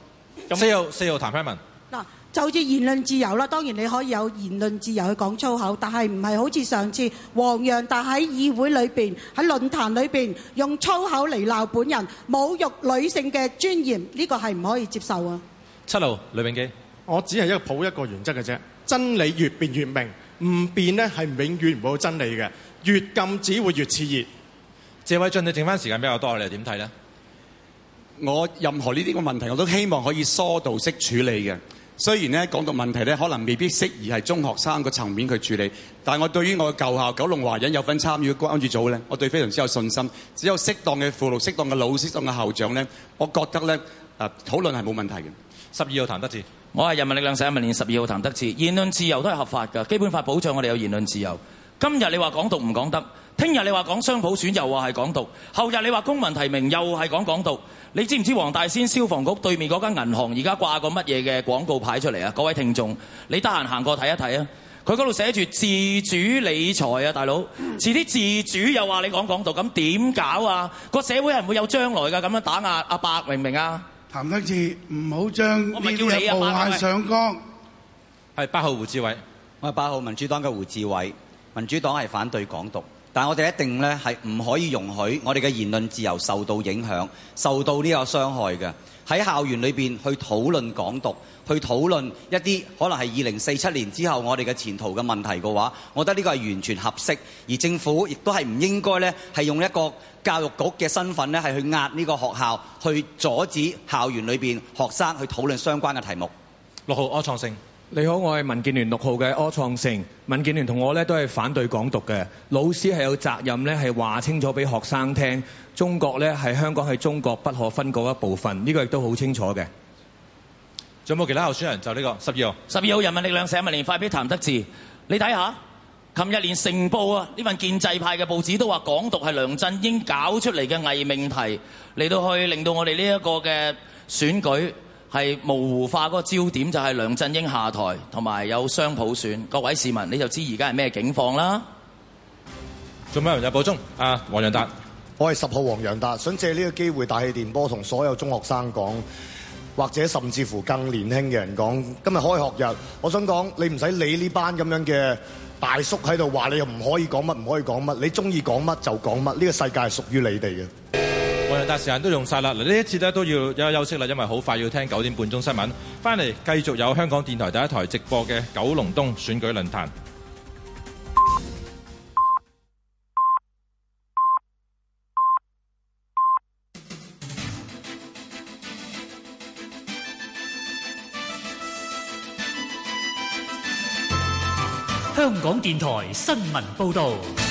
噉，四號，四號談批文譚香文嗱，就住言論自由啦。當然你可以有言論自由去講粗口，但係唔係好似上次黃洋達喺議會裏邊喺論壇裏邊用粗口嚟鬧本人，侮辱女性嘅尊嚴，呢、這個係唔可以接受啊。七號，李永基，我只係一個抱一個原則嘅啫。真理越辯越明，唔辯呢係永遠唔會有真理嘅，越禁止會越熾熱。謝偉俊，你剩翻時間比較多，你哋點睇呢？我任何呢啲嘅問題，我都希望可以疏導式處理嘅。雖然呢，港獨問題呢，可能未必適宜係中學生個層面去處理，但我對於我嘅舊校九龍華仁有份參與關注組呢，我對非常之有信心。只有適當嘅輔導、適當嘅老師、適當嘅校長呢，我覺得呢，啊討論係冇問題嘅。十二號譚德志，我係人民力量上一年十二號譚德志。言論自由都係合法㗎。基本法保障我哋有言論自由。今日你話港獨唔講得？聽日你話講雙普選又話係港獨，後日你話公民提名又係講港獨，你知唔知黃大仙消防局對面嗰間銀行而家掛個乜嘢嘅廣告牌出嚟啊？各位聽眾，你得閒行過睇一睇啊！佢嗰度寫住自主理財啊，大佬，遲啲自主又話你講港獨，咁點搞啊？個社會係唔會有將來㗎，咁樣打壓阿伯明唔明啊？譚得志，唔好將呢啲嘢無限上綱。係八號胡志偉，我係八號民主黨嘅胡志偉，民主黨係反對港獨。但我哋一定咧係唔可以容許我哋嘅言論自由受到影響、受到呢個傷害嘅。喺校園裏面去討論港獨、去討論一啲可能係二零四七年之後我哋嘅前途嘅問題嘅話，我覺得呢個係完全合適。而政府亦都係唔應該咧係用一個教育局嘅身份咧係去壓呢個學校，去阻止校園裏面學生去討論相關嘅題目。六號，柯創盛。你好，我係民建聯六號嘅柯創盛。民建聯同我呢都係反對港獨嘅。老師係有責任呢，係話清楚俾學生聽，中國呢，係香港係中國不可分割的一部分。呢、這個亦都好清楚嘅。仲有冇其他候選人？就呢、是這個十二號。十二號人民力量社文年快俾譚德志，你睇看下看。琴日連《盛報》啊，呢份建制派嘅報紙都話港獨係梁振英搞出嚟嘅偽命題，嚟到去令到我哋呢一個嘅選舉。係模糊化嗰個焦點就係、是、梁振英下台同埋有雙普選，各位市民你就知而家係咩境況啦。做咩？冇人有補充？阿黃洋達，我係十號黃洋達，想借呢個機會大氣電波同所有中學生講，或者甚至乎更年輕嘅人講，今日開學日，我想講你唔使理呢班咁樣嘅大叔喺度話你又唔可以講乜，唔可以講乜，你鍾意講乜就講乜，呢、這個世界係屬於你哋嘅。我哋時間都用晒啦，嗱，呢一次咧，都要有休息啦，因為好快要聽九點半鐘新聞，翻嚟繼續有香港電台第一台直播嘅九龍東選舉論壇。香港電台新聞報道。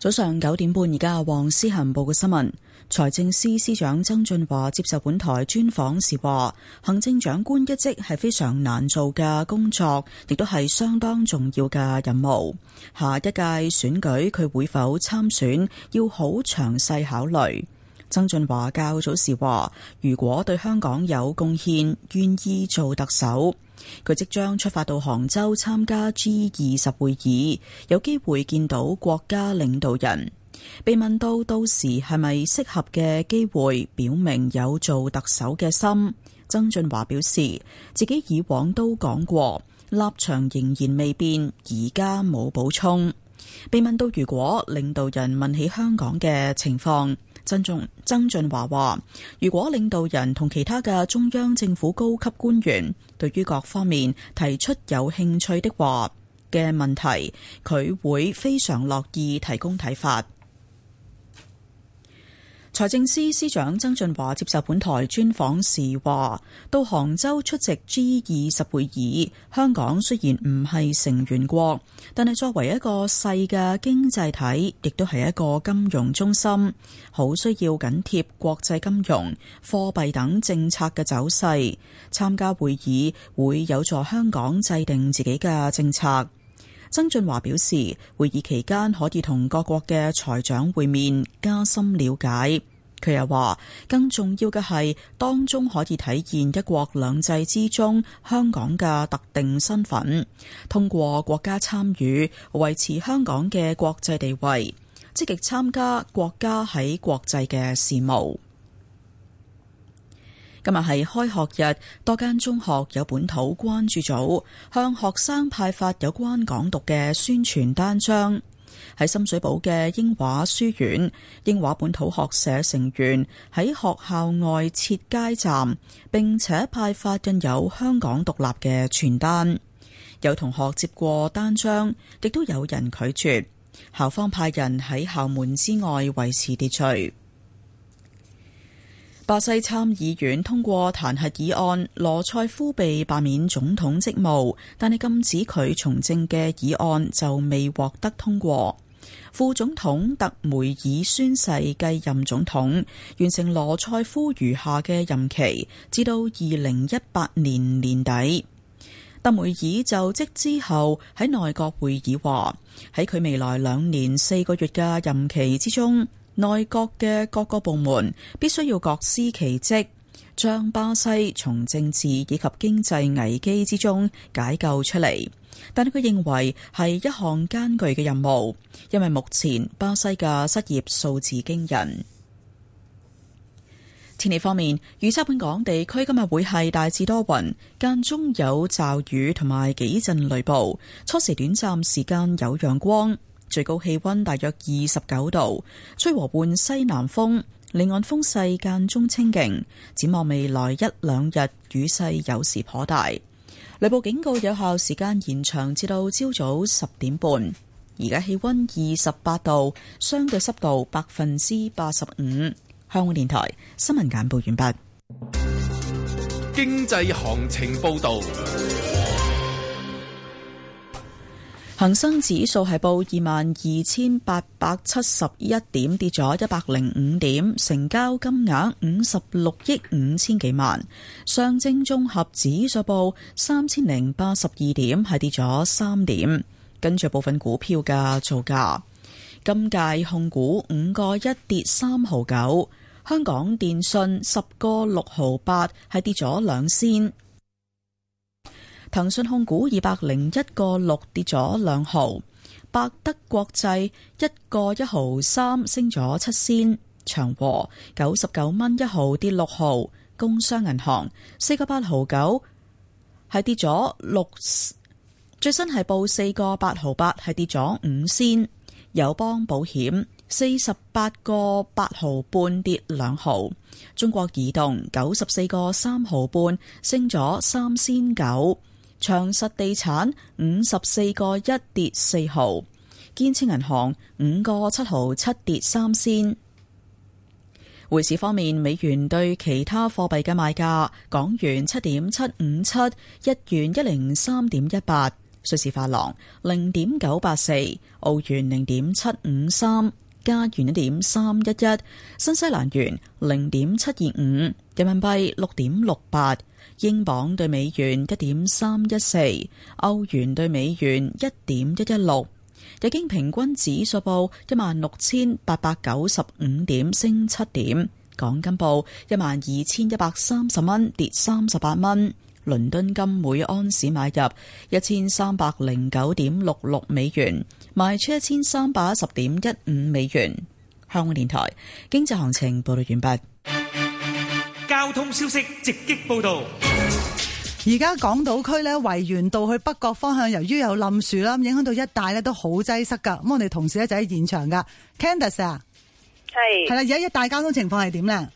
早上九點半，而家黃思恆報嘅新聞，財政司司長曾俊華接受本台專訪時話，行政長官一職係非常難做嘅工作，亦都係相當重要嘅任務。下一屆選舉佢會否參選，要好詳細考慮。曾俊華較早時話，如果對香港有貢獻，願意做特首。佢即將出發到杭州參加 G 二十會議，有機會見到國家領導人。被問到到時係咪適合嘅機會，表明有做特首嘅心。曾俊華表示，自己以往都講過，立場仍然未變，而家冇補充。被問到如果領導人問起香港嘅情況，曾曾俊華話，如果領導人同其他嘅中央政府高級官員對於各方面提出有興趣的話嘅問題，佢會非常樂意提供睇法。財政司司長曾俊華接受本台專訪時話，到杭州出席 G20 會議，香港雖然唔係成員國，但係作為一個細嘅經濟體，亦都係一個金融中心，好需要緊貼國際金融、貨幣等政策嘅走勢。參加會議會有助香港制定自己嘅政策。曾俊華表示，會議期間可以同各國嘅財長會面，加深了解。佢又話，更重要嘅係當中可以體現一國兩制之中香港嘅特定身份，通過國家參與維持香港嘅國際地位，積極參加國家喺國際嘅事務。今日係開學日，多間中學有本土關注組向學生派發有關港獨嘅宣傳單張。喺深水埗嘅英華書院，英華本土學社成員喺學校外設街站，並且派發印有香港獨立嘅傳單，有同學接過單張，亦都有人拒絕。校方派人喺校門之外維持秩序。巴西參議院通過彈劾議案，羅塞夫被罷免總統職務，但係禁止佢從政嘅議案就未獲得通過。副總統特梅爾宣誓繼任總統，完成羅塞夫餘下嘅任期，至到二零一八年年底。特梅爾就職之後喺內閣會議話：喺佢未來兩年四個月嘅任期之中。內閣嘅各個部門必須要各司其職，將巴西從政治以及經濟危機之中解救出嚟。但佢認為係一項艱巨嘅任務，因為目前巴西嘅失業數字驚人。天氣方面，預測本港地區今日會係大致多雲，間中有驟雨同埋幾陣雷暴，初時短暫時間有陽光。最高氣溫大約二十九度，吹和緩西南風，離岸風勢間中清勁。展望未來一兩日，雨勢有時頗大。雷暴警告有效時間延長至到朝早十點半。而家氣溫二十八度，相對濕度百分之八十五。香港電台新聞簡報完畢。經濟行情報道。恒生指數係報二萬二千八百七十一點，跌咗一百零五點，成交金額五十六億五千幾萬。上證綜合指數報三千零八十二點，係跌咗三點。跟住部分股票嘅造價，金界控股五個一跌三毫九，香港電訊十個六毫八，係跌咗兩仙。騰訊控股二百零一個六跌咗兩毫，百德國際一個一毫三升咗七仙，長和九十九蚊一毫跌六毫，工商銀行四個八毫九係跌咗六，最新係報四個八毫八係跌咗五仙，友邦保險四十八個八毫半跌兩毫，中國移動九十四個三毫半升咗三仙九。長實地產五十四個一跌四毫，建設銀行五個七毫七跌三仙。匯市方面，美元對其他貨幣嘅賣價：港元七點七五七，日元一零三點一八，瑞士法郎零點九八四，澳元零點七五三。加元一點三一一，新西蘭元零點七二五，人民幣六點六八，英鎊兌美元一點三一四，歐元兌美元一點一一六。日經平均指數報一萬六千八百九十五點，升七點。港金報一萬二千一百三十蚊，跌三十八蚊。倫敦金每安士買入一千三百零九點六六美元。.賣出一千三百一十點一五美元。香港電台經濟行情報道完畢。交通消息直擊報道。而家港島區咧，維園道去北角方向，由於有冧樹啦，影響到一帶咧，都好擠塞噶。咁我哋同事咧就喺現場噶 Candace 啊，係是，係啦，而家一帶交通情況係點咧？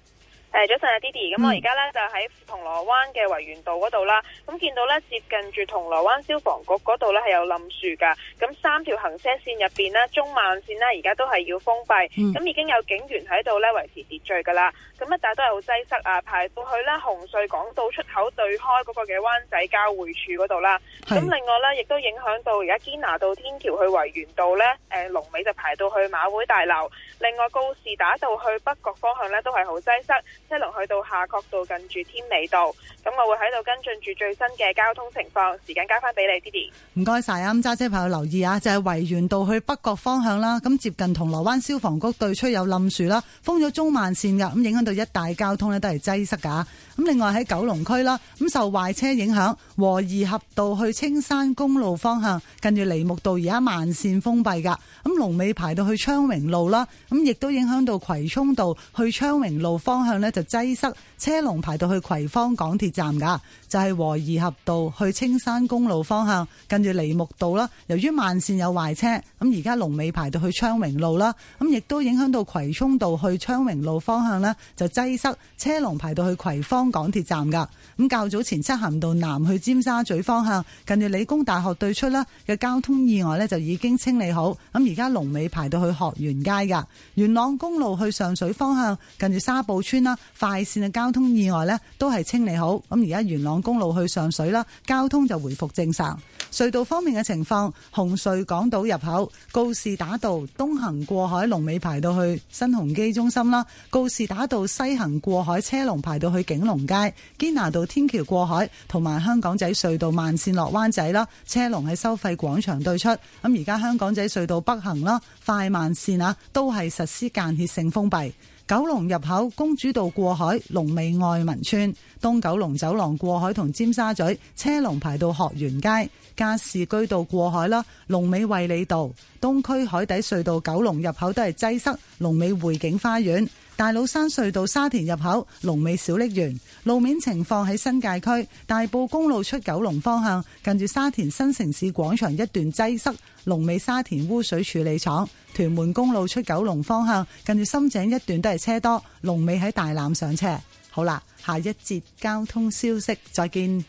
誒，早晨啊 d d 咁我而家咧就喺銅鑼灣嘅維園道嗰度啦，咁見到咧接近住銅鑼灣消防局嗰度咧係有冧樹噶，咁三條行車線入邊呢，中慢線呢，而家都係要封閉，咁、嗯、已經有警員喺度咧維持秩序噶啦，咁一帶都係好擠塞啊，排到去呢，紅隧港島出口對開嗰個嘅灣仔交匯處嗰度啦，咁另外咧亦都影響到而家堅拿道天橋去維園道咧，誒，龍尾就排到去馬會大樓，另外告士打道去北角方向咧都係好擠塞。車龍去到下角道近住添美道，咁我會喺度跟進住最新嘅交通情況，時間交翻俾你 d i y 唔該晒，啱揸謝、啊、車朋友留意啊，就係維園道去北角方向啦，咁接近銅鑼灣消防局對出有冧樹啦，封咗中慢線噶，咁影響到一大交通呢，都係擠塞噶、啊。咁另外喺九龍區啦，咁受壞車影響，和宜合道去青山公路方向，近住梨木道而家慢線封閉噶，咁龍尾排到去昌榮路啦，咁亦都影響到葵涌道去昌榮路方向呢，就擠塞，車龍排到去葵芳港鐵站噶。就係和宜合道去青山公路方向，近住梨木道啦。由於慢線有壞車，咁而家龍尾排到去昌榮路啦。咁亦都影響到葵涌道去昌榮路方向呢，就擠塞，塞，車龍排到去葵芳港鐵站噶。咁較早前漆咸道南去尖沙咀方向，近住理工大學對出啦嘅交通意外呢，就已經清理好。咁而家龍尾排到去學園街噶。元朗公路去上水方向，近住沙步村啦，快線嘅交通意外呢，都係清理好。咁而家元朗。公路去上水啦，交通就回復正常。隧道方面嘅情況，紅隧港島入口告士打道東行過海龍尾排到去新鴻基中心啦，告士打道西行過海車龍排到去景隆街，堅拿道天橋過海同埋香港仔隧道慢線落灣仔啦，車龍喺收費廣場對出。咁而家香港仔隧道北行啦，快慢線啊，都係實施間歇性封閉。九龍入口公主道過海，龍尾愛民村；東九龍走廊過海同尖沙咀車龍排到學園街，加士居道過海啦，龍尾衛理道；東區海底隧道九龍入口都係擠塞，龍尾匯景花園。大老山隧道沙田入口龍尾小瀝源。路面情況，喺新界區大埔公路出九龍方向近住沙田新城市廣場一段擠塞，龍尾沙田污水處理廠。屯門公路出九龍方向近住深井一段都係車多龍尾喺大欖上斜。好啦，下一節交通消息再見。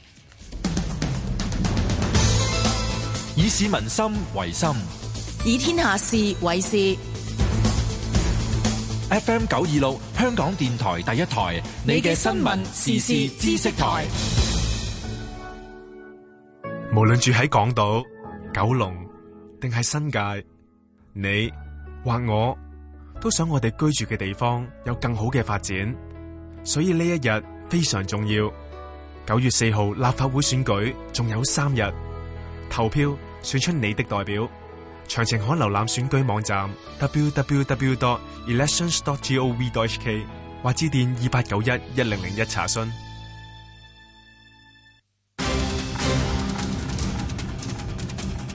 以市民心為心，以天下事為事。FM 九二六，香港電台第一台，你嘅新聞時事知識台。無論住喺港島、九龍定係新界，你或我都想我哋居住嘅地方有更好嘅發展，所以呢一日非常重要。九月四號立法會選舉仲有三日，投票選出你的代表。詳情可瀏覽選舉網站 www.elections.gov.hk 或致電二八九一一零零一查詢。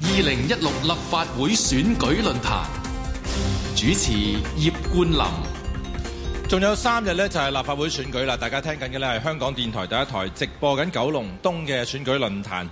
二零一六立法會選舉論壇，主持葉冠霖，仲有三日咧就係立法會選舉啦！大家聽緊嘅咧係香港電台第一台直播緊九龍東嘅選舉論壇。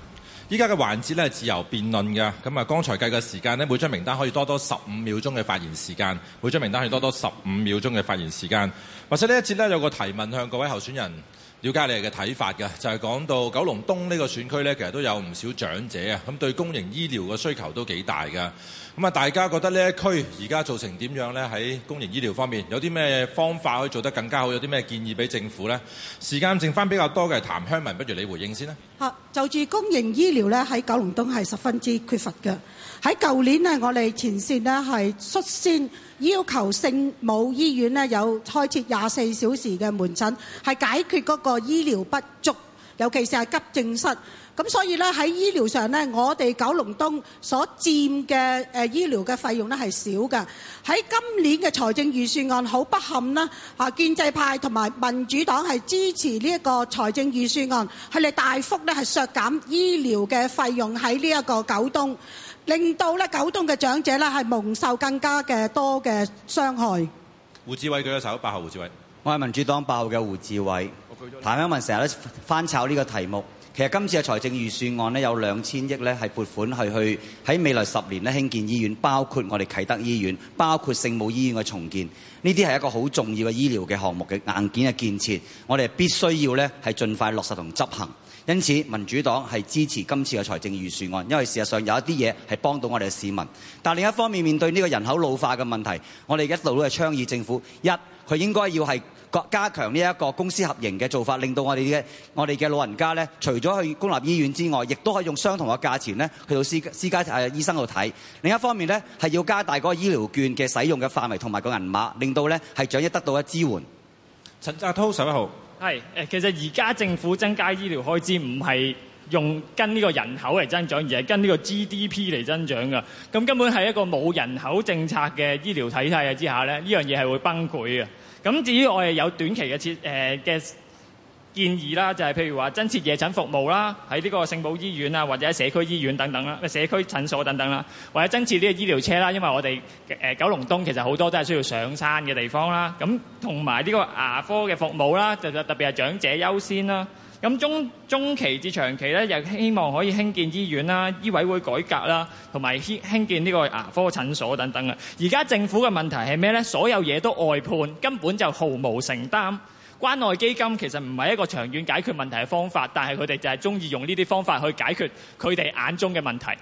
依家嘅環節咧係自由辯論嘅，咁啊剛才計嘅時間呢，每張名單可以多多十五秒鐘嘅發言時間，每張名單可以多多十五秒鐘嘅發言時間。或者呢一節呢，有個提問向各位候選人了解你哋嘅睇法嘅，就係講到九龍東呢個選區呢，其實都有唔少長者啊，咁對公營醫療嘅需求都幾大噶。咁啊，大家覺得呢一區而家做成點樣咧？喺公營醫療方面有啲咩方法可以做得更加好？有啲咩建議俾政府咧？時間剩翻比較多嘅係譚香文，不如你回應先啦。好，就住公營醫療咧，喺九龍東係十分之缺乏嘅。喺舊年啊，我哋前線咧係率先要求聖母醫院咧有開設廿四小時嘅門診，係解決嗰個醫療不足，尤其是係急症室。咁所以咧喺醫療上咧，我哋九龍東所佔嘅誒醫療嘅費用咧係少㗎。喺今年嘅財政預算案，好不幸啦！啊，建制派同埋民主黨係支持呢一個財政預算案，佢哋大幅咧係削減醫療嘅費用喺呢一個九東，令到咧九東嘅長者咧係蒙受更加嘅多嘅傷害。胡志偉舉個手，八號胡志偉。我係民主黨八號嘅胡志偉。我舉咗。譚香文成日咧翻炒呢個題目。其實今次嘅財政預算案呢，有兩千億呢係撥款係去喺未來十年呢興建醫院，包括我哋啟德醫院，包括聖母醫院嘅重建。呢啲係一個好重要嘅醫療嘅項目嘅硬件嘅建設，我哋必須要呢係盡快落實同執行。因此，民主黨係支持今次嘅財政預算案，因為事實上有一啲嘢係幫到我哋嘅市民。但另一方面，面對呢個人口老化嘅問題，我哋一路都係倡議政府一佢應該要係，加強呢一個公私合營嘅做法，令到我哋嘅我哋嘅老人家咧，除咗去公立醫院之外，亦都可以用相同嘅價錢咧去到私家私家醫、啊、醫生度睇。另一方面咧，係要加大嗰個醫療券嘅使用嘅範圍同埋個銀碼，令到咧係長者得，得到一支援。陳澤濤十一號，係誒，其實而家政府增加醫療開支唔係用跟呢個人口嚟增長，而係跟呢個 GDP 嚟增長噶。咁根本係一個冇人口政策嘅醫療體系之下咧，呢樣嘢係會崩潰嘅。咁至於我哋有短期嘅設誒嘅建議啦，就係譬如話增設夜診服務啦，喺呢個聖母醫院啊，或者喺社區醫院等等啦，社區診所等等啦，或者增設呢個醫療車啦，因為我哋誒九龍東其實好多都係需要上山嘅地方啦。咁同埋呢個牙科嘅服務啦，就特別係長者優先啦。咁中中期至長期呢，又希望可以興建醫院啦、醫委會改革啦，同埋興興建呢個牙科診所等等啊！而家政府嘅問題係咩呢？所有嘢都外判，根本就毫無承擔。關愛基金其實唔係一個長遠解決問題嘅方法，但係佢哋就係鍾意用呢啲方法去解決佢哋眼中嘅問題。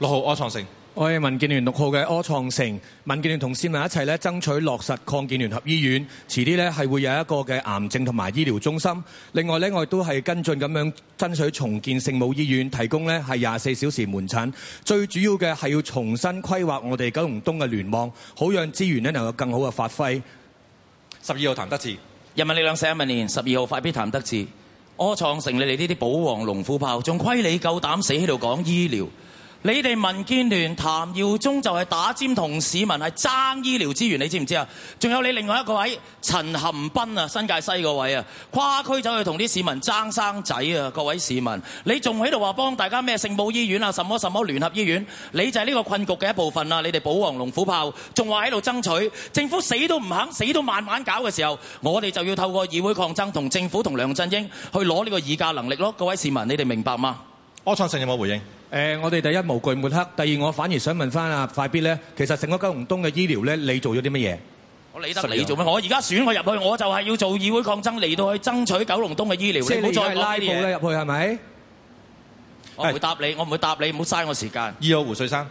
六號柯創城，我係民建聯六號嘅柯創城，民建聯同市民一齊咧爭取落實擴建聯合醫院，遲啲咧係會有一個嘅癌症同埋醫療中心。另外咧，我亦都係跟進咁樣爭取重建聖母醫院，提供咧係廿四小時門診。最主要嘅係要重新規劃我哋九龍東嘅聯網，好讓資源咧能夠更好嘅發揮。十二號譚德志，人民力量社一萬年，十二號快必譚德志，柯創城你哋呢啲保皇龍虎炮，仲虧你夠膽死喺度講醫療。你哋民建聯譚耀宗就係打尖同市民係爭醫療資源，你知唔知啊？仲有你另外一個位陳恒鑌啊，新界西個位啊，跨區走去同啲市民爭生仔啊！各位市民，你仲喺度話幫大家咩聖母醫院啊、什麼什麼聯合醫院？你就係呢個困局嘅一部分啊。你哋保皇龍虎炮，仲話喺度爭取政府死都唔肯，死都慢慢搞嘅時候，我哋就要透過議會抗爭，同政府同梁振英去攞呢個議價能力囉。各位市民，你哋明白嗎？我柯創盛有冇回應？誒，我哋第一無懼抹黑，第二我反而想問翻啊，快必咧，其實成個九龍東嘅醫療咧，你做咗啲乜嘢？我理得你做乜？我而家選我入去，我就係要做議會抗爭，嚟到去爭取九龍東嘅醫療。你唔好再拉啲嘢入去，係咪？我唔會答你，我唔會答你，唔好嘥我時間。二號胡瑞生。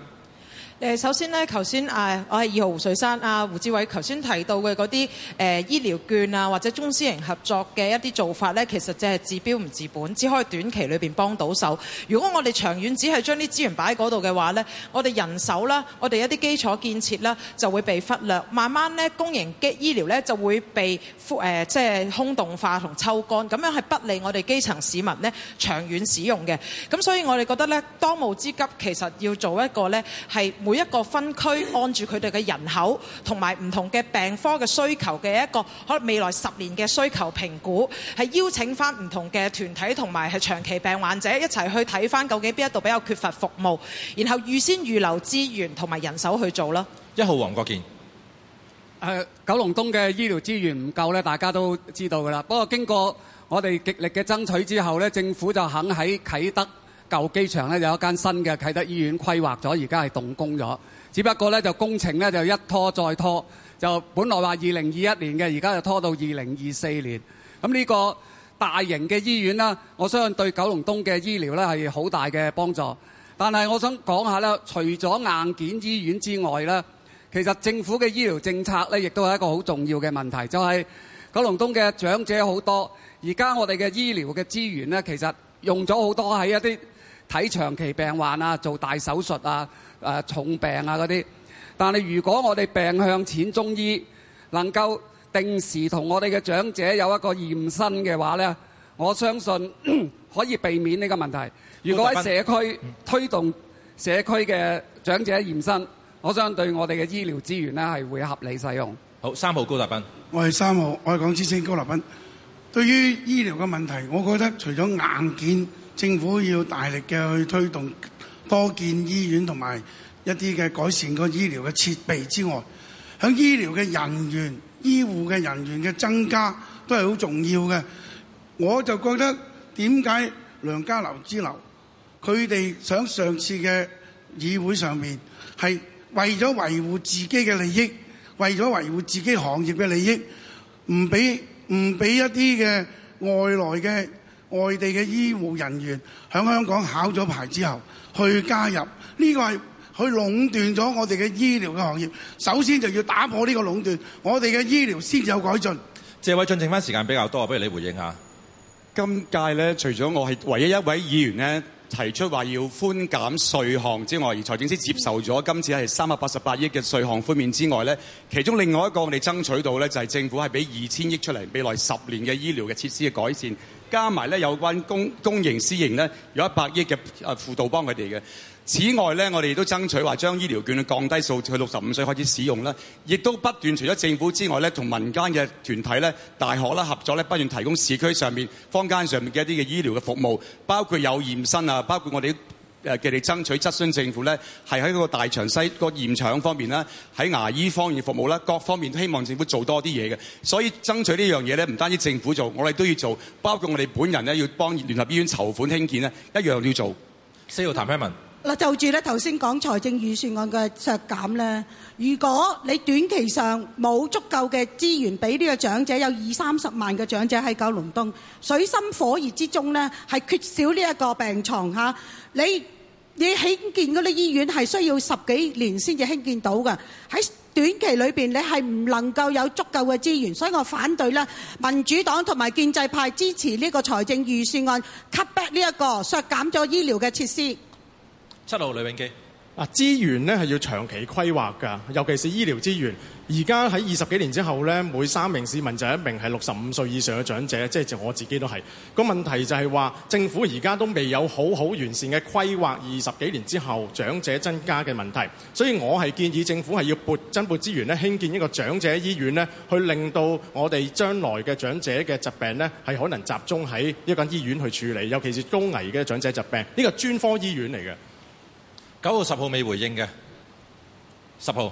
首先呢，頭先啊，我係二號胡穗珊啊，胡志偉頭先提到嘅嗰啲誒醫療券啊，或者公私營合作嘅一啲做法呢，其實就係治標唔治本，只可以短期裏面幫到手。如果我哋長遠只係將啲資源擺喺嗰度嘅話呢，我哋人手啦，我哋一啲基礎建設啦，就會被忽略。慢慢呢，公營嘅醫療呢，就會被誒、呃、即係空洞化同抽乾，咁樣係不利我哋基層市民呢長遠使用嘅。咁所以我哋覺得呢，當務之急其實要做一個呢。每一個分區按住佢哋嘅人口同同埋唔同嘅病科嘅需求嘅一個可能未來十年嘅需求評估，係邀請翻唔同嘅團體同埋係長期病患者一齊去睇翻究竟邊一度比較缺乏服務，然後預先預留資源同埋人手去做囉。一號黃國健，誒、呃、九龍東嘅醫療資源唔夠呢，大家都知道噶啦。不過經過我哋極力嘅爭取之後呢，政府就肯喺啟德。舊機場咧有一間新嘅啟德醫院規劃咗，而家係動工咗。只不過呢就工程呢就一拖再拖，就本來話二零二一年嘅，而家就拖到二零二四年。咁呢個大型嘅醫院啦，我相信對九龍東嘅醫療呢係好大嘅幫助。但係我想講下咧，除咗硬件醫院之外呢，其實政府嘅醫療政策呢亦都係一個好重要嘅問題。就係九龍東嘅長者好多，而家我哋嘅醫療嘅資源呢其實用咗好多喺一啲。睇長期病患啊，做大手術啊，呃、重病啊嗰啲。但係如果我哋病向淺中醫，能夠定時同我哋嘅長者有一個驗身嘅話咧，我相信可以避免呢個問題。如果喺社區推動社區嘅長者驗身，我相信對我哋嘅醫療資源咧係會合理使用。好，三號高立斌，我係三號，我係港知政高立斌。對於醫療嘅問題，我覺得除咗硬件。政府要大力嘅去推動多建醫院同埋一啲嘅改善個醫療嘅設備之外，響醫療嘅人員醫護嘅人員嘅增加都係好重要嘅。我就覺得點解梁家樓之流，佢哋想上次嘅議會上面是為咗維護自己嘅利益，為咗維護自己行業嘅利益，唔俾唔俾一啲嘅外來嘅。外地嘅醫護人員喺香港考咗牌之後去加入，呢個係去壟斷咗我哋嘅醫療嘅行業。首先就要打破呢個壟斷，我哋嘅醫療先有改進。謝偉俊，剩翻時間比較多，不如你回應下。今屆咧，除咗我係唯一一位議員咧提出話要寬減稅項之外，而財政司接受咗今次係三百八十八億嘅稅項寬免之外咧，其中另外一個我哋爭取到咧就係、是、政府係俾二千億出嚟未來十年嘅醫療嘅設施嘅改善。加埋咧，有關公公營私營咧，有一百億嘅誒輔導幫佢哋嘅。此外咧，我哋亦都爭取話將醫療券降低數字，去六十五歲開始使用啦。亦都不斷除咗政府之外咧，同民間嘅團體咧、大學啦合作咧，不斷提供市區上面、坊間上面嘅一啲嘅醫療嘅服務，包括有驗身啊，包括我哋。誒，嘅嚟、啊、爭取質詢政府咧，係喺個大腸西、個驗腸方面啦，喺牙醫方面服務啦，各方面都希望政府做多啲嘢嘅。所以爭取呢樣嘢咧，唔單止政府做，我哋都要做，包括我哋本人咧，要幫聯合醫院籌款興建咧，一樣要做。四號譚希文，嗱、嗯、就住咧頭先講財政預算案嘅削減咧，如果你短期上冇足夠嘅資源，俾呢個長者有二三十萬嘅長者喺九龍東水深火熱之中咧，係缺少呢一個病床。嚇你。你興建嗰啲醫院係需要十幾年先至興建到嘅，喺短期裏邊你係唔能夠有足夠嘅資源，所以我反對啦。民主黨同埋建制派支持呢個財政預算案 cut back 呢一個削減咗醫療嘅設施。七號李永基啊，資源咧係要長期規劃㗎，尤其是醫療資源。而家喺二十幾年之後呢，每三名市民就有一名係六十五歲以上嘅長者，即係就是、我自己都係。個問題就係話，政府而家都未有好好完善嘅規劃，二十幾年之後長者增加嘅問題。所以我係建議政府係要撥增撥資源呢，興建一個長者醫院呢，去令到我哋將來嘅長者嘅疾病呢係可能集中喺一間醫院去處理，尤其是高危嘅長者疾病，呢個專科醫院嚟嘅。九號十號未回應嘅，十號，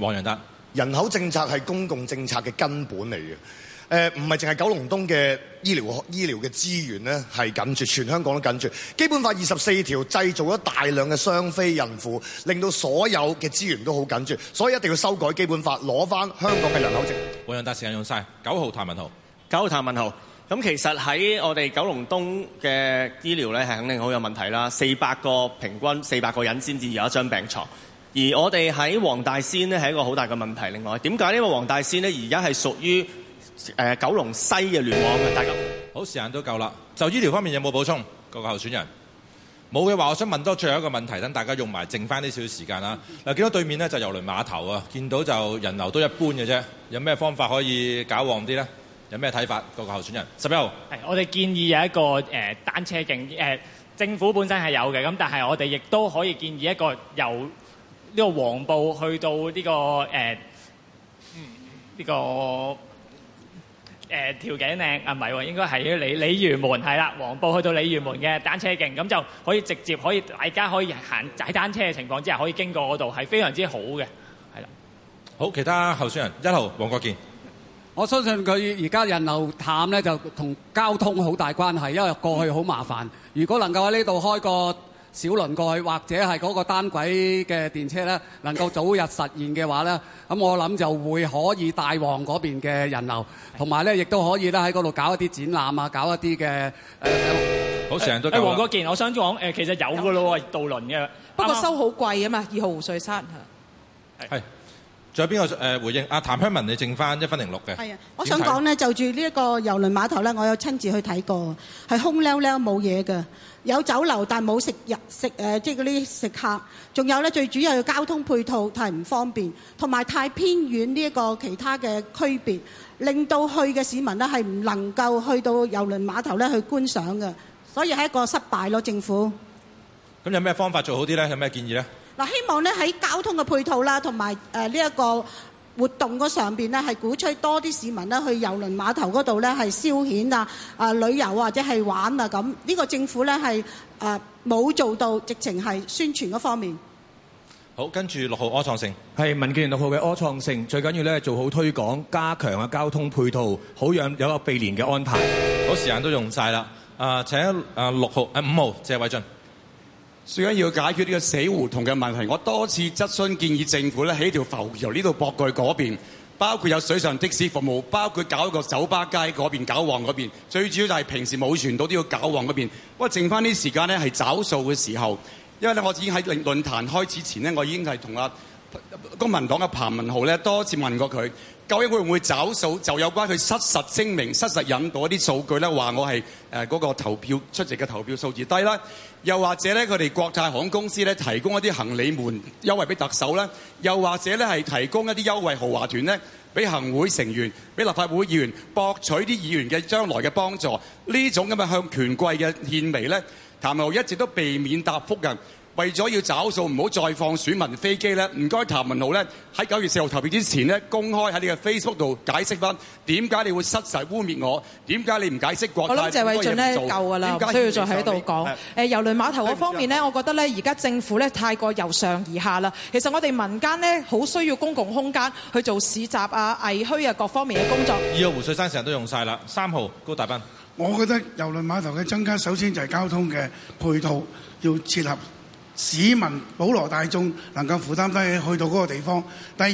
黃洋達。人口政策係公共政策嘅根本嚟嘅，誒唔係淨係九龍東嘅醫療醫療嘅資源咧係緊絀，全香港都緊絀。基本法二十四條製造咗大量嘅雙非孕婦，令到所有嘅資源都好緊絀。所以一定要修改基本法，攞翻香港嘅人口證。黃日達時間用晒。九號譚文豪，九號譚文豪。咁其實喺我哋九龍東嘅醫療咧係肯定好有問題啦，四百個平均四百個人先至有一張病床。而我哋喺黃大仙呢係一個好大嘅問題。另外點解呢個黃大仙呢而家係屬於誒九龍西嘅聯網。大家好，時間都夠啦，就醫療方面有冇補充各個候選人？冇嘅話，我想問多最後一個問題，等大家用埋剩翻啲少少時間啦。嗱，見到對面呢就遊輪碼頭啊，見到就人流都一般嘅啫。有咩方法可以搞旺啲呢？有咩睇法各個候選人？十一號係我哋建議有一個誒單車徑誒政府本身係有嘅咁，但係我哋亦都可以建議一個遊。呢個黃埔去到呢個誒呢個誒調景嶺啊？唔係喎，應該係鯉鯉魚門係啦。黃埔去到鯉魚門嘅單車徑，咁就可以直接可以大家可以行踩喺單車嘅情況之下可以經過嗰度，係非常之好嘅，係啦。好，其他候選人，一號黃國健，我相信佢而家人流淡咧，就同交通好大關係，因為過去好麻煩。如果能夠喺呢度開個小輪過去或者係嗰個單軌嘅電車咧，能夠早日實現嘅話咧，咁 我諗就會可以帶旺嗰邊嘅人流，同埋咧亦都可以咧喺嗰度搞一啲展覽啊，搞一啲嘅誒。呃、好，成日都得。黃、欸欸、國健，我想講誒、呃，其實有㗎啦喎，渡有輪嘅，不過收好貴啊嘛，二號湖水山嚇。係的。仲有邊個誒回應啊？譚香文你剩返一分零六嘅。係啊，我想講咧，就住呢一個郵輪碼頭咧，我有親自去睇過，係空溜溜冇嘢嘅，有酒樓但係冇食入食誒，即係嗰啲食客，仲有咧最主要嘅交通配套太唔方便，同埋太偏遠呢一個其他嘅區別，令到去嘅市民咧係唔能夠去到郵輪碼頭咧去觀賞嘅，所以係一個失敗咯，政府。咁有咩方法做好啲咧？有咩建議咧？嗱，希望咧喺交通嘅配套啦，同埋誒呢一個活動個上邊呢，係鼓吹多啲市民呢去郵輪碼頭嗰度呢，係消遣啊、啊旅遊或者係玩啊咁。呢、呢個政府呢，係誒冇做到，直情係宣傳嗰方面。好，跟住六號柯創盛係民建聯六號嘅柯創盛最緊要咧做好推廣加強啊交通配套，好讓有一備年嘅安排。好，時間都用晒啦。啊、呃，請啊六號誒五號謝偉俊。最緊要解決呢個死胡同嘅問題。我多次質詢建議政府咧喺條浮橋呢度駁過去嗰邊，包括有水上的士服務，包括搞一個酒吧街嗰邊搞旺嗰邊。最主要就係平時冇船到都要搞旺嗰邊，不過剩翻啲時間咧係找數嘅時候。因為咧，我已經喺論壇開始前呢，我已經係同阿公民黨嘅彭文豪咧多次問過佢，究竟會唔會找數就有關佢失實證明、失實引導一啲數據咧，話我係誒嗰個投票出席嘅投票數字低啦。但又或者呢，佢哋國泰航空公司呢，提供一啲行李門優惠俾特首呢，又或者呢係提供一啲優惠豪華團呢，俾行會成員、俾立法會議員，博取啲議員嘅將來嘅幫助。呢種咁嘅向權貴嘅獻媚咧，譚一直都避免答覆嘅。為咗要找數，唔好再放選民飛機咧。唔該，譚文豪咧喺九月四號投票之前咧，公開喺你嘅 Facebook 度解釋翻點解你會失實污蔑我，點解你唔解釋國。我諗謝偉俊咧，夠㗎啦，唔需要再喺度講。誒郵輪碼頭嗰方面咧，我覺得咧，而家政府咧太過由上而下啦。其實我哋民間咧好需要公共空間去做市集啊、藝墟啊各方面嘅工作。二號胡水山成日都用曬啦。三號高大斌，我覺得郵輪碼頭嘅增加首先就係交通嘅配套要設立。市民、普羅大眾能夠負擔得起去到嗰個地方。第二，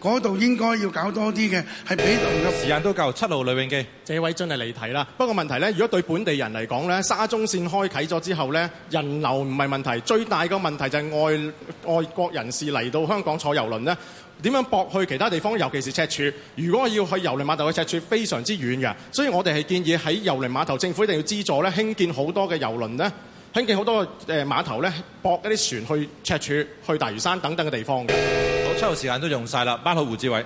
嗰度應該要搞多啲嘅係比同嘅。時間都夠，七號裏面的李永基。這位真係離題啦。不過問題呢，如果對本地人嚟講，呢沙中線開啟咗之後呢，人流唔係問題，最大個問題就係外外國人士嚟到香港坐郵輪呢，點樣駁去其他地方？尤其是赤柱，如果我要去郵輪碼頭去赤柱，非常之遠嘅。所以我哋係建議喺郵輪碼頭，政府一定要資助呢，興建好多嘅郵輪呢。興建好多誒碼頭咧，駁一啲船去赤柱、去大嶼山等等嘅地方嘅。好，七號時間都用晒啦，翻去胡志偉。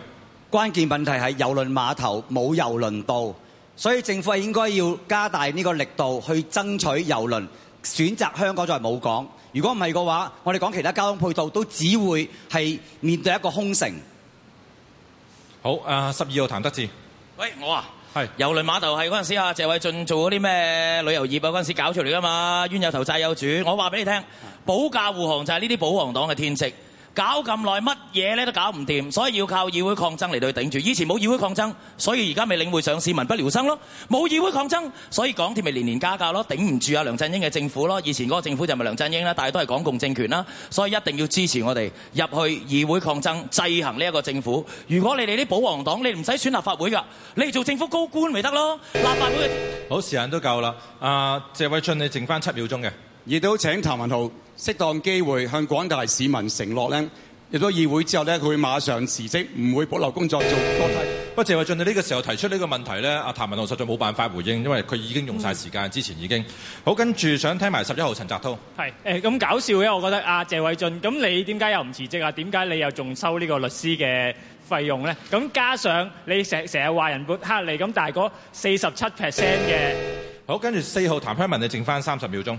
關鍵問題係郵輪碼頭冇郵輪到，所以政府係應該要加大呢個力度去爭取郵輪選擇香港作為母港。如果唔係嘅話，我哋講其他交通配套都只會係面對一個空城。好，誒十二號譚德志。喂，我啊。係是遊輪碼頭係嗰陣時啊，謝偉俊做嗰啲咩旅遊業啊，嗰時搞出嚟㗎嘛，冤有頭債有主。我話俾你聽，保駕護航就係呢啲保皇黨嘅天職。搞咁耐乜嘢咧都搞唔掂，所以要靠議會抗爭嚟到去頂住。以前冇議會抗爭，所以而家咪領匯上市，民不聊生咯。冇議會抗爭，所以港鐵咪年年加價咯。頂唔住啊，梁振英嘅政府咯。以前嗰個政府就係咪梁振英啦。但係都係港共政權啦，所以一定要支持我哋入去議會抗爭制衡呢一個政府。如果你哋啲保皇黨，你唔使選立法會㗎，你做政府高官咪得咯。立法會。好，時間都夠啦。阿謝偉俊你剩翻七秒鐘嘅，亦都請譚文豪，適當機會向廣大市民承諾呢，入咗議會之後呢佢會馬上辭職，唔會保留工作做。多。不，謝偉俊，你呢個時候提出呢個問題呢阿譚、啊、文豪實在冇辦法回應，因為佢已經用晒時間，嗯、之前已經好跟住想聽埋十一號陳澤滔。係，誒咁搞笑嘅，我覺得阿、啊、謝偉俊，咁你點解又唔辭職啊？點解你又仲收呢個律師嘅費用呢？咁加上你成成日話人抹黑你，咁但係嗰四十七 percent 嘅好跟住四號譚香文，你剩翻三十秒鐘。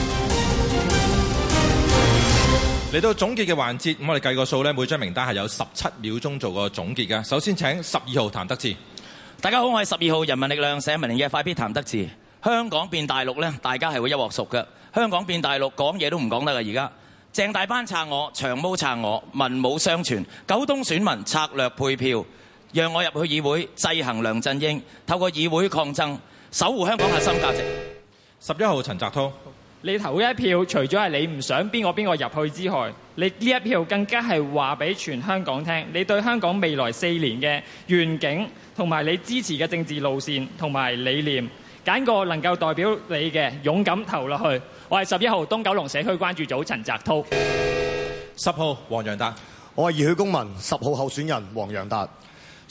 嚟到總結嘅環節，我哋計個數呢，每張名單係有十七秒鐘做個總結嘅。首先請十二號譚德志，大家好，我係十二號人民力量社民連嘅快必譚德志。香港變大陸呢，大家係會一鑊熟嘅。香港變大陸講嘢都唔講得嘅而家。鄭大班撐我，長毛撐我，文武雙全。九東選民策略配票，讓我入去議會制衡梁振英，透過議會抗爭，守護香港核心價值。十一號陳澤滔。你投一票，除咗係你唔想邊個邊個入去之外，你呢一票更加係話俾全香港聽，你對香港未來四年嘅願景同埋你支持嘅政治路線同埋理念，揀個能夠代表你嘅勇敢投落去。我係十一號東九龍社區關注組陳澤滔，十號黃洋達，我係熱血公民十號候選人黃洋達。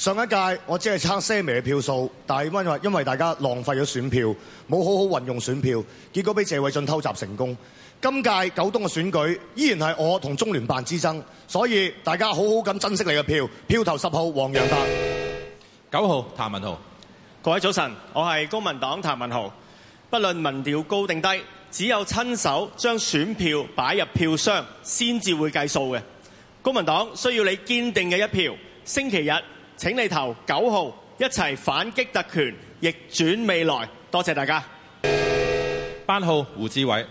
上一屆我只係差些微嘅票數，但係因為因為大家浪費咗選票，冇好好運用選票，結果俾謝偉俊偷襲成功。今屆九東嘅選舉依然係我同中聯辦之爭，所以大家好好咁珍惜你嘅票。票投十號黃洋達，九號譚文豪。各位早晨，我係公民黨譚文豪。不論民調高定低，只有親手將選票擺入票箱，先至會計數嘅。公民黨需要你堅定嘅一票。星期日。請你投九號，一齊反擊特權，逆轉未來。多謝大家。八號胡志偉，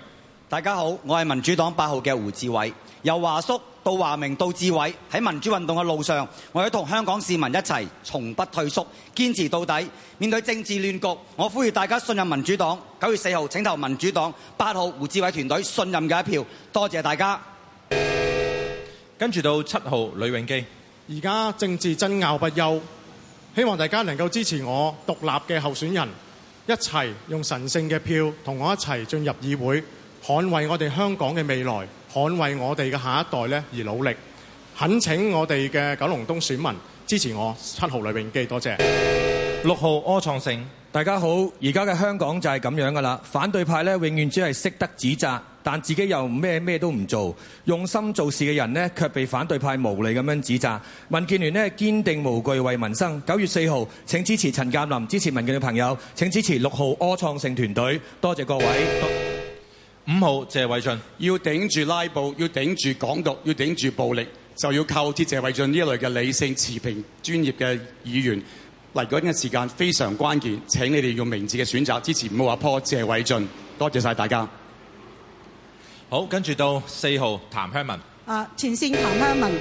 大家好，我係民主黨八號嘅胡志偉。由華叔到華明到志偉，喺民主運動嘅路上，我喺同香港市民一齊，從不退縮，堅持到底。面對政治亂局，我呼籲大家信任民主黨。九月四號請投民主黨八號胡志偉團隊信任嘅一票。多謝大家。跟住到七號呂永基。而家政治爭拗不休，希望大家能夠支持我獨立嘅候選人，一齊用神聖嘅票同我一齊進入議會，捍衛我哋香港嘅未來，捍衛我哋嘅下一代呢而努力，懇請我哋嘅九龍東選民支持我七號李永基，多謝。六號柯創盛。大家好，而家嘅香港就係咁樣㗎喇。反對派呢，永遠只係識得指責。但自己又咩咩都唔做，用心做事嘅人呢，卻被反對派無理咁樣指責。民建聯呢，堅定無懼為民生。九月四號，請支持陳鑑林，支持民建聯嘅朋友。請支持六號柯創盛團隊。多謝各位。五號，謝偉俊要頂住拉布，要頂住港獨，要頂住暴力，就要靠鐵謝偉俊呢一類嘅理性持平專業嘅議員。嚟。嗰陣嘅時間非常關鍵，請你哋用明智嘅選擇支持五號，唔好阿破謝偉俊。多謝晒大家。好，跟住到四號譚香文。啊，前線譚香文，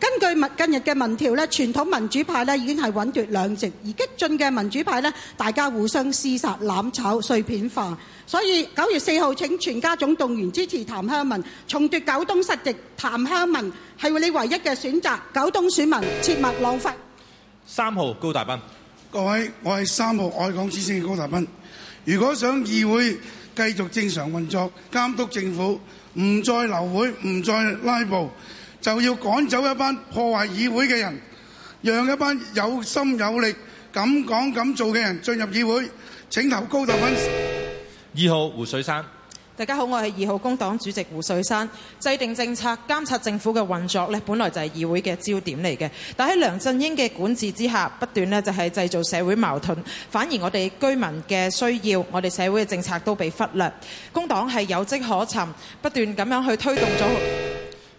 根據民近日嘅民調咧，傳統民主派咧已經係穩奪兩席，而激進嘅民主派咧，大家互相廝殺攬炒碎片化。所以九月四號請全家總動員支持譚香文重奪九東實席，譚香文係你唯一嘅選擇。九東選民切勿浪費。三號高達斌，各位，我係三號愛港之星嘅高達斌。如果想議會。繼續正常運作，監督政府，唔再流會，唔再拉布，就要趕走一班破壞議會嘅人，讓一班有心有力、敢講敢做嘅人進入議會。請投高投票。二號胡水生。大家好，我係二號工黨主席胡水山。制定政策、監察政府嘅運作呢，本來就係議會嘅焦點嚟嘅。但喺梁振英嘅管治之下，不斷呢就係製造社會矛盾，反而我哋居民嘅需要、我哋社會嘅政策都被忽略。工黨係有跡可尋，不斷咁樣去推動咗。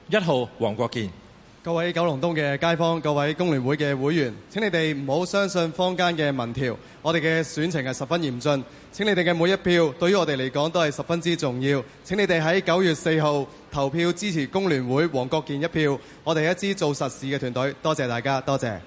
一號，黃國健。各位九龍東嘅街坊，各位工聯會嘅會員，請你哋唔好相信坊間嘅民調，我哋嘅選情係十分嚴峻，請你哋嘅每一票對於我哋嚟講都係十分之重要，請你哋喺九月四號投票支持工聯會黃國健一票，我哋係一支做實事嘅團隊，多謝大家，多謝。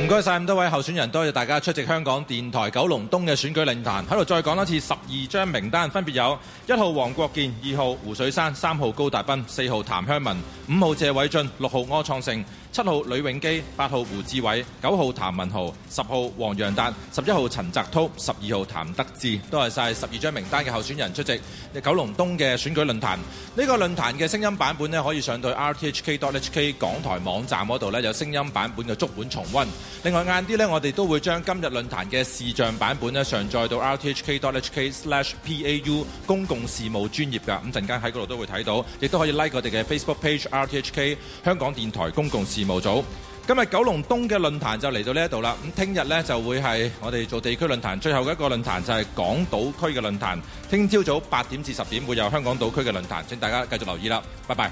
唔該晒，咁多位候選人，多謝大家出席香港電台九龍東嘅選舉論壇，喺度再講多次，十二張名單分別有：一號黃國健，二號胡水山，三號高達斌，四號譚香文，五號謝偉俊，六號柯創盛。七號呂永基，八號胡志偉，九號譚文豪，十號黃洋達，十一號陳澤濤，十二號譚德志，多謝晒十二張名單嘅候選人出席九龍東嘅選舉論壇。呢個論壇嘅聲音版本呢，可以上到 rthk.hk 港台網站嗰度呢，有聲音版本嘅足本重溫。另外晏啲呢，我哋都會將今日論壇嘅視像版本呢，上載到 rthk.hk/pau 公共事務專業㗎。咁陣間喺嗰度都會睇到，亦都可以 like 我哋嘅 Facebook page rthk 香港電台公共事務。事務組，今日九龍東嘅論壇就嚟到呢一度啦。咁聽日呢，就會係我哋做地區論壇最後嘅一個論壇，就係港島區嘅論壇。聽朝早八點至十點會有香港島區嘅論壇，請大家繼續留意啦。拜拜。